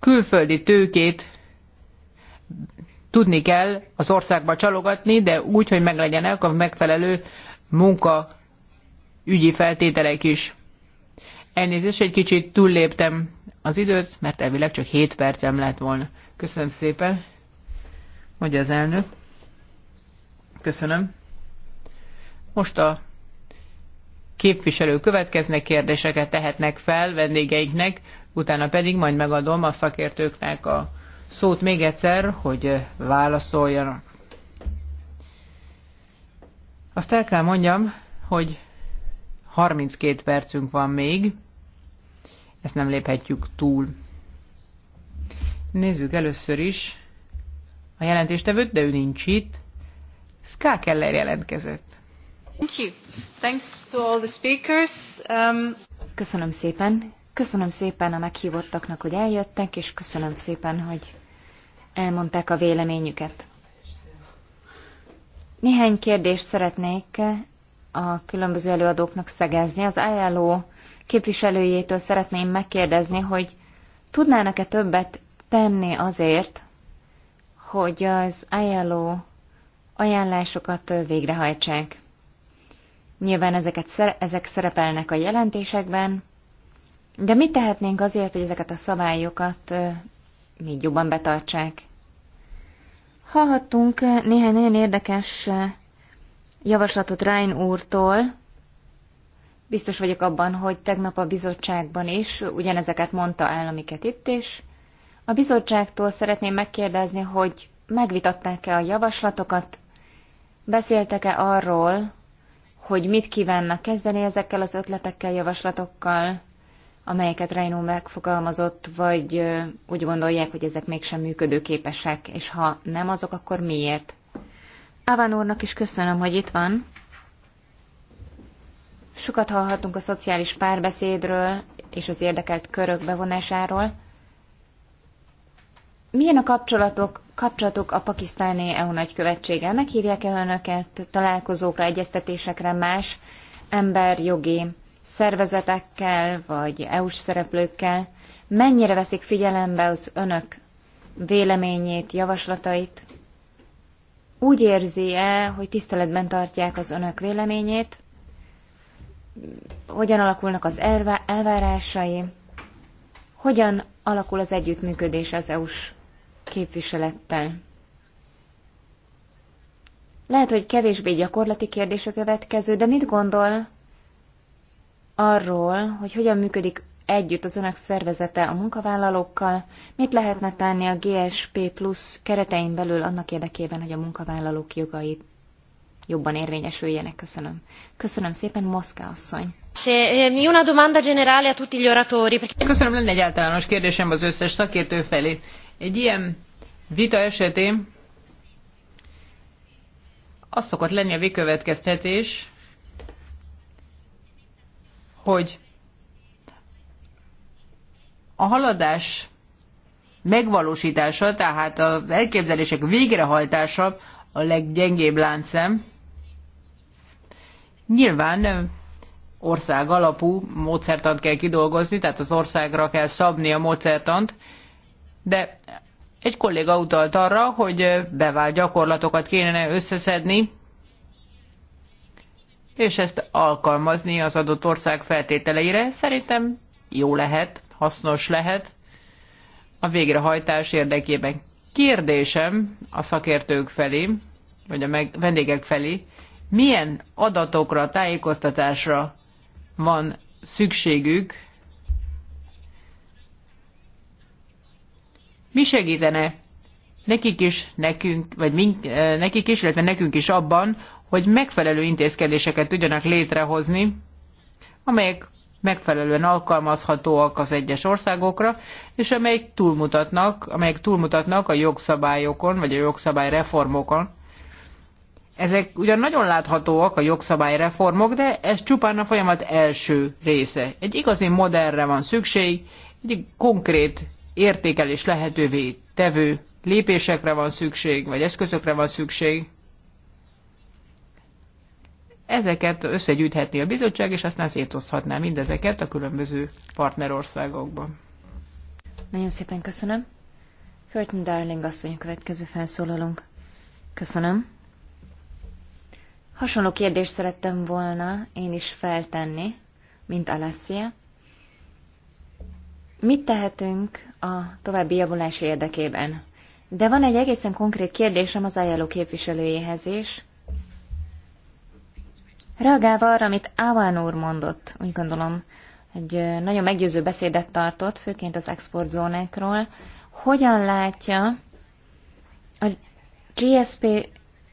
külföldi tőkét tudni kell az országba csalogatni, de úgy, hogy meglegyenek a megfelelő munka ügyi feltételek is. Elnézést, egy kicsit túlléptem az időt, mert elvileg csak 7 percem lett volna. Köszönöm szépen, hogy az elnök. Köszönöm. Most a képviselő következnek, kérdéseket tehetnek fel vendégeiknek, utána pedig majd megadom a szakértőknek a szót még egyszer, hogy válaszoljanak. Azt el kell mondjam, hogy 32 percünk van még, ezt nem léphetjük túl. Nézzük először is a jelentéstevőt, de ő nincs itt. Ska Keller jelentkezett. Thank you. Thanks to all the speakers. Um... Köszönöm szépen. Köszönöm szépen a meghívottaknak, hogy eljöttek, és köszönöm szépen, hogy elmondták a véleményüket. Néhány kérdést szeretnék a különböző előadóknak szegezni. Az ajánló képviselőjétől szeretném megkérdezni, hogy tudnának-e többet tenni azért, hogy az ajánló ajánlásokat végrehajtsák. Nyilván ezeket, ezek szerepelnek a jelentésekben, de mit tehetnénk azért, hogy ezeket a szabályokat még jobban betartsák? Hallhattunk néhány nagyon érdekes javaslatot Rein úrtól. Biztos vagyok abban, hogy tegnap a bizottságban is ugyanezeket mondta el, amiket itt is. A bizottságtól szeretném megkérdezni, hogy megvitatták-e a javaslatokat, beszéltek-e arról, hogy mit kívánnak kezdeni ezekkel az ötletekkel, javaslatokkal, amelyeket Reino megfogalmazott, vagy úgy gondolják, hogy ezek mégsem működőképesek, és ha nem azok, akkor miért? Aván úrnak is köszönöm, hogy itt van. Sokat hallhatunk a szociális párbeszédről és az érdekelt körök bevonásáról. Milyen a kapcsolatok, kapcsolatok a pakisztáni EU nagykövetséggel? Meghívják-e önöket találkozókra, egyeztetésekre más emberjogi szervezetekkel vagy EU-s szereplőkkel? Mennyire veszik figyelembe az önök véleményét, javaslatait? úgy érzi-e, hogy tiszteletben tartják az önök véleményét, hogyan alakulnak az elvárásai, hogyan alakul az együttműködés az EU-s képviselettel. Lehet, hogy kevésbé gyakorlati kérdés a következő, de mit gondol arról, hogy hogyan működik együtt az önök szervezete a munkavállalókkal. Mit lehetne tenni a GSP Plus keretein belül annak érdekében, hogy a munkavállalók jogai jobban érvényesüljenek? Köszönöm. Köszönöm szépen, Moszka asszony. Köszönöm, lenne egy általános kérdésem az összes szakértő felé. Egy ilyen vita esetén az szokott lenni a végkövetkeztetés, hogy a haladás megvalósítása, tehát az elképzelések végrehajtása a leggyengébb láncem. Nyilván ország alapú módszertant kell kidolgozni, tehát az országra kell szabni a módszertant, de egy kolléga utalt arra, hogy bevált gyakorlatokat kéne összeszedni, és ezt alkalmazni az adott ország feltételeire. Szerintem jó lehet hasznos lehet a végrehajtás érdekében. Kérdésem a szakértők felé, vagy a meg, vendégek felé, milyen adatokra, tájékoztatásra van szükségük, mi segítene nekik is, nekünk, vagy mink, eh, nekik is, illetve nekünk is abban, hogy megfelelő intézkedéseket tudjanak létrehozni, amelyek megfelelően alkalmazhatóak az egyes országokra, és amelyek túlmutatnak, amelyek túlmutatnak a jogszabályokon, vagy a jogszabályreformokon. Ezek ugyan nagyon láthatóak a jogszabályreformok, de ez csupán a folyamat első része. Egy igazi modernre van szükség, egy konkrét értékelés lehetővé tevő lépésekre van szükség, vagy eszközökre van szükség, ezeket összegyűjthetné a bizottság, és aztán szétoszthatná mindezeket a különböző partnerországokban. Nagyon szépen köszönöm. Curtin Darling asszony, a következő felszólalunk. Köszönöm. Hasonló kérdést szerettem volna én is feltenni, mint Alessia. Mit tehetünk a további javulás érdekében? De van egy egészen konkrét kérdésem az ajánló képviselőjéhez is. Reagálva arra, amit Áván úr mondott, úgy gondolom, egy nagyon meggyőző beszédet tartott, főként az exportzónákról, hogyan látja a GSP,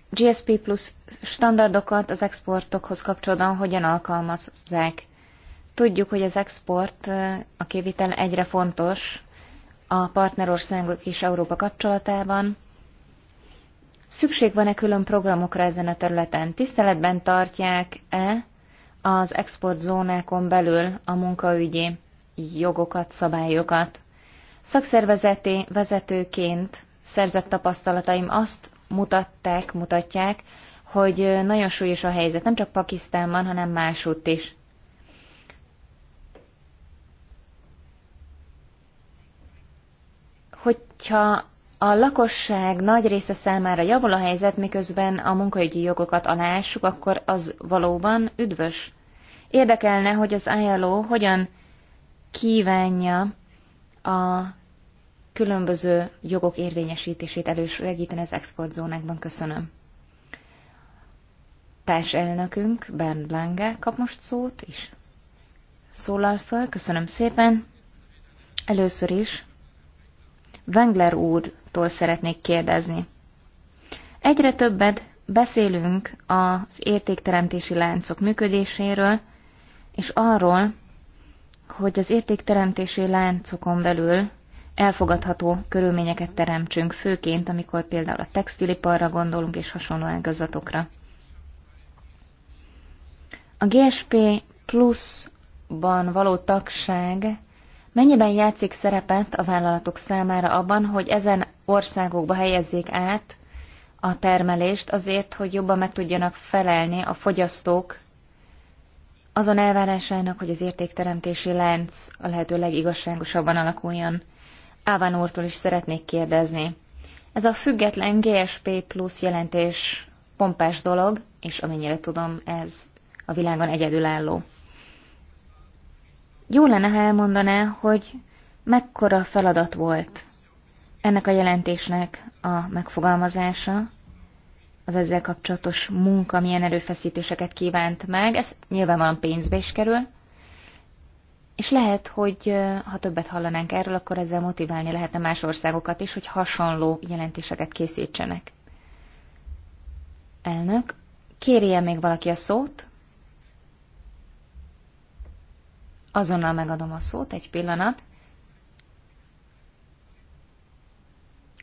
GSP plusz standardokat az exportokhoz kapcsolódóan hogyan alkalmazzák. Tudjuk, hogy az export, a kivitel egyre fontos a partnerországok és Európa kapcsolatában, Szükség van-e külön programokra ezen a területen? Tiszteletben tartják-e az exportzónákon belül a munkaügyi jogokat, szabályokat? Szakszervezeti vezetőként szerzett tapasztalataim azt mutatták, mutatják, hogy nagyon súlyos a helyzet, nem csak Pakisztánban, hanem másútt is. Hogyha a lakosság nagy része számára javul a helyzet, miközben a munkaügyi jogokat alássuk, akkor az valóban üdvös. Érdekelne, hogy az ILO hogyan kívánja a különböző jogok érvényesítését elősegíteni az exportzónákban. Köszönöm. Társelnökünk Bernd Lange kap most szót is. Szólal föl, köszönöm szépen. Először is Wengler úrtól szeretnék kérdezni. Egyre többet beszélünk az értékteremtési láncok működéséről, és arról, hogy az értékteremtési láncokon belül elfogadható körülményeket teremtsünk, főként, amikor például a textiliparra gondolunk és hasonló ágazatokra. A GSP pluszban való tagság Mennyiben játszik szerepet a vállalatok számára abban, hogy ezen országokba helyezzék át a termelést azért, hogy jobban meg tudjanak felelni a fogyasztók azon elvárásának, hogy az értékteremtési lánc a lehető legigazságosabban alakuljon. Áván úrtól is szeretnék kérdezni. Ez a független GSP plusz jelentés pompás dolog, és amennyire tudom, ez a világon egyedülálló. Jó lenne, ha elmondaná, hogy mekkora feladat volt ennek a jelentésnek a megfogalmazása, az ezzel kapcsolatos munka milyen erőfeszítéseket kívánt meg, ez nyilvánvalóan pénzbe is kerül, és lehet, hogy ha többet hallanánk erről, akkor ezzel motiválni lehetne más országokat is, hogy hasonló jelentéseket készítsenek. Elnök, kérje még valaki a szót? Azonnal megadom a szót, egy pillanat.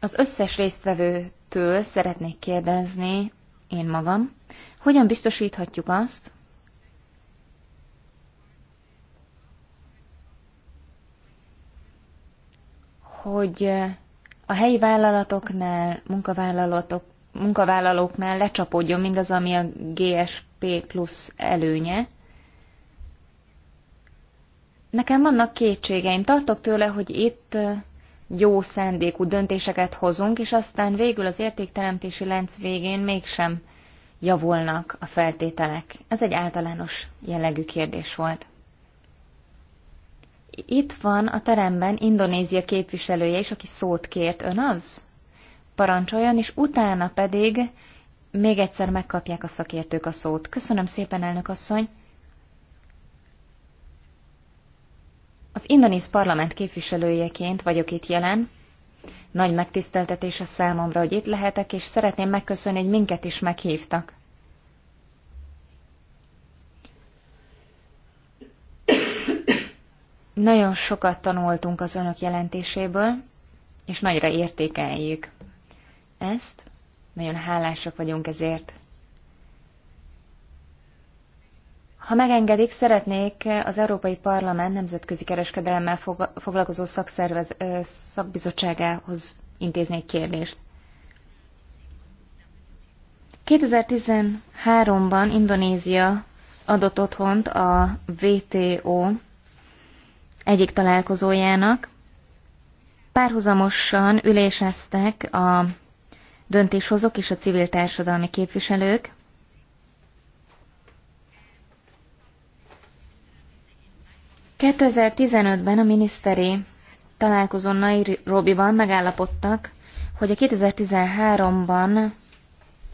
Az összes résztvevőtől szeretnék kérdezni, én magam, hogyan biztosíthatjuk azt, hogy a helyi vállalatoknál, munkavállalóknál lecsapódjon mindaz, ami a GSP plusz előnye, Nekem vannak kétségeim. Tartok tőle, hogy itt jó szándékú döntéseket hozunk, és aztán végül az értékteremtési lenc végén mégsem javulnak a feltételek. Ez egy általános jellegű kérdés volt. Itt van a teremben Indonézia képviselője is, aki szót kért. Ön az? Parancsoljon, és utána pedig még egyszer megkapják a szakértők a szót. Köszönöm szépen, elnök asszony! Az indonéz parlament képviselőjeként vagyok itt jelen. Nagy megtiszteltetés a számomra, hogy itt lehetek, és szeretném megköszönni, hogy minket is meghívtak. Nagyon sokat tanultunk az önök jelentéséből, és nagyra értékeljük ezt. Nagyon hálásak vagyunk ezért. Ha megengedik, szeretnék az Európai Parlament nemzetközi kereskedelemmel foglalkozó szakszervez, szakbizottságához intézni egy kérdést. 2013-ban Indonézia adott otthont a WTO egyik találkozójának. Párhuzamosan üléseztek a döntéshozók és a civil társadalmi képviselők, 2015-ben a miniszteri találkozón Nairobiban megállapodtak, hogy a 2013-ban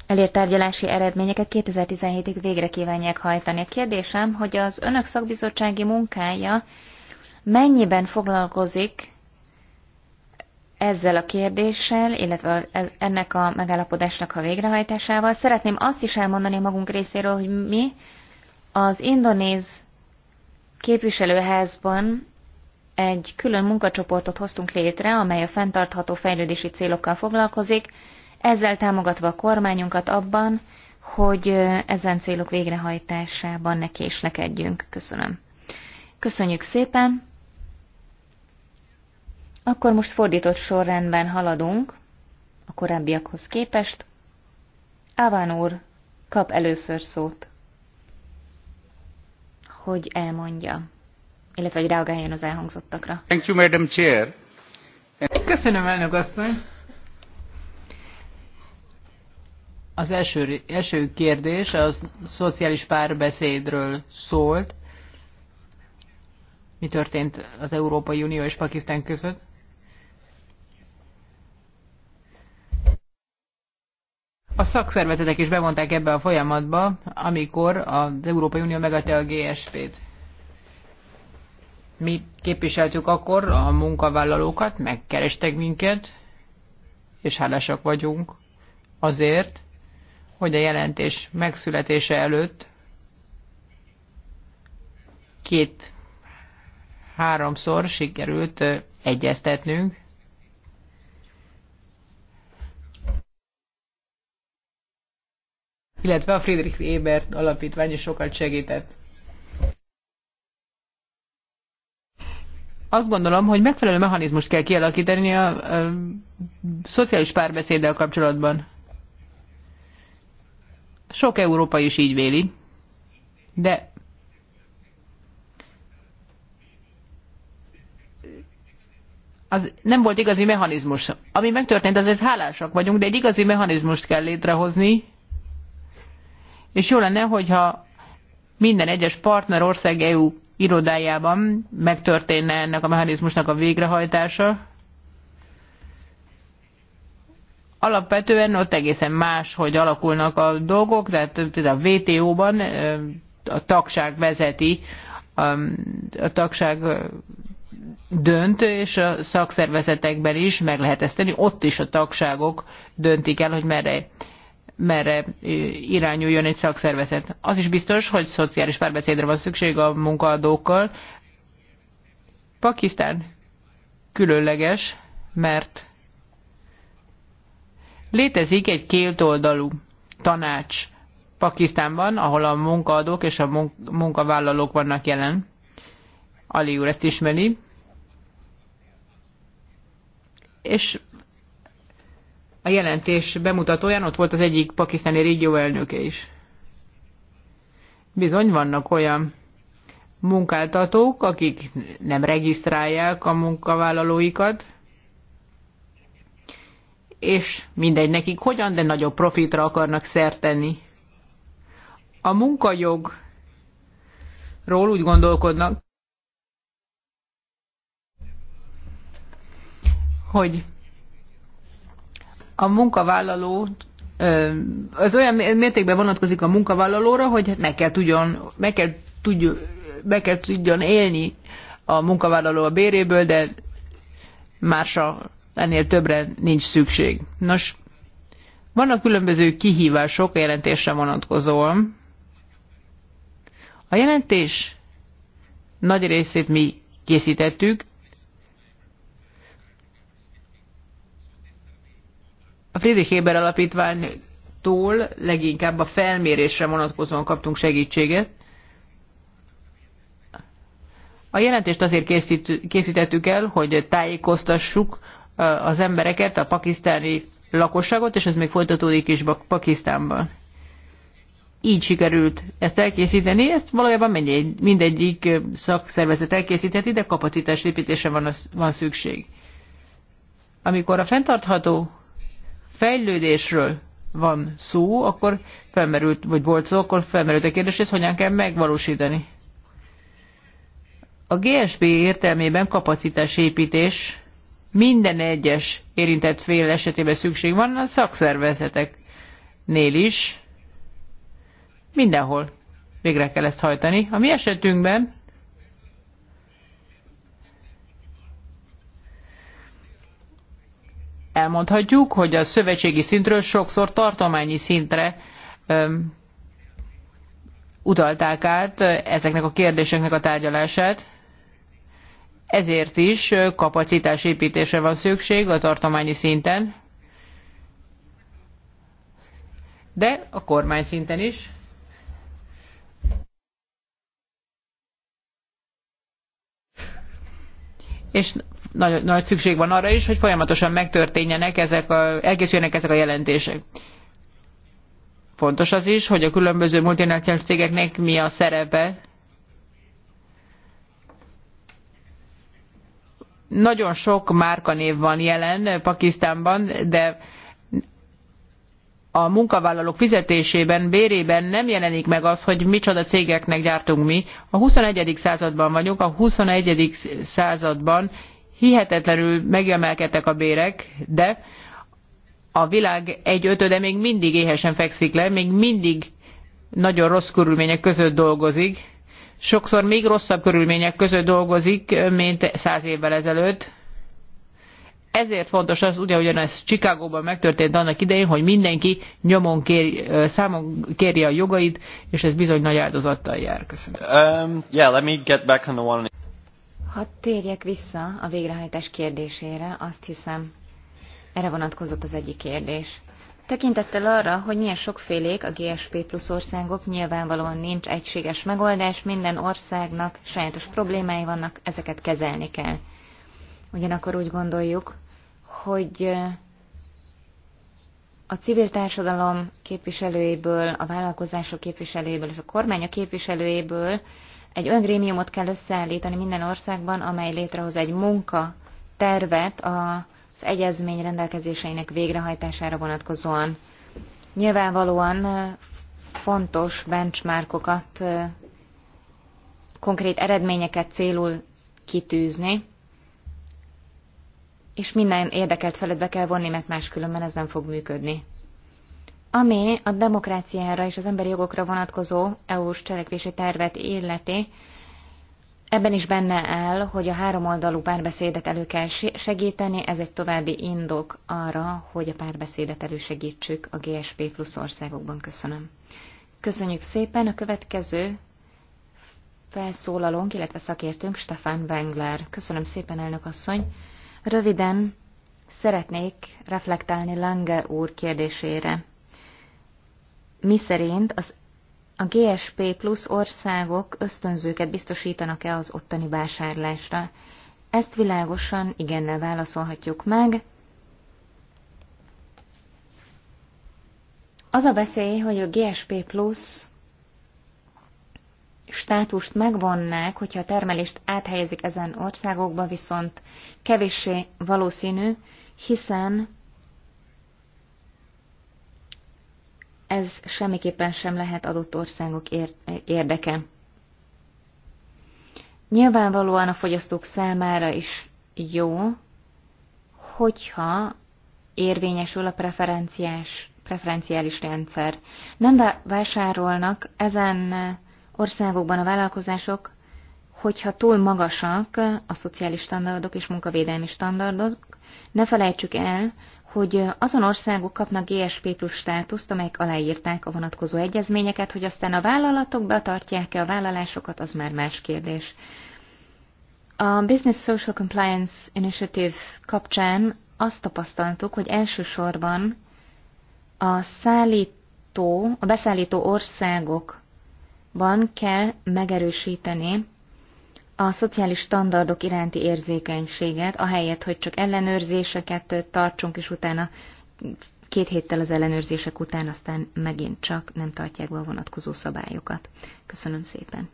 elért tárgyalási eredményeket 2017-ig végre kívánják hajtani. A kérdésem, hogy az önök szakbizottsági munkája mennyiben foglalkozik ezzel a kérdéssel, illetve ennek a megállapodásnak a végrehajtásával. Szeretném azt is elmondani magunk részéről, hogy mi az indonéz képviselőházban egy külön munkacsoportot hoztunk létre, amely a fenntartható fejlődési célokkal foglalkozik, ezzel támogatva a kormányunkat abban, hogy ezen célok végrehajtásában ne késlekedjünk. Köszönöm. Köszönjük szépen! Akkor most fordított sorrendben haladunk a korábbiakhoz képest. Áván úr kap először szót hogy elmondja, illetve hogy reagáljon az elhangzottakra. Thank you, Madam Chair. Köszönöm, elnök asszony. Az első, első kérdés a szociális párbeszédről szólt. Mi történt az Európai Unió és Pakisztán között? a szakszervezetek is bevonták ebbe a folyamatba, amikor az Európai Unió megadta a GSP-t. Mi képviseltük akkor a munkavállalókat, megkerestek minket, és hálásak vagyunk azért, hogy a jelentés megszületése előtt két-háromszor sikerült egyeztetnünk illetve a Friedrich Ebert alapítvány is sokat segített. Azt gondolom, hogy megfelelő mechanizmust kell kialakítani a, a, a szociális párbeszéddel kapcsolatban. Sok Európa is így véli, de az nem volt igazi mechanizmus. Ami megtörtént, azért hálásak vagyunk, de egy igazi mechanizmust kell létrehozni, és jó lenne, hogyha minden egyes partner ország EU irodájában megtörténne ennek a mechanizmusnak a végrehajtása. Alapvetően ott egészen más, hogy alakulnak a dolgok, tehát a WTO-ban a tagság vezeti, a tagság dönt, és a szakszervezetekben is meg lehet ezt tenni, ott is a tagságok döntik el, hogy merre merre irányuljon egy szakszervezet. Az is biztos, hogy szociális párbeszédre van szükség a munkaadókkal. Pakisztán különleges, mert létezik egy kétoldalú tanács Pakisztánban, ahol a munkaadók és a munkavállalók vannak jelen. Ali úr ezt ismeri. És a jelentés bemutatóján ott volt az egyik pakisztáni régió elnöke is. Bizony vannak olyan munkáltatók, akik nem regisztrálják a munkavállalóikat, és mindegy nekik hogyan, de nagyobb profitra akarnak szert tenni. A munkajogról úgy gondolkodnak, hogy a munkavállaló az olyan mértékben vonatkozik a munkavállalóra, hogy meg kell tudjon, meg kell tudjon, meg kell tudjon élni a munkavállaló a béréből, de mása ennél többre nincs szükség. Nos, vannak különböző kihívások a jelentésre vonatkozóan. A jelentés nagy részét mi készítettük, A Friedrich Eber alapítványtól leginkább a felmérésre vonatkozóan kaptunk segítséget. A jelentést azért készítettük el, hogy tájékoztassuk az embereket, a pakisztáni lakosságot, és ez még folytatódik is Pakisztánban. Így sikerült ezt elkészíteni, ezt valójában mindegy, mindegyik szakszervezet elkészítheti, de építése van, van szükség. Amikor a fenntartható fejlődésről van szó, akkor felmerült, vagy volt szó, akkor felmerült a kérdés, hogy hogyan kell megvalósítani. A GSP értelmében kapacitásépítés minden egyes érintett fél esetében szükség van, a szakszervezeteknél is, mindenhol végre kell ezt hajtani. A mi esetünkben elmondhatjuk, hogy a szövetségi szintről sokszor tartományi szintre öm, utalták át ezeknek a kérdéseknek a tárgyalását. Ezért is kapacitásépítésre van szükség a tartományi szinten, de a kormány szinten is. És nagy, nagy szükség van arra is, hogy folyamatosan megtörténjenek ezek a, elkészüljenek ezek a jelentések. Fontos az is, hogy a különböző multinacionális cégeknek mi a szerepe. Nagyon sok márkanév van jelen Pakisztánban, de a munkavállalók fizetésében, bérében nem jelenik meg az, hogy micsoda cégeknek gyártunk mi. A 21. században vagyunk, a 21. században hihetetlenül megemelkedtek a bérek, de a világ egy ötöde még mindig éhesen fekszik le, még mindig nagyon rossz körülmények között dolgozik, sokszor még rosszabb körülmények között dolgozik, mint száz évvel ezelőtt. Ezért fontos az, ugye ugyanez Csikágóban megtörtént annak idején, hogy mindenki nyomon kér, számon kérje a jogait, és ez bizony nagy áldozattal jár. Köszönöm. Um, yeah, let me get back on the one. Ha térjek vissza a végrehajtás kérdésére, azt hiszem, erre vonatkozott az egyik kérdés. Tekintettel arra, hogy milyen sokfélék a GSP plusz országok, nyilvánvalóan nincs egységes megoldás, minden országnak sajátos problémái vannak, ezeket kezelni kell. Ugyanakkor úgy gondoljuk, hogy a civil társadalom képviselőjéből, a vállalkozások képviselőjéből és a kormánya képviselőjéből egy grémiumot kell összeállítani minden országban, amely létrehoz egy munka tervet az egyezmény rendelkezéseinek végrehajtására vonatkozóan. Nyilvánvalóan fontos benchmarkokat, konkrét eredményeket célul kitűzni, és minden érdekelt felett be kell vonni, mert máskülönben ez nem fog működni. Ami a demokráciára és az emberi jogokra vonatkozó EU-s cselekvési tervet illeti, ebben is benne áll, hogy a háromoldalú párbeszédet elő kell segíteni, ez egy további indok arra, hogy a párbeszédet elősegítsük a GSP plusz országokban. Köszönöm. Köszönjük szépen. A következő felszólalónk, illetve szakértőnk Stefan Wengler. Köszönöm szépen, elnök asszony. Röviden szeretnék reflektálni Lange úr kérdésére miszerint az a GSP plusz országok ösztönzőket biztosítanak-e az ottani vásárlásra. Ezt világosan igennel válaszolhatjuk meg. Az a veszély, hogy a GSP plusz státust megvonnák, hogyha a termelést áthelyezik ezen országokba, viszont kevéssé valószínű, hiszen ez semmiképpen sem lehet adott országok érdeke. Nyilvánvalóan a fogyasztók számára is jó, hogyha érvényesül a preferenciás, preferenciális rendszer. Nem vásárolnak ezen országokban a vállalkozások, hogyha túl magasak a szociális standardok és munkavédelmi standardok, ne felejtsük el, hogy azon országok kapnak GSP plusz státuszt, amelyek aláírták a vonatkozó egyezményeket, hogy aztán a vállalatok betartják-e a vállalásokat, az már más kérdés. A Business Social Compliance Initiative kapcsán azt tapasztaltuk, hogy elsősorban a szállító, a beszállító országokban kell megerősíteni a szociális standardok iránti érzékenységet, ahelyett, hogy csak ellenőrzéseket tartsunk, és utána két héttel az ellenőrzések után aztán megint csak nem tartják be a vonatkozó szabályokat. Köszönöm szépen!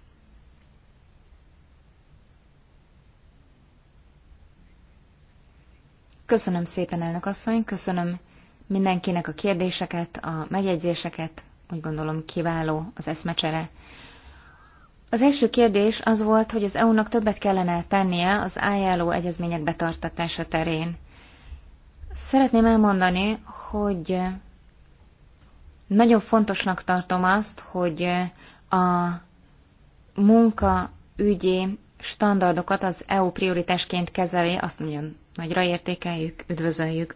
Köszönöm szépen, elnök asszony, köszönöm mindenkinek a kérdéseket, a megjegyzéseket, úgy gondolom kiváló az eszmecsere. Az első kérdés az volt, hogy az EU-nak többet kellene tennie az ILO egyezmények betartatása terén. Szeretném elmondani, hogy nagyon fontosnak tartom azt, hogy a munkaügyi standardokat az EU prioritásként kezeli, azt nagyon nagyra értékeljük, üdvözöljük.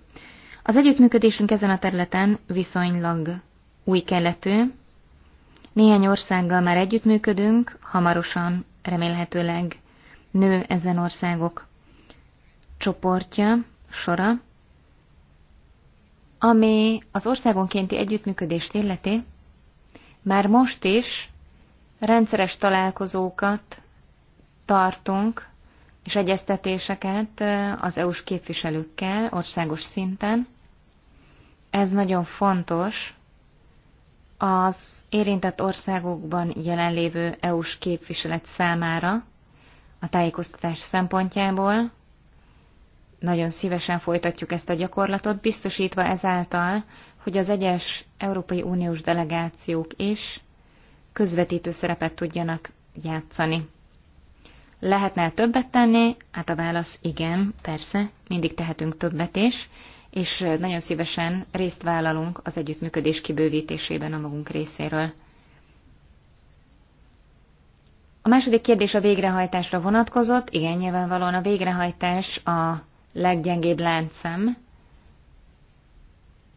Az együttműködésünk ezen a területen viszonylag új keletű, néhány országgal már együttműködünk, hamarosan remélhetőleg nő ezen országok csoportja, sora, ami az országonkénti együttműködést illeti, már most is rendszeres találkozókat tartunk, és egyeztetéseket az EU-s képviselőkkel országos szinten. Ez nagyon fontos, az érintett országokban jelenlévő EU-s képviselet számára a tájékoztatás szempontjából. Nagyon szívesen folytatjuk ezt a gyakorlatot, biztosítva ezáltal, hogy az egyes Európai Uniós delegációk is közvetítő szerepet tudjanak játszani. Lehetne többet tenni? Hát a válasz igen, persze, mindig tehetünk többet is, és nagyon szívesen részt vállalunk az együttműködés kibővítésében a magunk részéről. A második kérdés a végrehajtásra vonatkozott. Igen, nyilvánvalóan a végrehajtás a leggyengébb láncem.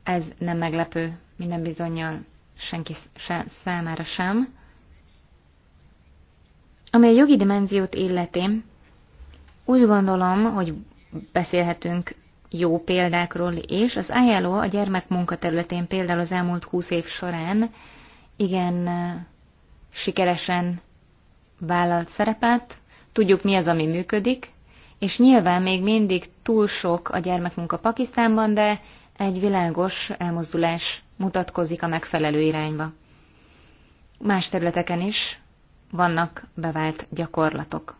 Ez nem meglepő minden bizonyal senki számára sem. Ami a jogi dimenziót illeti, úgy gondolom, hogy beszélhetünk jó példákról is. Az ILO a gyermekmunka területén például az elmúlt húsz év során igen sikeresen vállalt szerepet, tudjuk mi az, ami működik, és nyilván még mindig túl sok a gyermekmunka Pakisztánban, de egy világos elmozdulás mutatkozik a megfelelő irányba. Más területeken is vannak bevált gyakorlatok.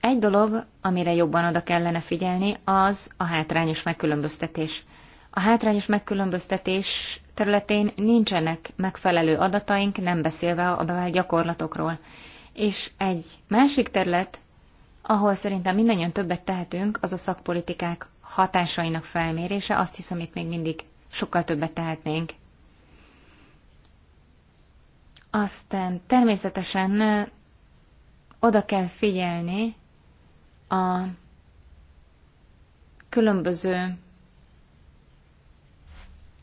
Egy dolog, amire jobban oda kellene figyelni, az a hátrányos megkülönböztetés. A hátrányos megkülönböztetés területén nincsenek megfelelő adataink, nem beszélve a bevált gyakorlatokról. És egy másik terület, ahol szerintem mindannyian többet tehetünk, az a szakpolitikák hatásainak felmérése. Azt hiszem, itt még mindig sokkal többet tehetnénk. Aztán természetesen oda kell figyelni a különböző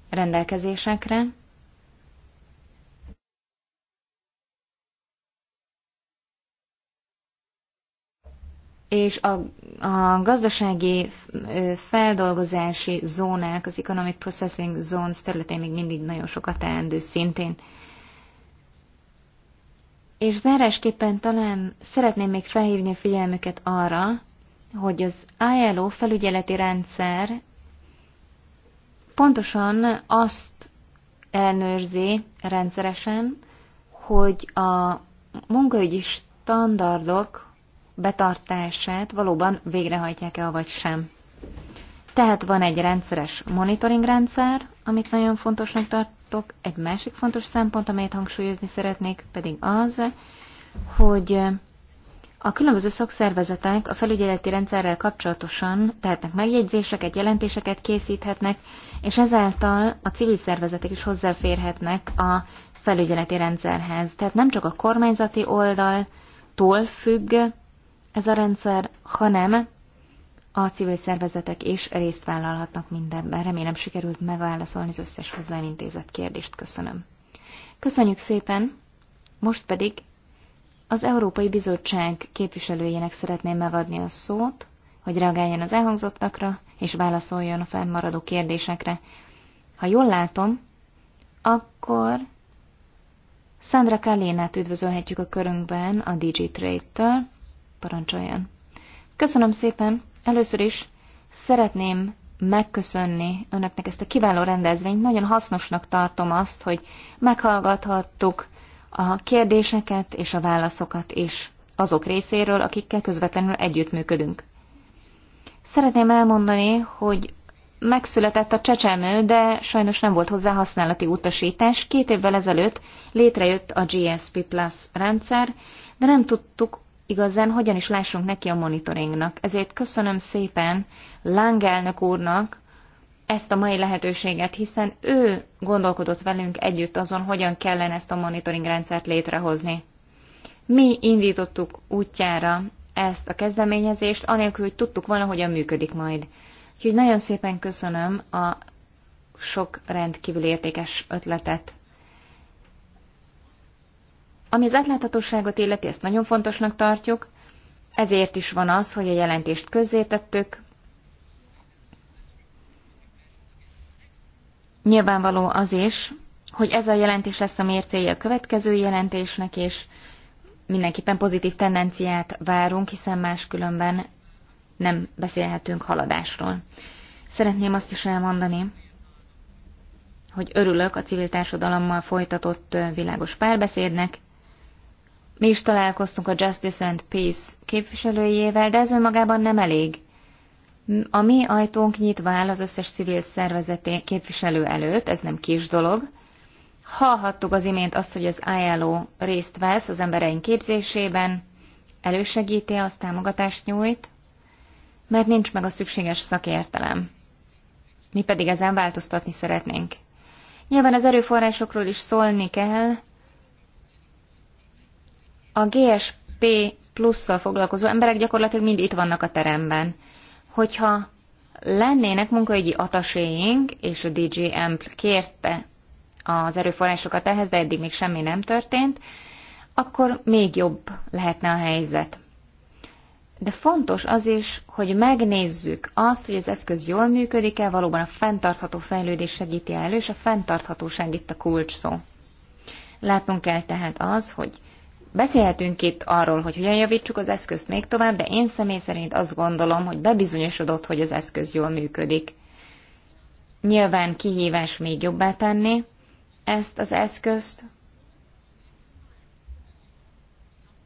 rendelkezésekre, és a, a gazdasági feldolgozási zónák, az Economic Processing Zones területén még mindig nagyon sokat teendő szintén. És zárásképpen talán szeretném még felhívni a figyelmüket arra, hogy az ILO felügyeleti rendszer pontosan azt ellenőrzi rendszeresen, hogy a munkaügyi standardok betartását valóban végrehajtják-e, vagy sem. Tehát van egy rendszeres monitoring rendszer, amit nagyon fontosnak tart, láttok. Egy másik fontos szempont, amelyet hangsúlyozni szeretnék, pedig az, hogy a különböző szakszervezetek a felügyeleti rendszerrel kapcsolatosan tehetnek megjegyzéseket, jelentéseket készíthetnek, és ezáltal a civil szervezetek is hozzáférhetnek a felügyeleti rendszerhez. Tehát nem csak a kormányzati oldaltól függ ez a rendszer, hanem a civil szervezetek is részt vállalhatnak mindenben. Remélem sikerült megválaszolni az összes hozzám intézett kérdést. Köszönöm. Köszönjük szépen! Most pedig az Európai Bizottság képviselőjének szeretném megadni a szót, hogy reagáljon az elhangzottakra, és válaszoljon a fennmaradó kérdésekre. Ha jól látom, akkor Sandra Kalénát üdvözölhetjük a körünkben a DigiTrade-től. Parancsoljon! Köszönöm szépen! Először is szeretném megköszönni önöknek ezt a kiváló rendezvényt. Nagyon hasznosnak tartom azt, hogy meghallgathattuk a kérdéseket és a válaszokat is azok részéről, akikkel közvetlenül együttműködünk. Szeretném elmondani, hogy megszületett a csecsemő, de sajnos nem volt hozzá használati utasítás. Két évvel ezelőtt létrejött a GSP Plus rendszer, de nem tudtuk igazán hogyan is lássunk neki a monitoringnak. Ezért köszönöm szépen Lang elnök úrnak ezt a mai lehetőséget, hiszen ő gondolkodott velünk együtt azon, hogyan kellene ezt a monitoring rendszert létrehozni. Mi indítottuk útjára ezt a kezdeményezést, anélkül, hogy tudtuk volna, hogyan működik majd. Úgyhogy nagyon szépen köszönöm a sok rendkívül értékes ötletet. Ami az átláthatóságot illeti, ezt nagyon fontosnak tartjuk, ezért is van az, hogy a jelentést közzétettük. Nyilvánvaló az is, hogy ez a jelentés lesz a mércéje a következő jelentésnek, és mindenképpen pozitív tendenciát várunk, hiszen máskülönben nem beszélhetünk haladásról. Szeretném azt is elmondani, hogy örülök a civil társadalommal folytatott világos párbeszédnek, mi is találkoztunk a Justice and Peace képviselőjével, de ez önmagában nem elég. A mi ajtónk nyitva áll az összes civil szervezeté képviselő előtt, ez nem kis dolog. Hallhattuk az imént azt, hogy az ILO részt vesz az embereink képzésében, elősegíti, azt támogatást nyújt, mert nincs meg a szükséges szakértelem. Mi pedig ezen változtatni szeretnénk. Nyilván az erőforrásokról is szólni kell, a GSP plusszal foglalkozó emberek gyakorlatilag mind itt vannak a teremben. Hogyha lennének munkaügyi ataséink, és a DJ Amp kérte az erőforrásokat ehhez, de eddig még semmi nem történt, akkor még jobb lehetne a helyzet. De fontos az is, hogy megnézzük azt, hogy az eszköz jól működik-e, valóban a fenntartható fejlődés segíti elő, és a fenntarthatóság itt a kulcs szó. Látnunk kell tehát az, hogy Beszélhetünk itt arról, hogy hogyan javítsuk az eszközt még tovább, de én személy szerint azt gondolom, hogy bebizonyosodott, hogy az eszköz jól működik. Nyilván kihívás még jobbá tenni ezt az eszközt,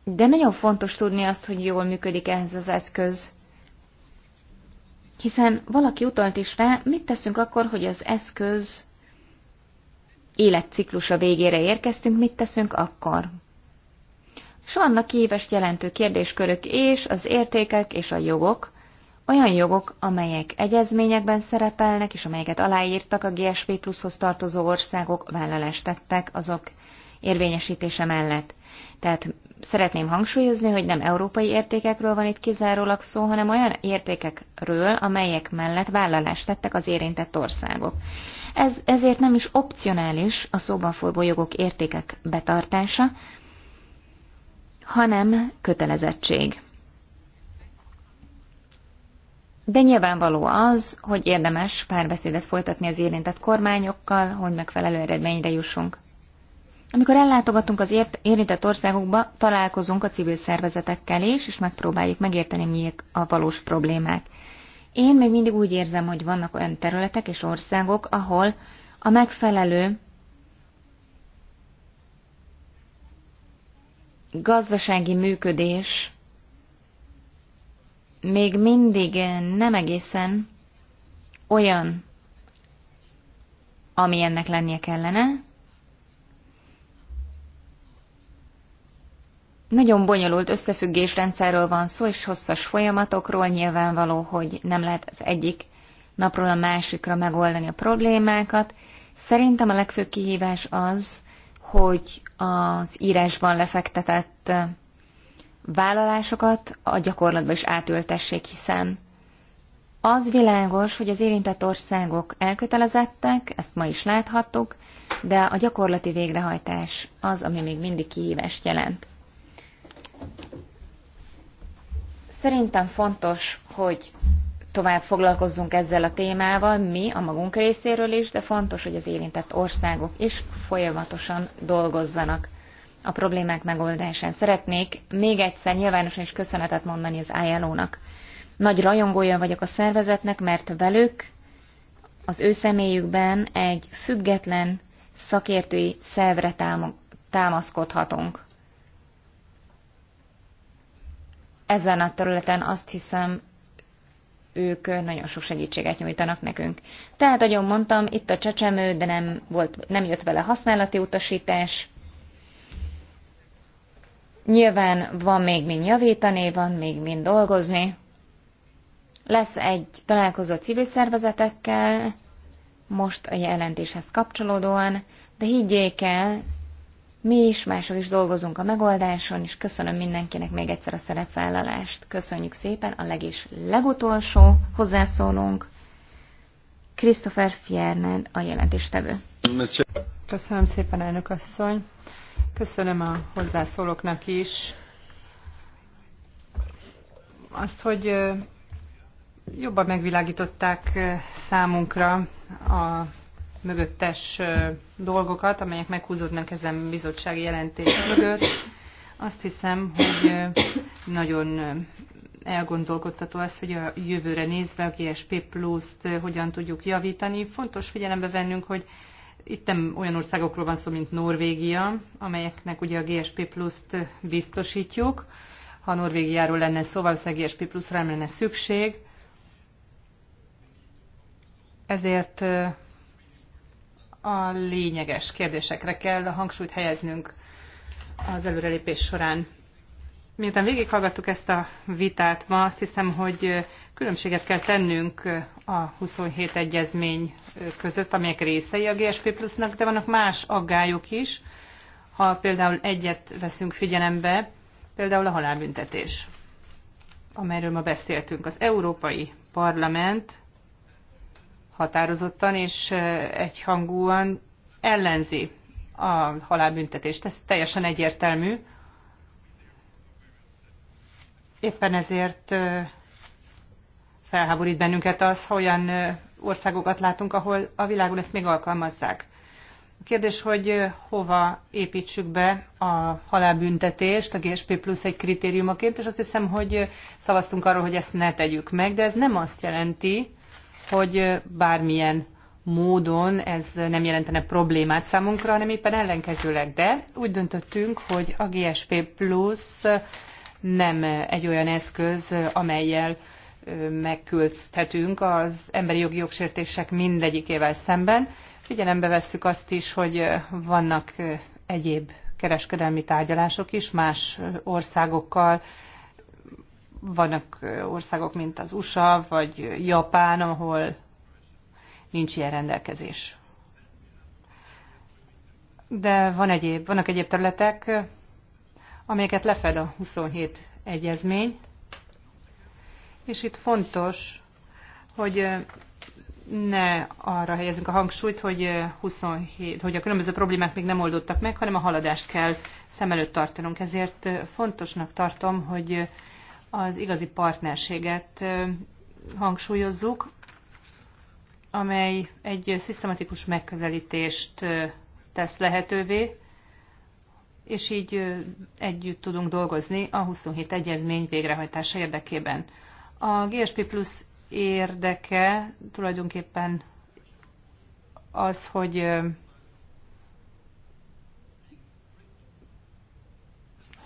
de nagyon fontos tudni azt, hogy jól működik ehhez az eszköz. Hiszen valaki utalt is rá, mit teszünk akkor, hogy az eszköz életciklusa végére érkeztünk, mit teszünk akkor? s vannak kíves jelentő kérdéskörök és az értékek és a jogok, olyan jogok, amelyek egyezményekben szerepelnek, és amelyeket aláírtak a GSP pluszhoz tartozó országok, vállalást tettek azok érvényesítése mellett. Tehát szeretném hangsúlyozni, hogy nem európai értékekről van itt kizárólag szó, hanem olyan értékekről, amelyek mellett vállalást tettek az érintett országok. Ez, ezért nem is opcionális a szóban forgó jogok értékek betartása, hanem kötelezettség. De nyilvánvaló az, hogy érdemes párbeszédet folytatni az érintett kormányokkal, hogy megfelelő eredményre jussunk. Amikor ellátogatunk az ért- érintett országokba, találkozunk a civil szervezetekkel is, és megpróbáljuk megérteni, miek a valós problémák. Én még mindig úgy érzem, hogy vannak olyan területek és országok, ahol a megfelelő gazdasági működés még mindig nem egészen olyan, ami ennek lennie kellene. Nagyon bonyolult összefüggésrendszerről van szó, és hosszas folyamatokról nyilvánvaló, hogy nem lehet az egyik napról a másikra megoldani a problémákat. Szerintem a legfőbb kihívás az, hogy az írásban lefektetett vállalásokat a gyakorlatba is átültessék, hiszen az világos, hogy az érintett országok elkötelezettek, ezt ma is láthattuk, de a gyakorlati végrehajtás az, ami még mindig kihívást jelent. Szerintem fontos, hogy tovább foglalkozzunk ezzel a témával, mi a magunk részéről is, de fontos, hogy az érintett országok is folyamatosan dolgozzanak a problémák megoldásán. Szeretnék még egyszer nyilvánosan is köszönetet mondani az ILO-nak. Nagy rajongója vagyok a szervezetnek, mert velük, az ő személyükben egy független szakértői szervre támaszkodhatunk. Ezen a területen azt hiszem ők nagyon sok segítséget nyújtanak nekünk. Tehát, ahogy mondtam, itt a csecsemő, de nem, volt, nem jött vele használati utasítás. Nyilván van még mind javítani, van még mind dolgozni. Lesz egy találkozó civil szervezetekkel, most a jelentéshez kapcsolódóan, de higgyék el, mi is, máshol is dolgozunk a megoldáson, és köszönöm mindenkinek még egyszer a szerepvállalást. Köszönjük szépen a legis legutolsó hozzászólónk, Christopher Fiernen, a jelentéstevő. Köszönöm szépen, elnök asszony. Köszönöm a hozzászólóknak is azt, hogy jobban megvilágították számunkra a mögöttes dolgokat, amelyek meghúzódnak ezen bizottsági jelentés mögött. Azt hiszem, hogy nagyon elgondolkodtató az, hogy a jövőre nézve a GSP Plus-t hogyan tudjuk javítani. Fontos figyelembe vennünk, hogy itt nem olyan országokról van szó, mint Norvégia, amelyeknek ugye a GSP Plus-t biztosítjuk. Ha Norvégiáról lenne szó, valószínűleg GSP Plus-ra lenne szükség. Ezért a lényeges kérdésekre kell a hangsúlyt helyeznünk az előrelépés során. Miután végighallgattuk ezt a vitát ma, azt hiszem, hogy különbséget kell tennünk a 27 egyezmény között, amelyek részei a GSP plusznak, de vannak más aggályok is, ha például egyet veszünk figyelembe, például a halálbüntetés, amelyről ma beszéltünk. Az Európai Parlament határozottan és egyhangúan ellenzi a halálbüntetést. Ez teljesen egyértelmű. Éppen ezért felháborít bennünket az, hogy olyan országokat látunk, ahol a világon ezt még alkalmazzák. A kérdés, hogy hova építsük be a halálbüntetést, a GSP plusz egy kritériumaként, és azt hiszem, hogy szavaztunk arról, hogy ezt ne tegyük meg, de ez nem azt jelenti, hogy bármilyen módon ez nem jelentene problémát számunkra, hanem éppen ellenkezőleg. De úgy döntöttünk, hogy a GSP Plus nem egy olyan eszköz, amelyel megküldhetünk az emberi jogi jogsértések mindegyikével szemben. Figyelembe vesszük azt is, hogy vannak egyéb kereskedelmi tárgyalások is más országokkal, vannak országok, mint az USA vagy Japán, ahol nincs ilyen rendelkezés. De van egyéb, vannak egyéb területek, amelyeket lefed a 27 egyezmény, és itt fontos, hogy ne arra helyezünk a hangsúlyt, hogy, 27, hogy a különböző problémák még nem oldottak meg, hanem a haladást kell szem előtt tartanunk. Ezért fontosnak tartom, hogy az igazi partnerséget hangsúlyozzuk, amely egy szisztematikus megközelítést tesz lehetővé, és így együtt tudunk dolgozni a 27 egyezmény végrehajtása érdekében. A GSP Plus érdeke tulajdonképpen az, hogy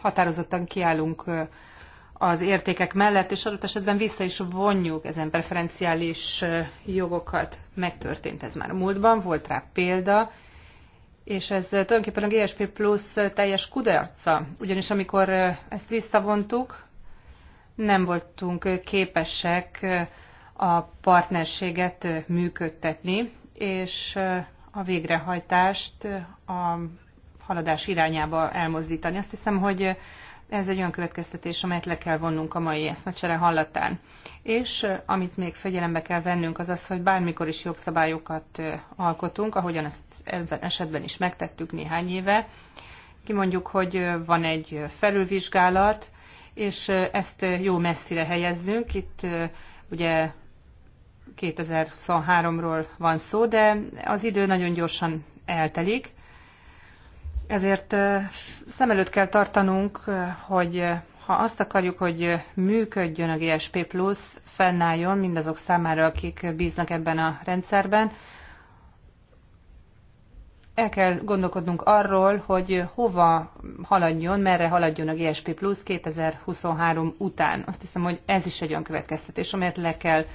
határozottan kiállunk az értékek mellett, és adott esetben vissza is vonjuk ezen preferenciális jogokat. Megtörtént ez már a múltban, volt rá példa, és ez tulajdonképpen a GSP Plus teljes kudarca, ugyanis amikor ezt visszavontuk, nem voltunk képesek a partnerséget működtetni, és a végrehajtást a haladás irányába elmozdítani. Azt hiszem, hogy ez egy olyan következtetés, amelyet le kell vonnunk a mai eszmecsere hallatán. És amit még figyelembe kell vennünk, az az, hogy bármikor is jogszabályokat alkotunk, ahogyan ezt ezen esetben is megtettük néhány éve. Kimondjuk, hogy van egy felülvizsgálat, és ezt jó messzire helyezzünk. Itt ugye 2023-ról van szó, de az idő nagyon gyorsan eltelik, ezért szem előtt kell tartanunk, hogy ha azt akarjuk, hogy működjön a GSP Plus, fennálljon mindazok számára, akik bíznak ebben a rendszerben, el kell gondolkodnunk arról, hogy hova haladjon, merre haladjon a GSP Plus 2023 után. Azt hiszem, hogy ez is egy olyan következtetés, amelyet le kell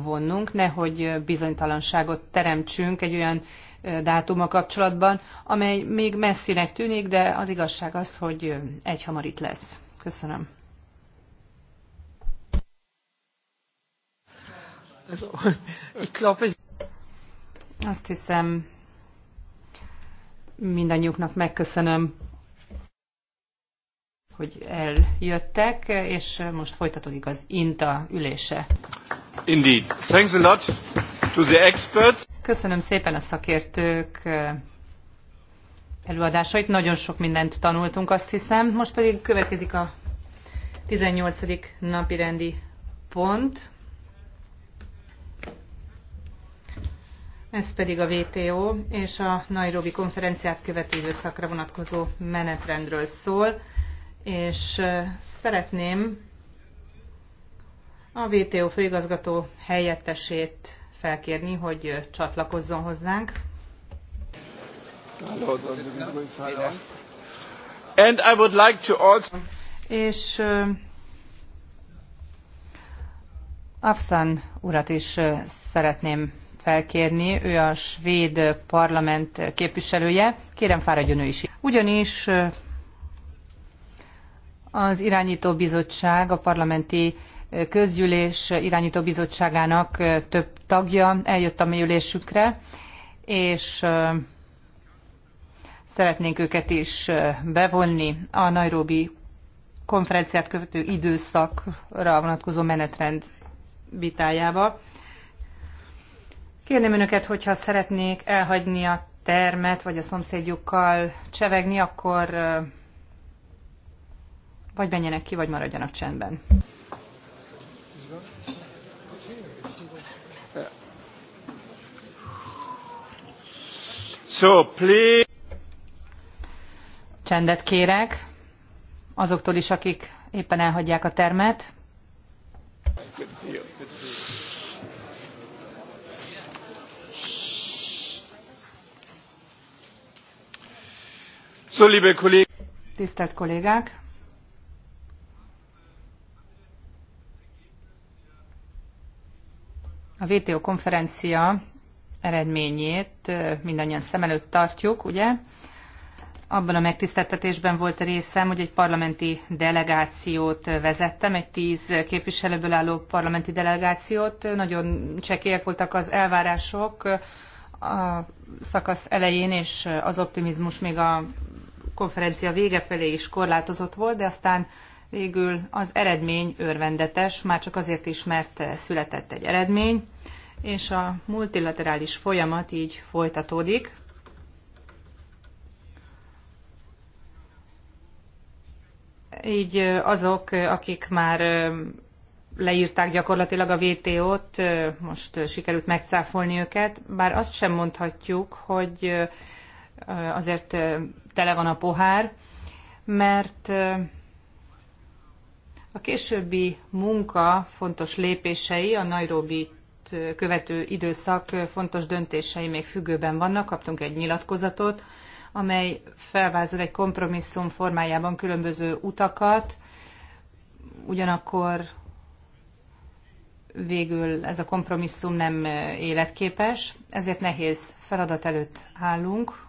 vonnunk, nehogy bizonytalanságot teremtsünk egy olyan dátuma kapcsolatban, amely még messzinek tűnik, de az igazság az, hogy egy hamar itt lesz. Köszönöm. Azt hiszem, mindannyiuknak megköszönöm, hogy eljöttek, és most folytatódik az INTA ülése. Indeed. Thanks a lot to the experts. Köszönöm szépen a szakértők előadásait. Nagyon sok mindent tanultunk, azt hiszem. Most pedig következik a 18. napi rendi pont. Ez pedig a WTO és a Nairobi konferenciát követő időszakra vonatkozó menetrendről szól, és szeretném a VTO főigazgató helyettesét felkérni, hogy csatlakozzon hozzánk. And I would like to also... És uh, Afsan urat is uh, szeretném felkérni, ő a svéd parlament képviselője. Kérem, fáradjon ő is. Ugyanis az irányító bizottság a parlamenti közgyűlés irányító bizottságának több tagja eljött a mi ülésükre, és szeretnénk őket is bevonni a Nairobi konferenciát követő időszakra vonatkozó menetrend vitájába. Kérném önöket, hogyha szeretnék elhagyni a termet, vagy a szomszédjukkal csevegni, akkor vagy menjenek ki, vagy maradjanak csendben. So, please. Csendet kérek azoktól is, akik éppen elhagyják a termet. So, liebe kollég... Tisztelt kollégák! A VTO konferencia eredményét mindannyian szem előtt tartjuk, ugye? Abban a megtiszteltetésben volt részem, hogy egy parlamenti delegációt vezettem, egy tíz képviselőből álló parlamenti delegációt. Nagyon csekélyek voltak az elvárások a szakasz elején, és az optimizmus még a konferencia vége felé is korlátozott volt, de aztán végül az eredmény örvendetes, már csak azért is, mert született egy eredmény és a multilaterális folyamat így folytatódik. Így azok, akik már leírták gyakorlatilag a VTO-t, most sikerült megcáfolni őket, bár azt sem mondhatjuk, hogy azért tele van a pohár, mert a későbbi munka fontos lépései a Nairobi követő időszak fontos döntései még függőben vannak. Kaptunk egy nyilatkozatot, amely felvázol egy kompromisszum formájában különböző utakat, ugyanakkor végül ez a kompromisszum nem életképes, ezért nehéz feladat előtt állunk.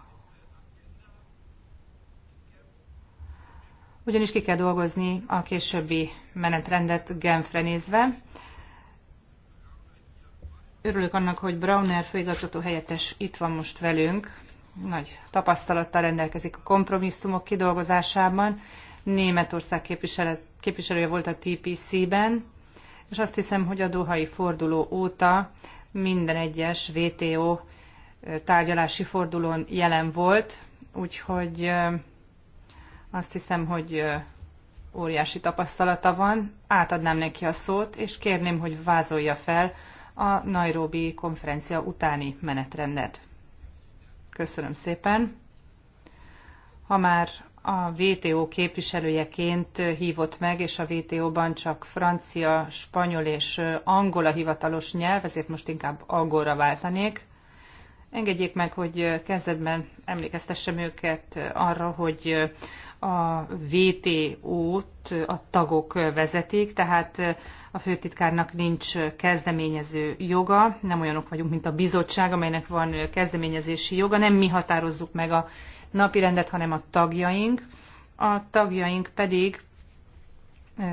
Ugyanis ki kell dolgozni a későbbi menetrendet Genfre nézve, Örülök annak, hogy Brauner főigazgató helyettes itt van most velünk. Nagy tapasztalattal rendelkezik a kompromisszumok kidolgozásában. Németország képviselője volt a TPC-ben, és azt hiszem, hogy a Dohai forduló óta minden egyes VTO tárgyalási fordulón jelen volt, úgyhogy azt hiszem, hogy óriási tapasztalata van. Átadnám neki a szót, és kérném, hogy vázolja fel a Nairobi konferencia utáni menetrendet. Köszönöm szépen. Ha már a VTO képviselőjeként hívott meg, és a VTO-ban csak francia, spanyol és angola hivatalos nyelv, ezért most inkább angolra váltanék. Engedjék meg, hogy kezdetben emlékeztessem őket arra, hogy a VTO-t a tagok vezetik, tehát a főtitkárnak nincs kezdeményező joga, nem olyanok vagyunk, mint a bizottság, amelynek van kezdeményezési joga, nem mi határozzuk meg a napirendet, hanem a tagjaink. A tagjaink pedig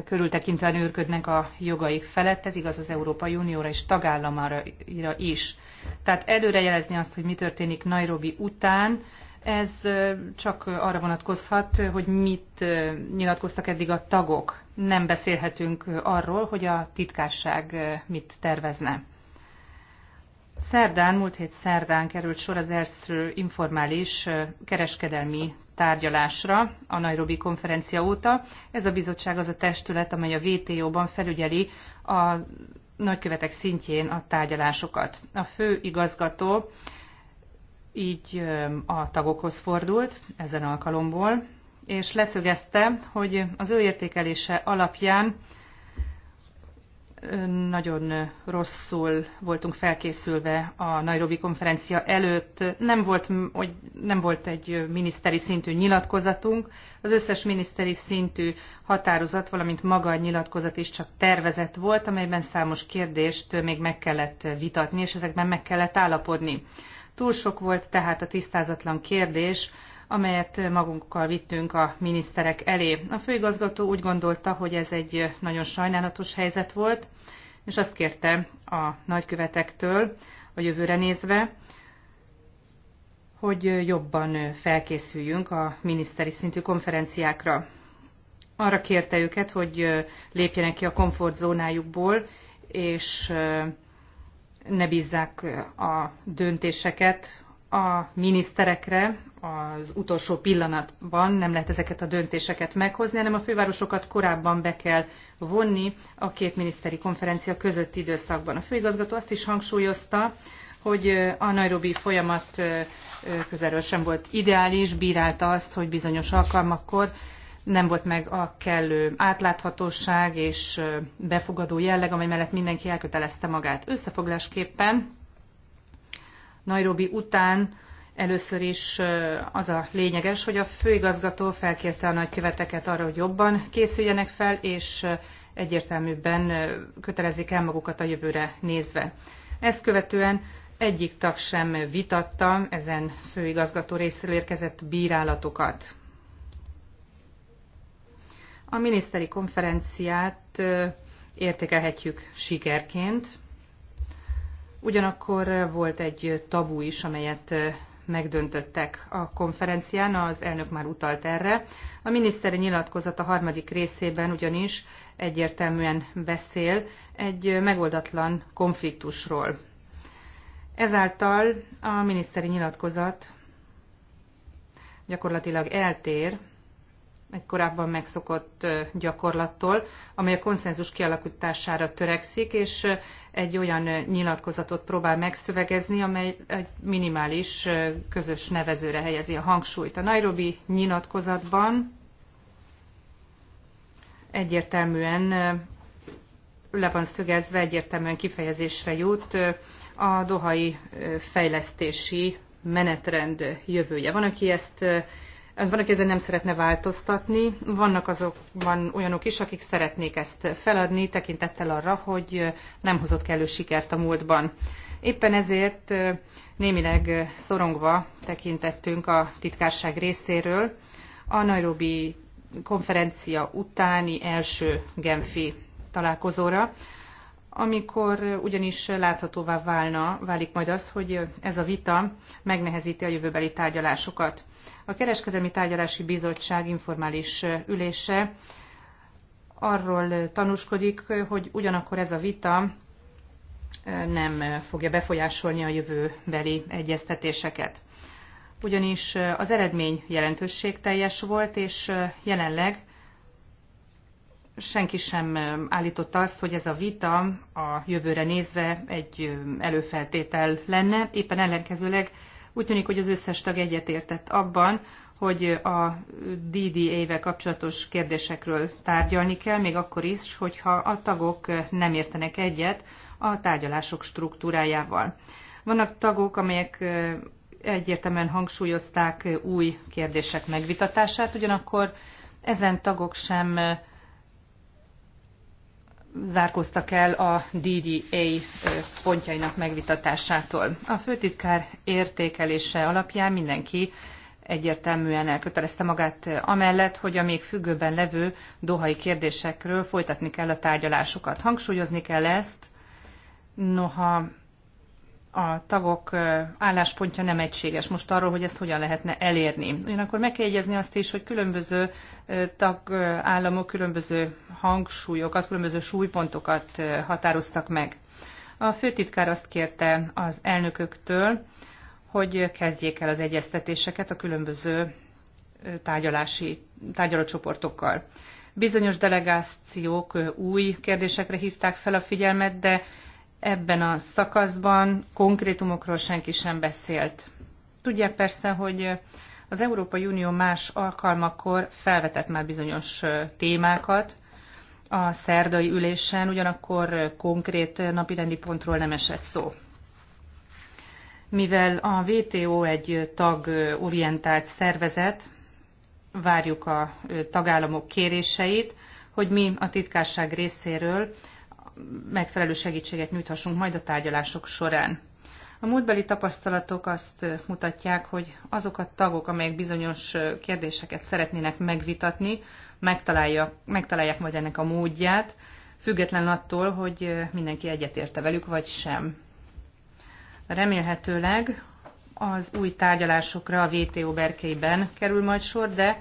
körültekintően őrködnek a jogaik felett, ez igaz az Európai Unióra és tagállamára is. Tehát előrejelezni azt, hogy mi történik Nairobi után, ez csak arra vonatkozhat, hogy mit nyilatkoztak eddig a tagok. Nem beszélhetünk arról, hogy a titkárság mit tervezne. Szerdán, múlt hét szerdán került sor az első informális kereskedelmi tárgyalásra a Nairobi konferencia óta. Ez a bizottság az a testület, amely a WTO-ban felügyeli a nagykövetek szintjén a tárgyalásokat. A fő igazgató így a tagokhoz fordult ezen alkalomból, és leszögezte, hogy az ő értékelése alapján nagyon rosszul voltunk felkészülve a Nairobi konferencia előtt. Nem volt, hogy nem volt egy miniszteri szintű nyilatkozatunk. Az összes miniszteri szintű határozat, valamint maga a nyilatkozat is csak tervezett volt, amelyben számos kérdést még meg kellett vitatni, és ezekben meg kellett állapodni. Túl sok volt tehát a tisztázatlan kérdés, amelyet magunkkal vittünk a miniszterek elé. A főigazgató úgy gondolta, hogy ez egy nagyon sajnálatos helyzet volt, és azt kérte a nagykövetektől a jövőre nézve, hogy jobban felkészüljünk a miniszteri szintű konferenciákra. Arra kérte őket, hogy lépjenek ki a komfortzónájukból, és ne bízzák a döntéseket a miniszterekre az utolsó pillanatban nem lehet ezeket a döntéseket meghozni, hanem a fővárosokat korábban be kell vonni a két miniszteri konferencia közötti időszakban. A főigazgató azt is hangsúlyozta, hogy a Nairobi folyamat közelről sem volt ideális, bírálta azt, hogy bizonyos alkalmakkor nem volt meg a kellő átláthatóság és befogadó jelleg, amely mellett mindenki elkötelezte magát. Összefoglásképpen Nairobi után először is az a lényeges, hogy a főigazgató felkérte a nagyköveteket arra, hogy jobban készüljenek fel, és egyértelműbben kötelezik el magukat a jövőre nézve. Ezt követően egyik tag sem vitatta ezen főigazgató részéről érkezett bírálatokat. A miniszteri konferenciát értékelhetjük sikerként, Ugyanakkor eh, volt egy eh, tabu is, amelyet eh, megdöntöttek a konferencián, az elnök már utalt erre. A miniszteri nyilatkozat a harmadik részében ugyanis egyértelműen beszél egy megoldatlan konfliktusról. Ezáltal a miniszteri nyilatkozat gyakorlatilag eltér egy korábban megszokott gyakorlattól, amely a konszenzus kialakítására törekszik, és egy olyan nyilatkozatot próbál megszövegezni, amely egy minimális közös nevezőre helyezi a hangsúlyt. A Nairobi nyilatkozatban egyértelműen le van szögezve, egyértelműen kifejezésre jut a dohai fejlesztési menetrend jövője. Van, aki ezt van, aki ezen nem szeretne változtatni, vannak azok, van olyanok is, akik szeretnék ezt feladni, tekintettel arra, hogy nem hozott kellő sikert a múltban. Éppen ezért némileg szorongva tekintettünk a titkárság részéről a Nairobi konferencia utáni első Genfi találkozóra, amikor ugyanis láthatóvá válna, válik majd az, hogy ez a vita megnehezíti a jövőbeli tárgyalásokat. A Kereskedelmi Tárgyalási Bizottság informális ülése arról tanúskodik, hogy ugyanakkor ez a vita nem fogja befolyásolni a jövőbeli egyeztetéseket. Ugyanis az eredmény jelentőség teljes volt, és jelenleg senki sem állította azt, hogy ez a vita a jövőre nézve egy előfeltétel lenne, éppen ellenkezőleg úgy tűnik, hogy az összes tag egyetértett abban, hogy a DDA-vel kapcsolatos kérdésekről tárgyalni kell, még akkor is, hogyha a tagok nem értenek egyet a tárgyalások struktúrájával. Vannak tagok, amelyek egyértelműen hangsúlyozták új kérdések megvitatását, ugyanakkor ezen tagok sem zárkóztak el a DDA pontjainak megvitatásától. A főtitkár értékelése alapján mindenki egyértelműen elkötelezte magát amellett, hogy a még függőben levő dohai kérdésekről folytatni kell a tárgyalásokat. Hangsúlyozni kell ezt, noha a tagok álláspontja nem egységes most arról, hogy ezt hogyan lehetne elérni. Ugyanakkor meg kell jegyezni azt is, hogy különböző tagállamok különböző hangsúlyokat, különböző súlypontokat határoztak meg. A főtitkár azt kérte az elnököktől, hogy kezdjék el az egyeztetéseket a különböző tárgyalási, tárgyalócsoportokkal. Bizonyos delegációk új kérdésekre hívták fel a figyelmet, de ebben a szakaszban konkrétumokról senki sem beszélt. Tudják persze, hogy az Európai Unió más alkalmakkor felvetett már bizonyos témákat a szerdai ülésen, ugyanakkor konkrét napirendi pontról nem esett szó. Mivel a WTO egy tagorientált szervezet, várjuk a tagállamok kéréseit, hogy mi a titkárság részéről megfelelő segítséget nyújthassunk majd a tárgyalások során. A múltbeli tapasztalatok azt mutatják, hogy azok a tagok, amelyek bizonyos kérdéseket szeretnének megvitatni, megtalálja, megtalálják majd ennek a módját, független attól, hogy mindenki egyetérte velük, vagy sem. Remélhetőleg az új tárgyalásokra a VTO berkeiben kerül majd sor, de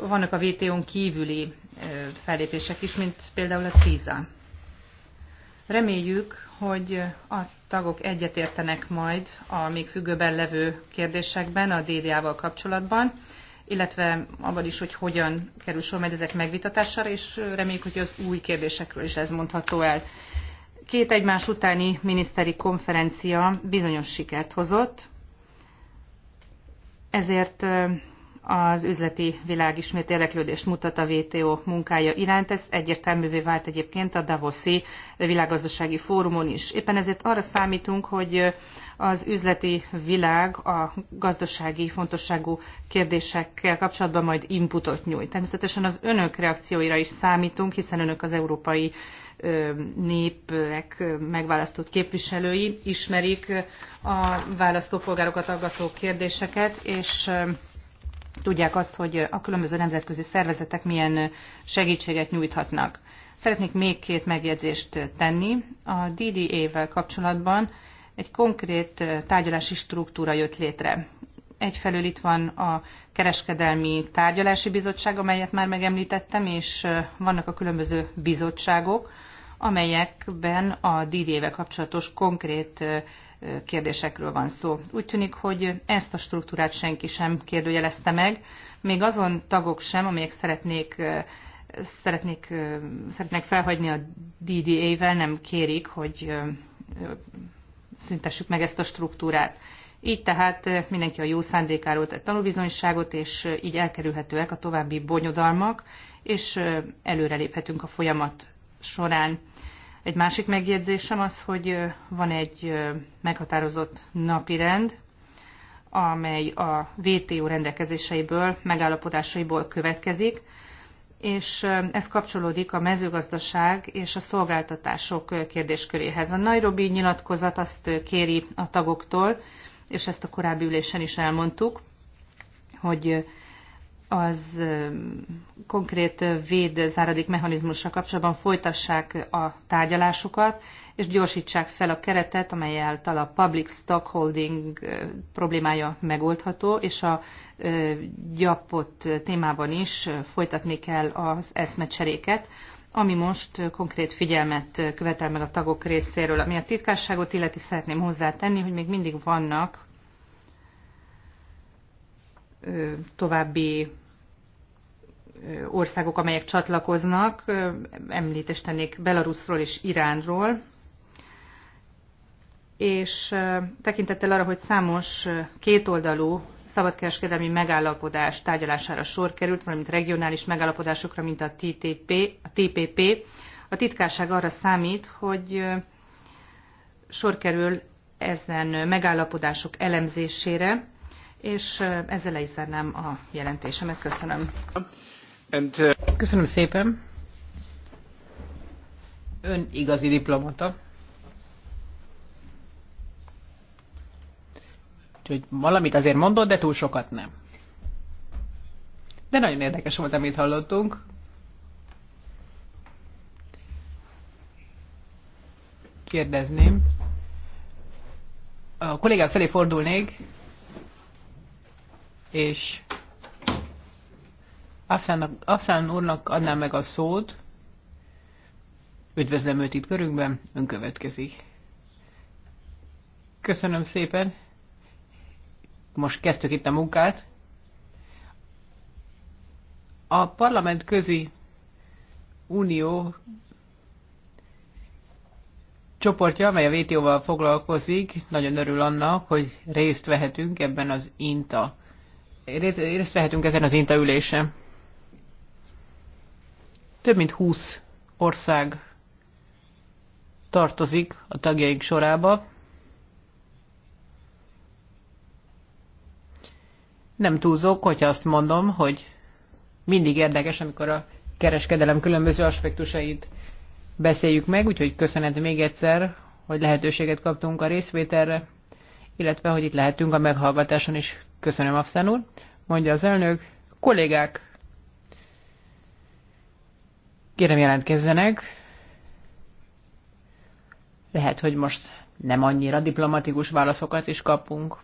vannak a vto n kívüli fellépések is, mint például a TISA. Reméljük, hogy a tagok egyetértenek majd a még függőben levő kérdésekben a DDA-val kapcsolatban, illetve abban is, hogy hogyan kerül sor majd ezek megvitatására, és reméljük, hogy az új kérdésekről is ez mondható el. Két egymás utáni miniszteri konferencia bizonyos sikert hozott, ezért az üzleti világ ismét érdeklődést mutat a WTO munkája iránt. Ez egyértelművé vált egyébként a Davoszi világgazdasági fórumon is. Éppen ezért arra számítunk, hogy az üzleti világ a gazdasági fontosságú kérdésekkel kapcsolatban majd inputot nyújt. Természetesen az önök reakcióira is számítunk, hiszen önök az európai népek megválasztott képviselői ismerik a választópolgárokat aggató kérdéseket, és tudják azt, hogy a különböző nemzetközi szervezetek milyen segítséget nyújthatnak. Szeretnék még két megjegyzést tenni. A DDA-vel kapcsolatban egy konkrét tárgyalási struktúra jött létre. Egyfelől itt van a Kereskedelmi Tárgyalási Bizottság, amelyet már megemlítettem, és vannak a különböző bizottságok, amelyekben a DDA-vel kapcsolatos konkrét kérdésekről van szó. Úgy tűnik, hogy ezt a struktúrát senki sem kérdőjelezte meg, még azon tagok sem, amelyek szeretnék szeretnék, szeretnék felhagyni a DDA-vel, nem kérik, hogy szüntessük meg ezt a struktúrát. Így tehát mindenki a jó szándékáról tett tanúbizonyságot, és így elkerülhetőek a további bonyodalmak, és előreléphetünk a folyamat során. Egy másik megjegyzésem az, hogy van egy meghatározott rend, amely a WTO rendelkezéseiből, megállapodásaiból következik, és ez kapcsolódik a mezőgazdaság és a szolgáltatások kérdésköréhez. A Nairobi nyilatkozat azt kéri a tagoktól, és ezt a korábbi ülésen is elmondtuk, hogy az konkrét záradék mechanizmussal kapcsolatban folytassák a tárgyalásukat, és gyorsítsák fel a keretet, amely által a public stockholding problémája megoldható, és a gyapott témában is folytatni kell az eszmecseréket, ami most konkrét figyelmet követel meg a tagok részéről. Ami a titkárságot illeti szeretném hozzátenni, hogy még mindig vannak további országok, amelyek csatlakoznak, említést tennék Belarusról és Iránról, és tekintettel arra, hogy számos kétoldalú szabadkereskedelmi megállapodás tárgyalására sor került, valamint regionális megállapodásokra, mint a, TTP, a TPP, a titkárság arra számít, hogy sor kerül ezen megállapodások elemzésére, és ezzel le is zárnám a jelentésemet. Köszönöm. Uh, Köszönöm szépen. Ön igazi diplomata. Úgyhogy valamit azért mondott, de túl sokat nem. De nagyon érdekes volt, amit hallottunk. Kérdezném. A kollégák felé fordulnék és Afszánnak, Afszán úrnak adnám meg a szót. Üdvözlöm őt itt körünkben, ön következik. Köszönöm szépen. Most kezdtük itt a munkát. A parlament közi unió csoportja, amely a vto val foglalkozik, nagyon örül annak, hogy részt vehetünk ebben az INTA részt vehetünk ezen az intaülésen. Több mint 20 ország tartozik a tagjaink sorába. Nem túlzok, hogyha azt mondom, hogy mindig érdekes, amikor a kereskedelem különböző aspektusait beszéljük meg, úgyhogy köszönet még egyszer, hogy lehetőséget kaptunk a részvételre, illetve hogy itt lehetünk a meghallgatáson is. Köszönöm, Afszán úr. Mondja az elnök. Kollégák, kérem jelentkezzenek. Lehet, hogy most nem annyira diplomatikus válaszokat is kapunk.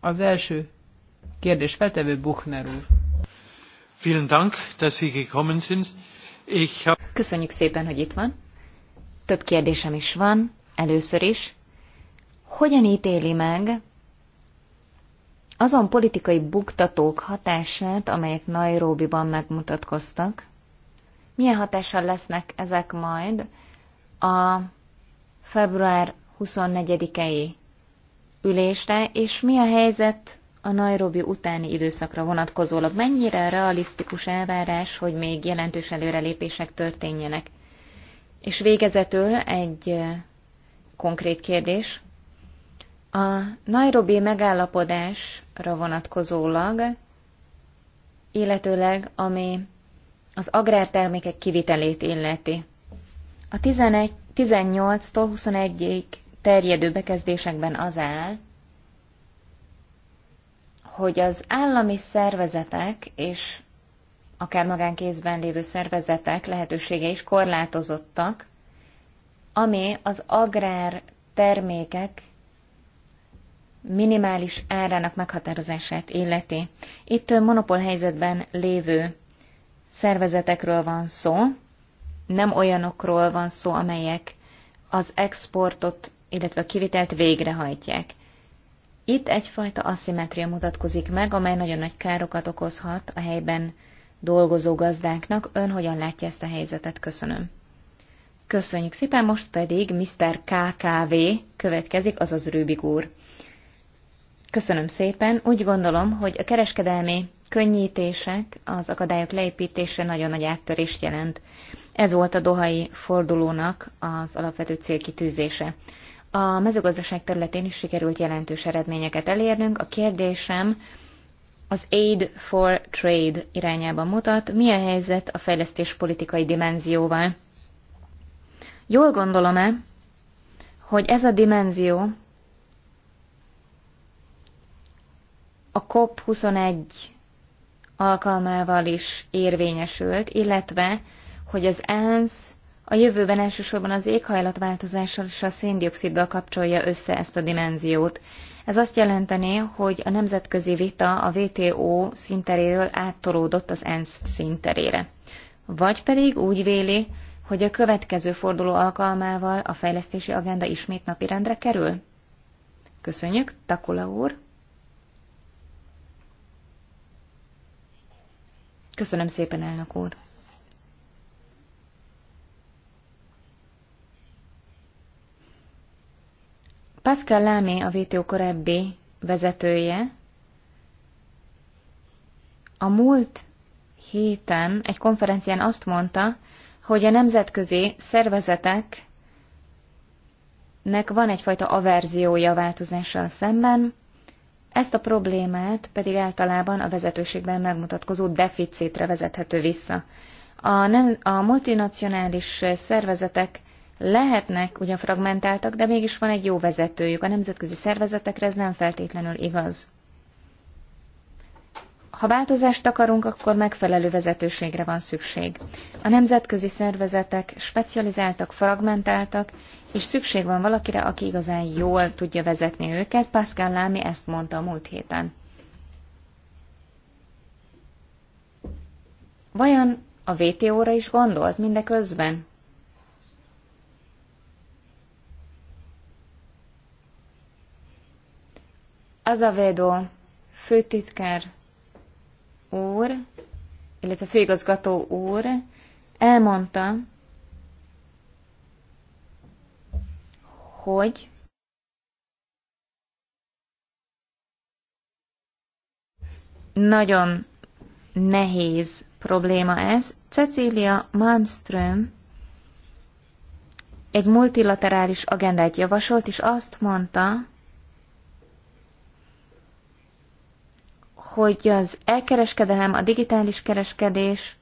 Az első kérdés feltevő Buchner úr. Vielen Dank, dass Sie gekommen sind. Ich hab... Köszönjük szépen, hogy itt van. Több kérdésem is van. Először is, hogyan ítéli meg azon politikai buktatók hatását, amelyek Nairobiban megmutatkoztak? Milyen hatással lesznek ezek majd a február 24-i ülésre, és mi a helyzet a Nairobi utáni időszakra vonatkozólag? Mennyire realisztikus elvárás, hogy még jelentős előrelépések történjenek? És végezetül egy konkrét kérdés. A Nairobi megállapodásra vonatkozólag, illetőleg ami az agrártermékek kivitelét illeti. A 18-tól 21-ig terjedő bekezdésekben az áll, hogy az állami szervezetek és akár magánkézben lévő szervezetek lehetősége is korlátozottak, ami az agrár termékek minimális árának meghatározását illeti. Itt monopól helyzetben lévő szervezetekről van szó, nem olyanokról van szó, amelyek az exportot, illetve a kivitelt végrehajtják. Itt egyfajta aszimetria mutatkozik meg, amely nagyon nagy károkat okozhat a helyben dolgozó gazdáknak. Ön hogyan látja ezt a helyzetet? Köszönöm. Köszönjük szépen, most pedig Mr. KKV következik, azaz Rübig úr. Köszönöm szépen. Úgy gondolom, hogy a kereskedelmi könnyítések, az akadályok leépítése nagyon nagy áttörést jelent. Ez volt a dohai fordulónak az alapvető célkitűzése. A mezőgazdaság területén is sikerült jelentős eredményeket elérnünk. A kérdésem az Aid for Trade irányába mutat. Mi a helyzet a fejlesztés politikai dimenzióval? Jól gondolom-e, hogy ez a dimenzió a COP21 alkalmával is érvényesült, illetve, hogy az ENSZ a jövőben elsősorban az éghajlatváltozással és a széndioksziddal kapcsolja össze ezt a dimenziót. Ez azt jelenteni, hogy a nemzetközi vita a WTO szinteréről áttolódott az ENSZ szinterére. Vagy pedig úgy véli, hogy a következő forduló alkalmával a fejlesztési agenda ismét napirendre kerül? Köszönjük, Takula úr! Köszönöm szépen, elnök úr. Pascal Lámé, a VTO korábbi vezetője, a múlt héten egy konferencián azt mondta, hogy a nemzetközi szervezeteknek van egyfajta averziója változással szemben, ezt a problémát pedig általában a vezetőségben megmutatkozó deficitre vezethető vissza. A, nem, a multinacionális szervezetek lehetnek ugyan fragmentáltak, de mégis van egy jó vezetőjük. A nemzetközi szervezetekre ez nem feltétlenül igaz. Ha változást akarunk, akkor megfelelő vezetőségre van szükség. A nemzetközi szervezetek specializáltak, fragmentáltak, és szükség van valakire, aki igazán jól tudja vezetni őket. Pascal Lámi ezt mondta a múlt héten. Vajon a VTO-ra is gondolt mindeközben? Azavedo, főtitkár úr, illetve a főigazgató úr elmondta, hogy nagyon nehéz probléma ez. Cecília Malmström egy multilaterális agendát javasolt, és azt mondta, hogy az elkereskedelem, a digitális kereskedés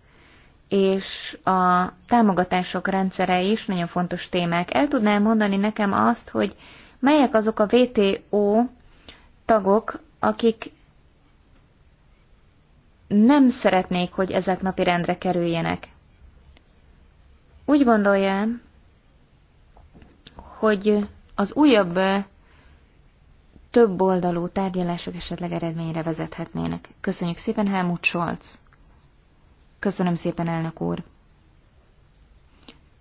és a támogatások rendszere is nagyon fontos témák. El tudnál mondani nekem azt, hogy melyek azok a VTO tagok, akik nem szeretnék, hogy ezek napi rendre kerüljenek. Úgy gondolja, hogy az újabb több oldalú tárgyalások esetleg eredményre vezethetnének. Köszönjük szépen, Helmut Scholz! Köszönöm szépen, elnök úr!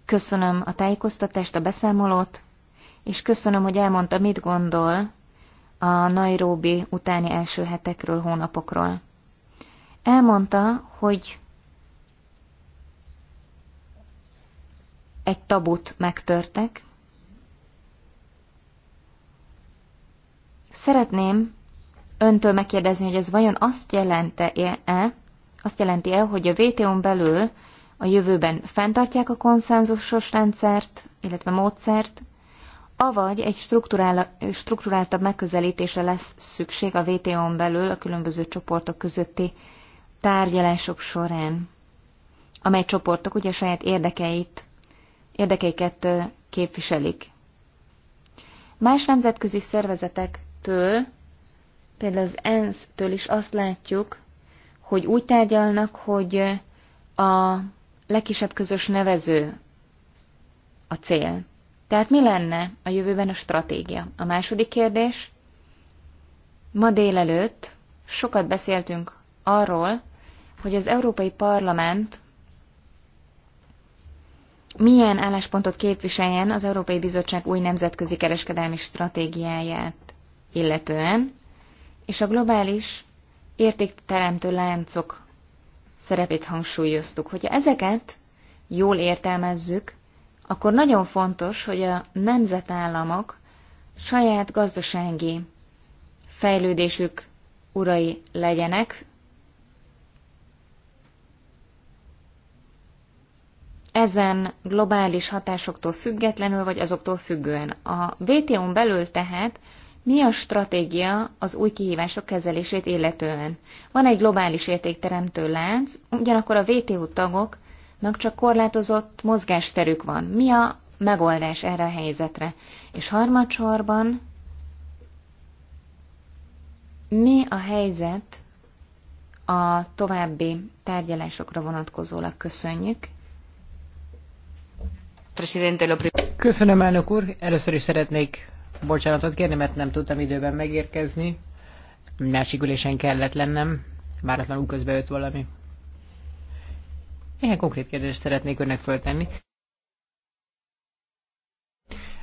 Köszönöm a tájékoztatást, a beszámolót, és köszönöm, hogy elmondta, mit gondol a Nairobi utáni első hetekről, hónapokról. Elmondta, hogy egy tabut megtörtek, Szeretném öntől megkérdezni, hogy ez vajon azt jelente-e, azt jelenti-e, hogy a vto n belül a jövőben fenntartják a konszenzusos rendszert, illetve módszert, avagy egy strukturáltabb megközelítésre lesz szükség a vto n belül a különböző csoportok közötti tárgyalások során, amely csoportok ugye saját érdekeit, érdekeiket képviselik. Más nemzetközi szervezetek től, például az ENSZ-től is azt látjuk, hogy úgy tárgyalnak, hogy a legkisebb közös nevező a cél. Tehát mi lenne a jövőben a stratégia? A második kérdés. Ma délelőtt sokat beszéltünk arról, hogy az Európai Parlament milyen álláspontot képviseljen az Európai Bizottság új nemzetközi kereskedelmi stratégiáját illetően, és a globális értékteremtő láncok szerepét hangsúlyoztuk. Hogyha ezeket jól értelmezzük, akkor nagyon fontos, hogy a nemzetállamok saját gazdasági fejlődésük urai legyenek, ezen globális hatásoktól függetlenül, vagy azoktól függően. A WTO-n belül tehát mi a stratégia az új kihívások kezelését illetően? Van egy globális értékteremtő lánc, ugyanakkor a WTO tagoknak csak korlátozott mozgásterük van. Mi a megoldás erre a helyzetre? És harmadsorban, mi a helyzet a további tárgyalásokra vonatkozólag? Köszönjük. Köszönöm, elnök úr. Először is szeretnék bocsánatot kérni, mert nem tudtam időben megérkezni. Másik ülésen kellett lennem, váratlanul közbe jött valami. Néhány konkrét kérdést szeretnék önnek föltenni.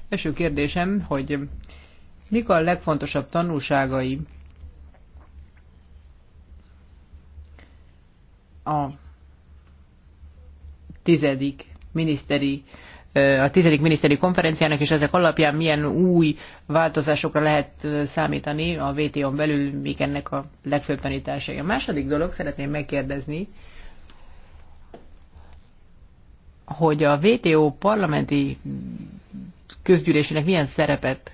Első kérdésem, hogy mik a legfontosabb tanulságai a tizedik miniszteri a tizedik miniszteri konferenciának, és ezek alapján milyen új változásokra lehet számítani a WTO-n belül, mik ennek a legfőbb tanításai. A második dolog, szeretném megkérdezni, hogy a WTO parlamenti közgyűlésének milyen szerepet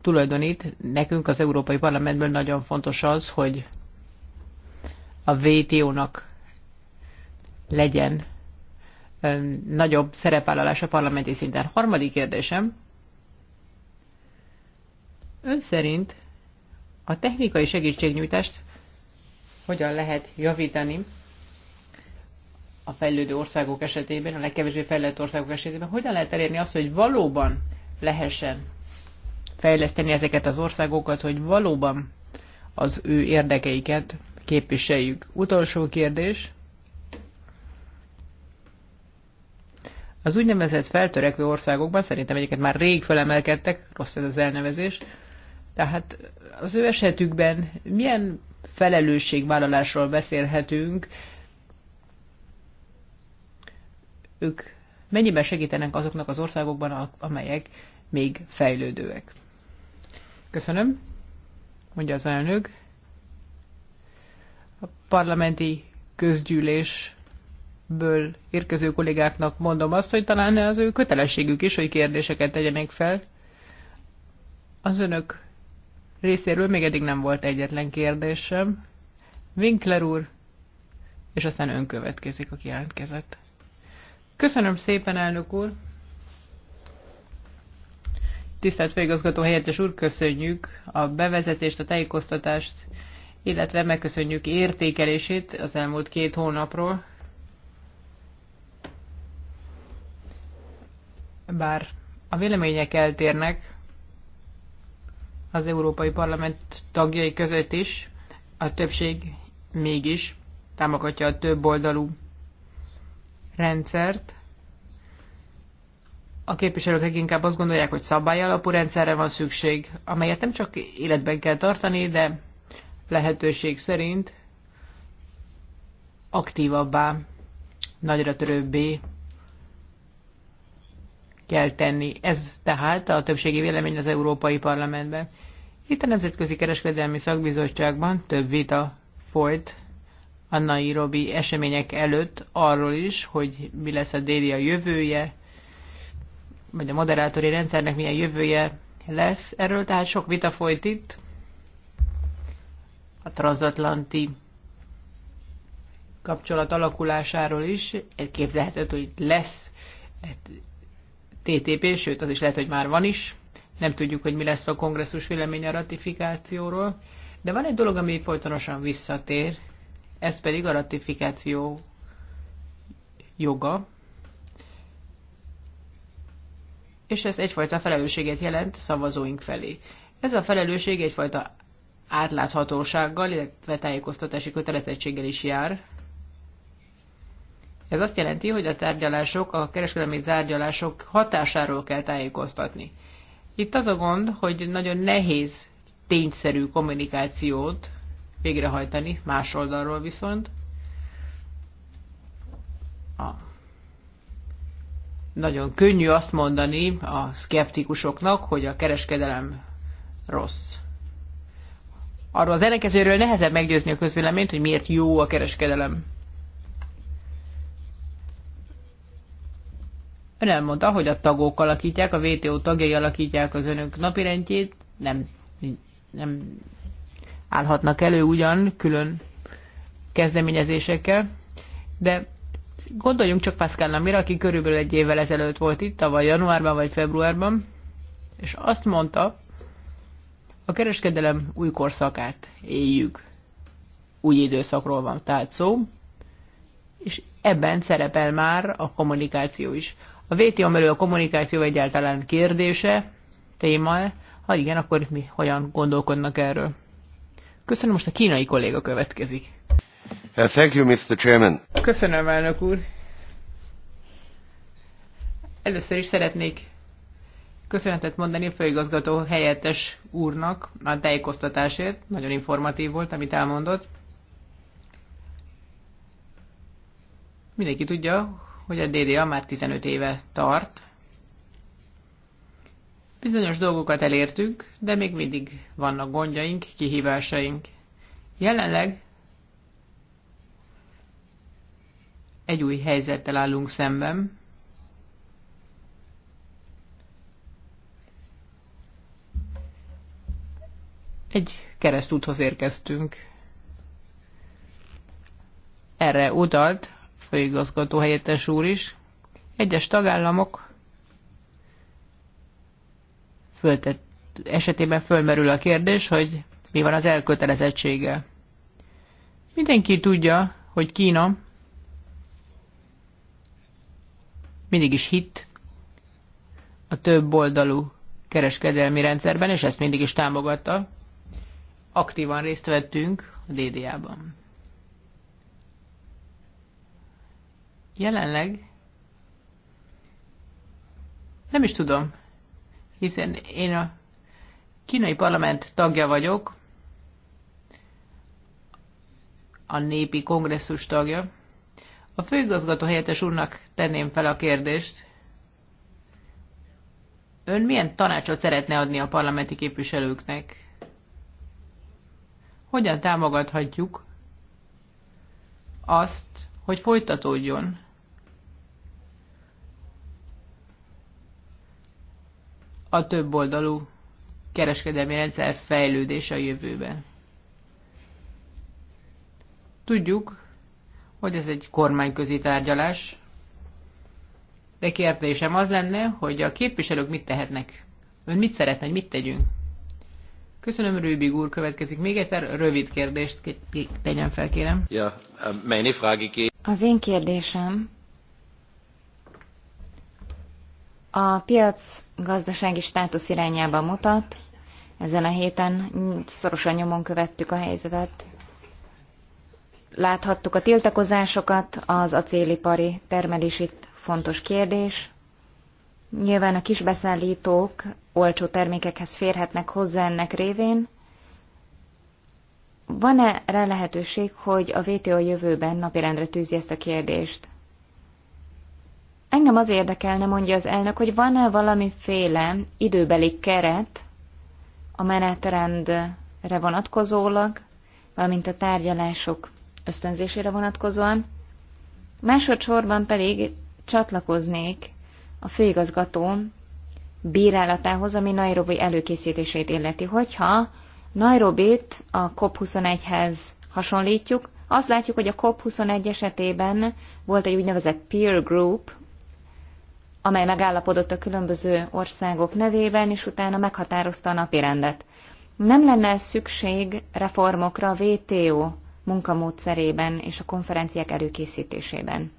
tulajdonít. Nekünk az Európai Parlamentből nagyon fontos az, hogy a WTO-nak legyen nagyobb szerepvállalás a parlamenti szinten. Harmadik kérdésem. Ön szerint a technikai segítségnyújtást hogyan lehet javítani a fejlődő országok esetében, a legkevésbé fejlett országok esetében, hogyan lehet elérni azt, hogy valóban lehessen fejleszteni ezeket az országokat, hogy valóban az ő érdekeiket képviseljük. Utolsó kérdés. Az úgynevezett feltörekvő országokban szerintem egyiket már rég felemelkedtek, rossz ez az elnevezés, tehát az ő esetükben milyen felelősségvállalásról beszélhetünk, ők mennyiben segítenek azoknak az országokban, amelyek még fejlődőek. Köszönöm, mondja az elnök. A parlamenti közgyűlés ből érkező kollégáknak mondom azt, hogy talán az ő kötelességük is, hogy kérdéseket tegyenek fel. Az önök részéről még eddig nem volt egyetlen kérdésem. Winkler úr, és aztán ön következik, aki jelentkezett. Köszönöm szépen, elnök úr! Tisztelt Főigazgató helyettes úr, köszönjük a bevezetést, a tájékoztatást, illetve megköszönjük értékelését az elmúlt két hónapról. bár a vélemények eltérnek az Európai Parlament tagjai között is, a többség mégis támogatja a több oldalú rendszert. A képviselők leginkább azt gondolják, hogy szabályalapú rendszerre van szükség, amelyet nem csak életben kell tartani, de lehetőség szerint aktívabbá, nagyra törőbbé kell tenni. Ez tehát a többségi vélemény az Európai Parlamentben. Itt a Nemzetközi Kereskedelmi Szakbizottságban több vita folyt a Nairobi események előtt arról is, hogy mi lesz a déli a jövője, vagy a moderátori rendszernek milyen jövője lesz. Erről tehát sok vita folyt itt. A transatlanti kapcsolat alakulásáról is elképzelhető, hogy lesz TTP, sőt az is lehet, hogy már van is. Nem tudjuk, hogy mi lesz a kongresszus véleménye a ratifikációról. De van egy dolog, ami folytonosan visszatér, ez pedig a ratifikáció joga, és ez egyfajta felelősséget jelent szavazóink felé. Ez a felelősség egyfajta átláthatósággal, illetve tájékoztatási kötelezettséggel is jár. Ez azt jelenti, hogy a tárgyalások, a kereskedelmi tárgyalások hatásáról kell tájékoztatni. Itt az a gond, hogy nagyon nehéz tényszerű kommunikációt végrehajtani, más oldalról viszont. A nagyon könnyű azt mondani a szkeptikusoknak, hogy a kereskedelem rossz. Arról az ellenkezőről nehezebb meggyőzni a közvéleményt, hogy miért jó a kereskedelem. Ön elmondta, hogy a tagok alakítják, a VTO tagjai alakítják az önök napirendjét, nem, nem állhatnak elő ugyan külön kezdeményezésekkel, de gondoljunk csak Pascal Lamira, aki körülbelül egy évvel ezelőtt volt itt, tavaly januárban vagy februárban, és azt mondta, a kereskedelem új korszakát éljük. Új időszakról van tehát szó, és ebben szerepel már a kommunikáció is. A WTO belül a kommunikáció egyáltalán kérdése, téma, ha igen, akkor mi hogyan gondolkodnak erről? Köszönöm, most a kínai kolléga következik. Uh, thank you, Mr. Chairman. Köszönöm, elnök úr. Először is szeretnék köszönetet mondani a főigazgató helyettes úrnak a tájékoztatásért. Nagyon informatív volt, amit elmondott. Mindenki tudja, hogy a DDA már 15 éve tart. Bizonyos dolgokat elértünk, de még mindig vannak gondjaink, kihívásaink. Jelenleg egy új helyzettel állunk szemben. Egy keresztúthoz érkeztünk. Erre utalt főigazgató helyettes úr is, egyes tagállamok föltett, esetében fölmerül a kérdés, hogy mi van az elkötelezettsége. Mindenki tudja, hogy Kína mindig is hitt a több oldalú kereskedelmi rendszerben, és ezt mindig is támogatta. Aktívan részt vettünk a DDA-ban. Jelenleg nem is tudom, hiszen én a kínai parlament tagja vagyok, a népi kongresszus tagja. A főigazgató helyettes úrnak tenném fel a kérdést, ön milyen tanácsot szeretne adni a parlamenti képviselőknek? Hogyan támogathatjuk azt, hogy folytatódjon a több oldalú kereskedelmi rendszer fejlődése a jövőben. Tudjuk, hogy ez egy kormányközi tárgyalás, de kérdésem az lenne, hogy a képviselők mit tehetnek? Ön mit szeretne, hogy mit tegyünk? Köszönöm, Rübig úr, következik még egyszer. Rövid kérdést tegyen fel, kérem. Ja, eh, meine Frage Az én kérdésem A piac gazdasági státusz irányába mutat. Ezen a héten szorosan nyomon követtük a helyzetet. Láthattuk a tiltakozásokat, az acélipari termelés itt fontos kérdés. Nyilván a kisbeszállítók olcsó termékekhez férhetnek hozzá ennek révén. Van-e rá lehetőség, hogy a VTO jövőben napirendre tűzi ezt a kérdést? Engem az érdekelne, mondja az elnök, hogy van-e valamiféle időbeli keret a menetrendre vonatkozólag, valamint a tárgyalások ösztönzésére vonatkozóan. Másodszorban pedig csatlakoznék a főigazgató bírálatához, ami Nairobi előkészítését illeti. Hogyha Nairobit a COP21-hez hasonlítjuk, azt látjuk, hogy a COP21 esetében volt egy úgynevezett peer group, amely megállapodott a különböző országok nevében, és utána meghatározta a napirendet. Nem lenne szükség reformokra a VTO munkamódszerében és a konferenciák előkészítésében.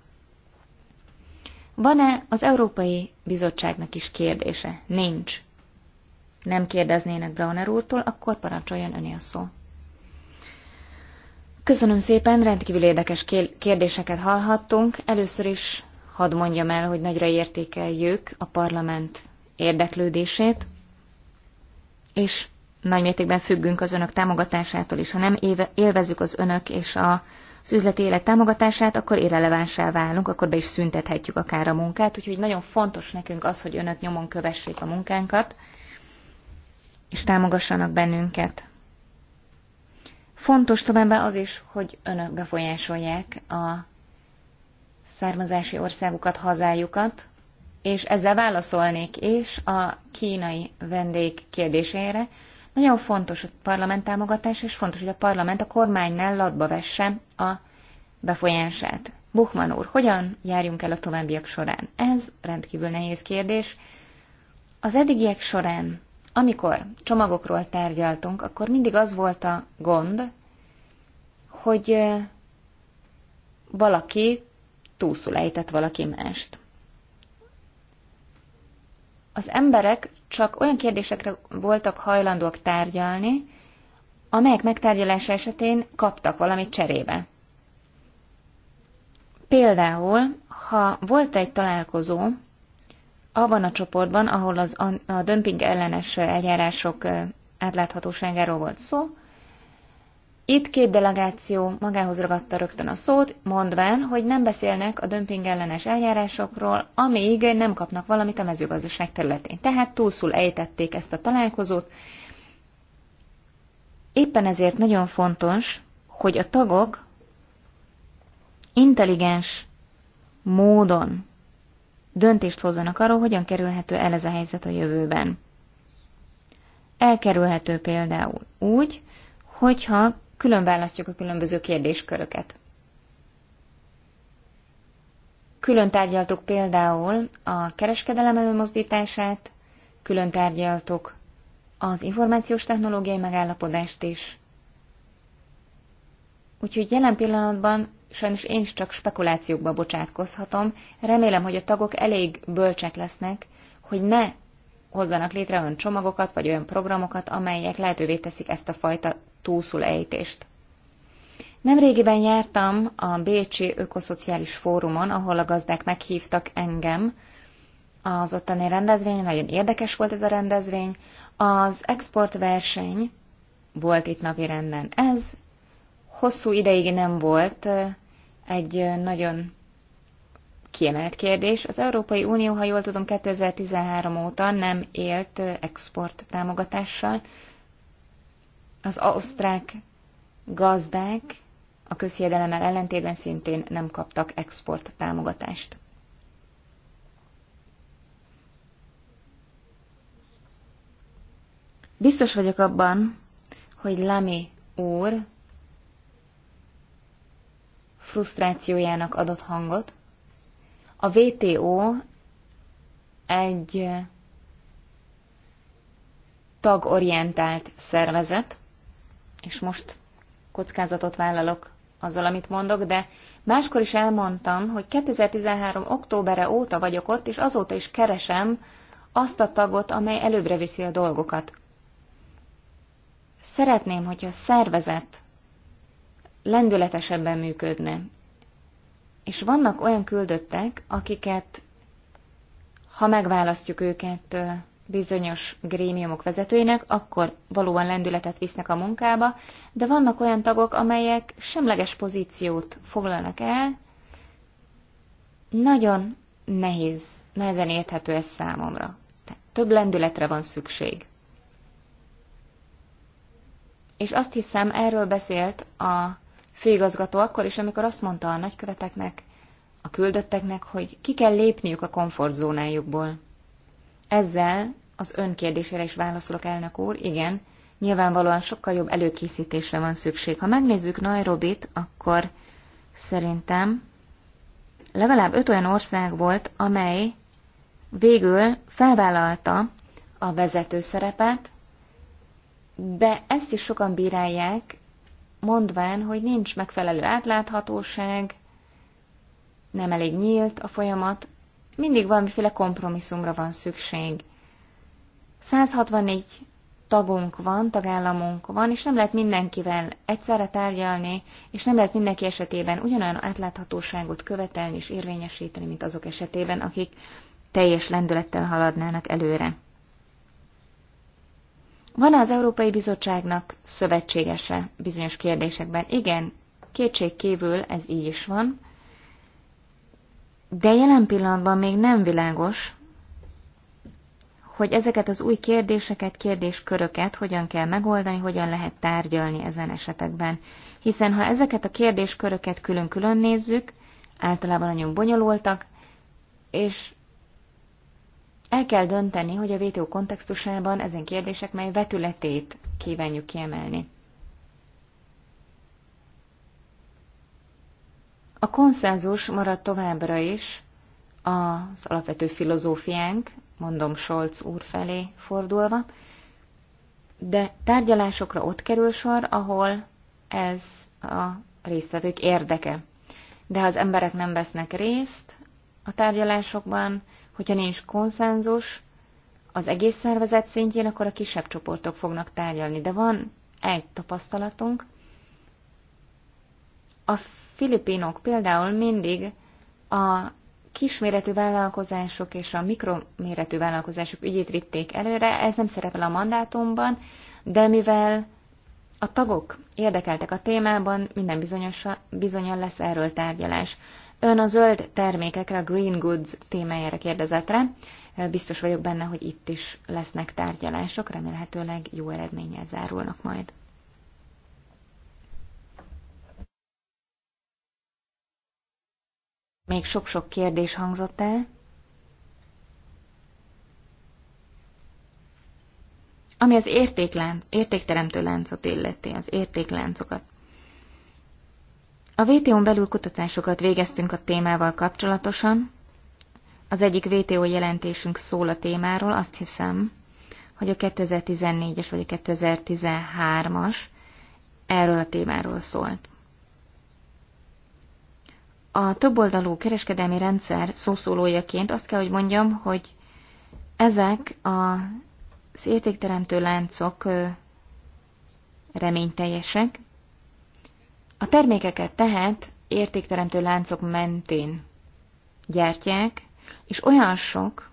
Van-e az Európai Bizottságnak is kérdése? Nincs. Nem kérdeznének Brauner úrtól, akkor parancsoljon öné a szó. Köszönöm szépen, rendkívül érdekes kérdéseket hallhattunk. Először is hadd mondjam el, hogy nagyra értékeljük a parlament érdeklődését, és nagymértékben függünk az önök támogatásától is. Ha nem élvezzük az önök és a, az üzleti élet támogatását, akkor irrelevánsá válunk, akkor be is szüntethetjük akár a munkát, úgyhogy nagyon fontos nekünk az, hogy önök nyomon kövessék a munkánkat, és támogassanak bennünket. Fontos továbbá az is, hogy önök befolyásolják a származási országukat, hazájukat, és ezzel válaszolnék is a kínai vendég kérdésére. Nagyon fontos a parlament támogatás, és fontos, hogy a parlament a kormánynál latba vesse a befolyását. Buchmann úr, hogyan járjunk el a továbbiak során? Ez rendkívül nehéz kérdés. Az eddigiek során, amikor csomagokról tárgyaltunk, akkor mindig az volt a gond, hogy valakit túlszul ejtett valaki mást. Az emberek csak olyan kérdésekre voltak hajlandóak tárgyalni, amelyek megtárgyalása esetén kaptak valamit cserébe. Például, ha volt egy találkozó abban a csoportban, ahol az, a dömping ellenes eljárások átláthatóságáról volt szó, itt két delegáció magához ragadta rögtön a szót, mondván, hogy nem beszélnek a dömping ellenes eljárásokról, amíg nem kapnak valamit a mezőgazdaság területén. Tehát túlszul ejtették ezt a találkozót. Éppen ezért nagyon fontos, hogy a tagok intelligens módon döntést hozzanak arról, hogyan kerülhető el ez a helyzet a jövőben. Elkerülhető például úgy, hogyha külön választjuk a különböző kérdésköröket. Külön tárgyaltuk például a kereskedelem előmozdítását, külön tárgyaltuk az információs technológiai megállapodást is. Úgyhogy jelen pillanatban sajnos én is csak spekulációkba bocsátkozhatom, remélem, hogy a tagok elég bölcsek lesznek, hogy ne hozzanak létre olyan csomagokat vagy olyan programokat, amelyek lehetővé teszik ezt a fajta túlszul ejtést. Nemrégiben jártam a Bécsi Ökoszociális Fórumon, ahol a gazdák meghívtak engem az ottani rendezvény, nagyon érdekes volt ez a rendezvény. Az exportverseny volt itt napi renden. Ez hosszú ideig nem volt egy nagyon kiemelt kérdés. Az Európai Unió, ha jól tudom, 2013 óta nem élt export támogatással, az ausztrák gazdák a közhiedelemmel ellentétben szintén nem kaptak export támogatást. Biztos vagyok abban, hogy Lami úr frusztrációjának adott hangot. A VTO egy tagorientált szervezet, és most kockázatot vállalok azzal, amit mondok, de máskor is elmondtam, hogy 2013. októberre óta vagyok ott, és azóta is keresem azt a tagot, amely előbbre viszi a dolgokat. Szeretném, hogyha a szervezet lendületesebben működne. És vannak olyan küldöttek, akiket, ha megválasztjuk őket, bizonyos grémiumok vezetőinek, akkor valóban lendületet visznek a munkába, de vannak olyan tagok, amelyek semleges pozíciót foglalnak el, nagyon nehéz, nehezen érthető ez számomra. több lendületre van szükség. És azt hiszem, erről beszélt a főigazgató akkor is, amikor azt mondta a nagyköveteknek, a küldötteknek, hogy ki kell lépniük a komfortzónájukból. Ezzel az ön kérdésére is válaszolok, elnök úr, igen, nyilvánvalóan sokkal jobb előkészítésre van szükség. Ha megnézzük Nairobit, akkor szerintem legalább öt olyan ország volt, amely végül felvállalta a vezető szerepet, de ezt is sokan bírálják, mondván, hogy nincs megfelelő átláthatóság, nem elég nyílt a folyamat, mindig valamiféle kompromisszumra van szükség. 164 tagunk van, tagállamunk van, és nem lehet mindenkivel egyszerre tárgyalni, és nem lehet mindenki esetében ugyanolyan átláthatóságot követelni és érvényesíteni, mint azok esetében, akik teljes lendülettel haladnának előre. Van-e az Európai Bizottságnak szövetségese bizonyos kérdésekben? Igen, kétség kívül ez így is van. De jelen pillanatban még nem világos, hogy ezeket az új kérdéseket, kérdésköröket hogyan kell megoldani, hogyan lehet tárgyalni ezen esetekben. Hiszen ha ezeket a kérdésköröket külön-külön nézzük, általában nagyon bonyolultak, és el kell dönteni, hogy a VTO kontextusában ezen kérdések mely vetületét kívánjuk kiemelni. A konszenzus marad továbbra is az alapvető filozófiánk, mondom Scholz úr felé fordulva, de tárgyalásokra ott kerül sor, ahol ez a résztvevők érdeke. De ha az emberek nem vesznek részt a tárgyalásokban, hogyha nincs konszenzus az egész szervezet szintjén, akkor a kisebb csoportok fognak tárgyalni. De van egy tapasztalatunk, a Filipinok például mindig a kisméretű vállalkozások és a mikroméretű vállalkozások ügyét vitték előre, ez nem szerepel a mandátumban, de mivel a tagok érdekeltek a témában, minden bizonyos, bizonyan lesz erről tárgyalás. Ön a zöld termékekre, a green goods témájára kérdezett rá. Biztos vagyok benne, hogy itt is lesznek tárgyalások, remélhetőleg jó eredménnyel zárulnak majd. Még sok-sok kérdés hangzott el. Ami az értéklán, értékteremtő láncot illeti, az értékláncokat. A VTO-n belül kutatásokat végeztünk a témával kapcsolatosan. Az egyik VTO jelentésünk szól a témáról, azt hiszem, hogy a 2014-es vagy a 2013-as erről a témáról szólt a többoldalú kereskedelmi rendszer szószólójaként azt kell, hogy mondjam, hogy ezek az értékteremtő láncok reményteljesek. A termékeket tehát értékteremtő láncok mentén gyártják, és olyan sok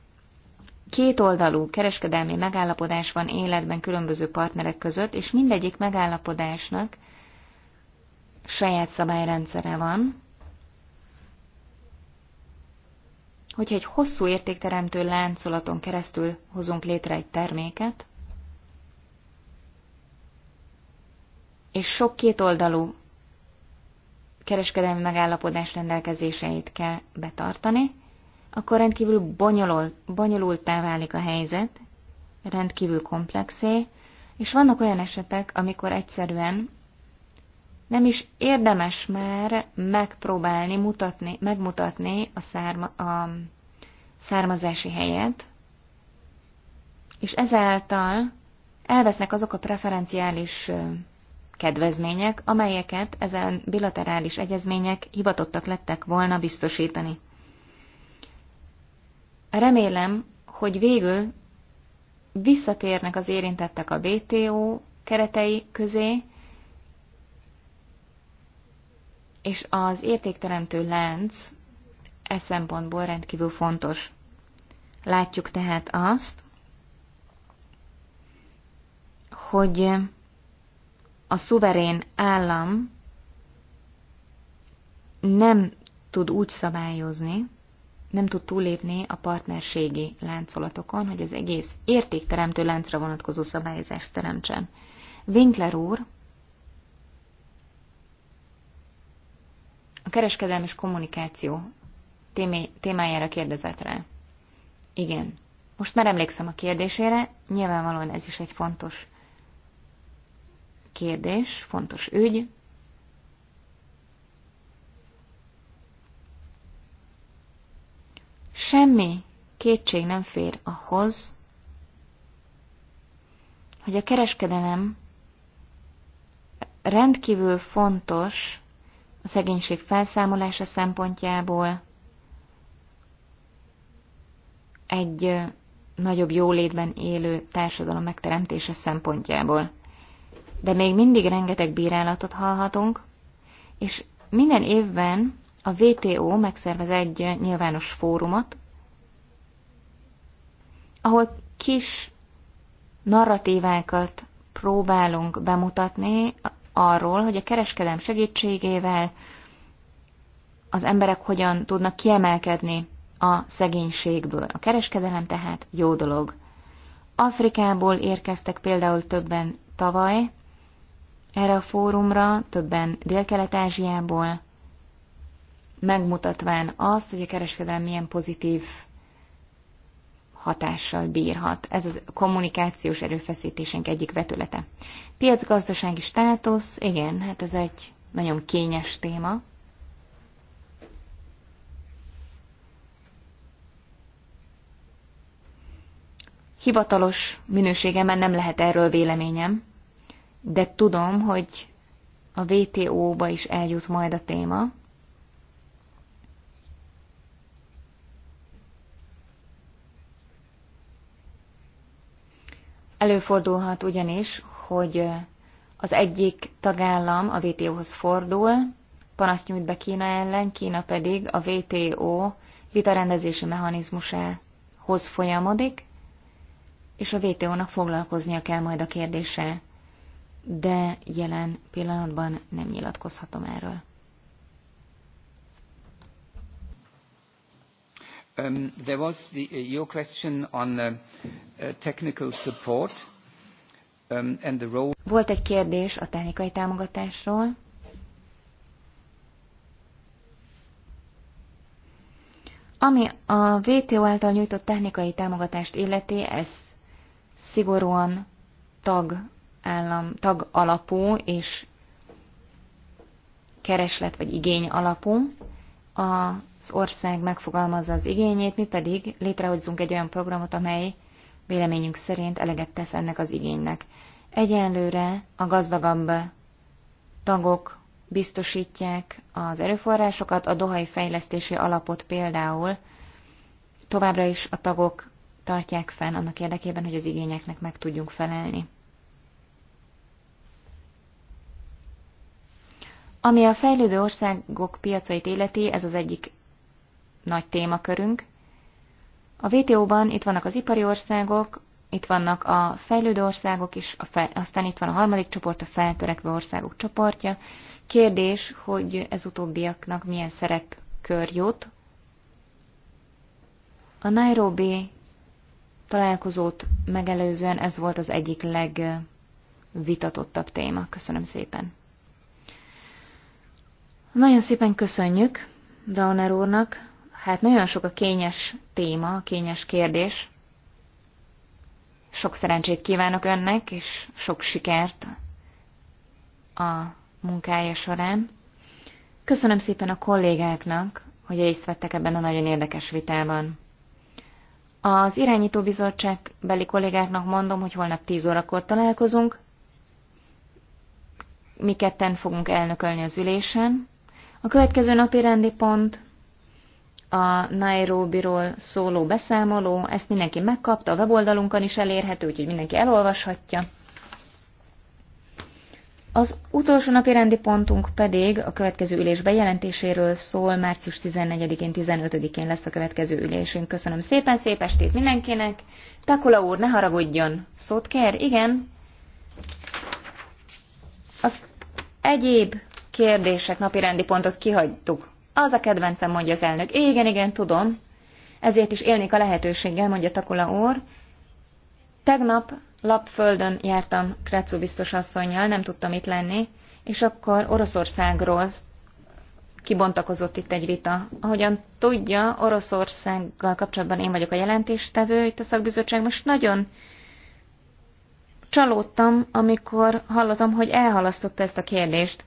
kétoldalú kereskedelmi megállapodás van életben különböző partnerek között, és mindegyik megállapodásnak saját szabályrendszere van, hogyha egy hosszú értékteremtő láncolaton keresztül hozunk létre egy terméket, és sok kétoldalú kereskedelmi megállapodás rendelkezéseit kell betartani, akkor rendkívül bonyolult, bonyolultá válik a helyzet, rendkívül komplexé, és vannak olyan esetek, amikor egyszerűen nem is érdemes már megpróbálni, mutatni, megmutatni a, szárma, a származási helyet, és ezáltal elvesznek azok a preferenciális kedvezmények, amelyeket ezen bilaterális egyezmények hivatottak lettek volna biztosítani. Remélem, hogy végül visszatérnek az érintettek a WTO keretei közé, és az értékteremtő lánc e szempontból rendkívül fontos. Látjuk tehát azt, hogy a szuverén állam nem tud úgy szabályozni, nem tud túlépni a partnerségi láncolatokon, hogy az egész értékteremtő láncra vonatkozó szabályozást teremtsen. Winkler úr A kereskedelmi és kommunikáció témájára kérdezett rá. Igen. Most már emlékszem a kérdésére, nyilvánvalóan ez is egy fontos kérdés, fontos ügy. Semmi kétség nem fér ahhoz, hogy a kereskedelem rendkívül fontos a szegénység felszámolása szempontjából, egy nagyobb jólétben élő társadalom megteremtése szempontjából. De még mindig rengeteg bírálatot hallhatunk, és minden évben a VTO megszervez egy nyilvános fórumot, ahol kis narratívákat próbálunk bemutatni arról, hogy a kereskedelem segítségével az emberek hogyan tudnak kiemelkedni a szegénységből. A kereskedelem tehát jó dolog. Afrikából érkeztek például többen tavaly erre a fórumra, többen Dél-Kelet-Ázsiából, megmutatván azt, hogy a kereskedelem milyen pozitív hatással bírhat. Ez a kommunikációs erőfeszítésünk egyik vetülete. Piacgazdasági státusz, igen, hát ez egy nagyon kényes téma. Hivatalos minőségemben nem lehet erről véleményem, de tudom, hogy a wto ba is eljut majd a téma, Előfordulhat ugyanis, hogy az egyik tagállam a WTO-hoz fordul, panaszt nyújt be Kína ellen, Kína pedig a WTO vitarendezési mechanizmusához folyamodik, és a WTO-nak foglalkoznia kell majd a kérdéssel. De jelen pillanatban nem nyilatkozhatom erről. Um, there was the, uh, your question on uh, uh, technical support um, and the role. Volt egy kérdés a technikai támogatásról. Ami a VTO által nyújtott technikai támogatást illeti, ez szigorúan tag, állam, tag alapú és kereslet vagy igény alapú az ország megfogalmazza az igényét, mi pedig létrehozzunk egy olyan programot, amely véleményünk szerint eleget tesz ennek az igénynek. Egyenlőre a gazdagabb tagok biztosítják az erőforrásokat, a Dohai Fejlesztési Alapot például továbbra is a tagok tartják fenn annak érdekében, hogy az igényeknek meg tudjunk felelni. Ami a fejlődő országok piacait életi, ez az egyik nagy témakörünk. A WTO-ban itt vannak az ipari országok, itt vannak a fejlődő országok is, a fe, aztán itt van a harmadik csoport, a feltörekvő országok csoportja. Kérdés, hogy ez utóbbiaknak milyen szerepkör jut. A Nairobi találkozót megelőzően ez volt az egyik legvitatottabb téma. Köszönöm szépen. Nagyon szépen köszönjük Brauner úrnak. Hát nagyon sok a kényes téma, a kényes kérdés. Sok szerencsét kívánok önnek, és sok sikert a munkája során. Köszönöm szépen a kollégáknak, hogy részt vettek ebben a nagyon érdekes vitában. Az bizottság beli kollégáknak mondom, hogy holnap 10 órakor találkozunk. Mi ketten fogunk elnökölni az ülésen. A következő napi rendi pont a Nairobiról szóló beszámoló, ezt mindenki megkapta, a weboldalunkon is elérhető, úgyhogy mindenki elolvashatja. Az utolsó napi rendi pontunk pedig a következő ülés bejelentéséről szól, március 14-én, 15-én lesz a következő ülésünk. Köszönöm szépen, szép estét mindenkinek. Takula úr, ne haragudjon. Szót kér? Igen. Az egyéb kérdések napirendi pontot kihagytuk. Az a kedvencem, mondja az elnök. Igen, igen, tudom. Ezért is élnék a lehetőséggel, mondja Takula úr. Tegnap Lapföldön jártam Kretszú biztos asszonynal, nem tudtam itt lenni, és akkor Oroszországról kibontakozott itt egy vita. Ahogyan tudja, Oroszországgal kapcsolatban én vagyok a jelentéstevő itt a szakbizottság most nagyon csalódtam, amikor hallottam, hogy elhalasztotta ezt a kérdést.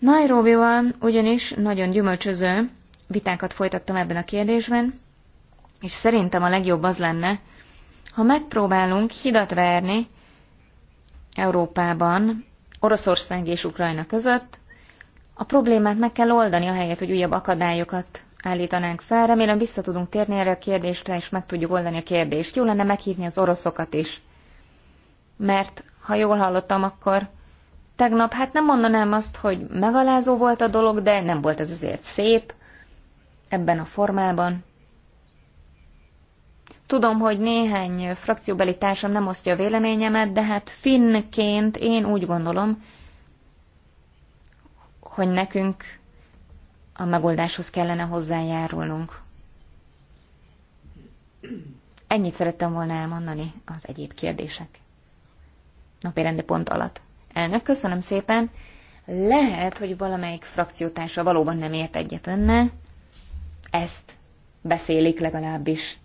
Nairobi-ban ugyanis nagyon gyümölcsöző vitákat folytattam ebben a kérdésben, és szerintem a legjobb az lenne, ha megpróbálunk hidat verni Európában, Oroszország és Ukrajna között, a problémát meg kell oldani, a helyet, hogy újabb akadályokat állítanánk fel. Remélem vissza tudunk térni erre a kérdésre, és meg tudjuk oldani a kérdést. Jó lenne meghívni az oroszokat is. Mert, ha jól hallottam, akkor tegnap. Hát nem mondanám azt, hogy megalázó volt a dolog, de nem volt ez azért szép ebben a formában. Tudom, hogy néhány frakcióbeli társam nem osztja a véleményemet, de hát finnként én úgy gondolom, hogy nekünk a megoldáshoz kellene hozzájárulnunk. Ennyit szerettem volna elmondani az egyéb kérdések napirendi pont alatt. Elnök, köszönöm szépen. Lehet, hogy valamelyik frakciótársa valóban nem ért egyet önnel. Ezt beszélik legalábbis.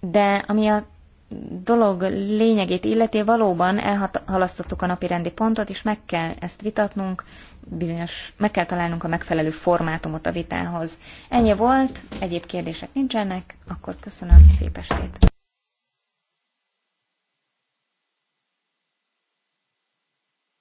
De ami a dolog lényegét illeti, valóban elhalasztottuk a napi rendi pontot, és meg kell ezt vitatnunk, bizonyos, meg kell találnunk a megfelelő formátumot a vitához. Ennyi volt, egyéb kérdések nincsenek, akkor köszönöm, szép estét!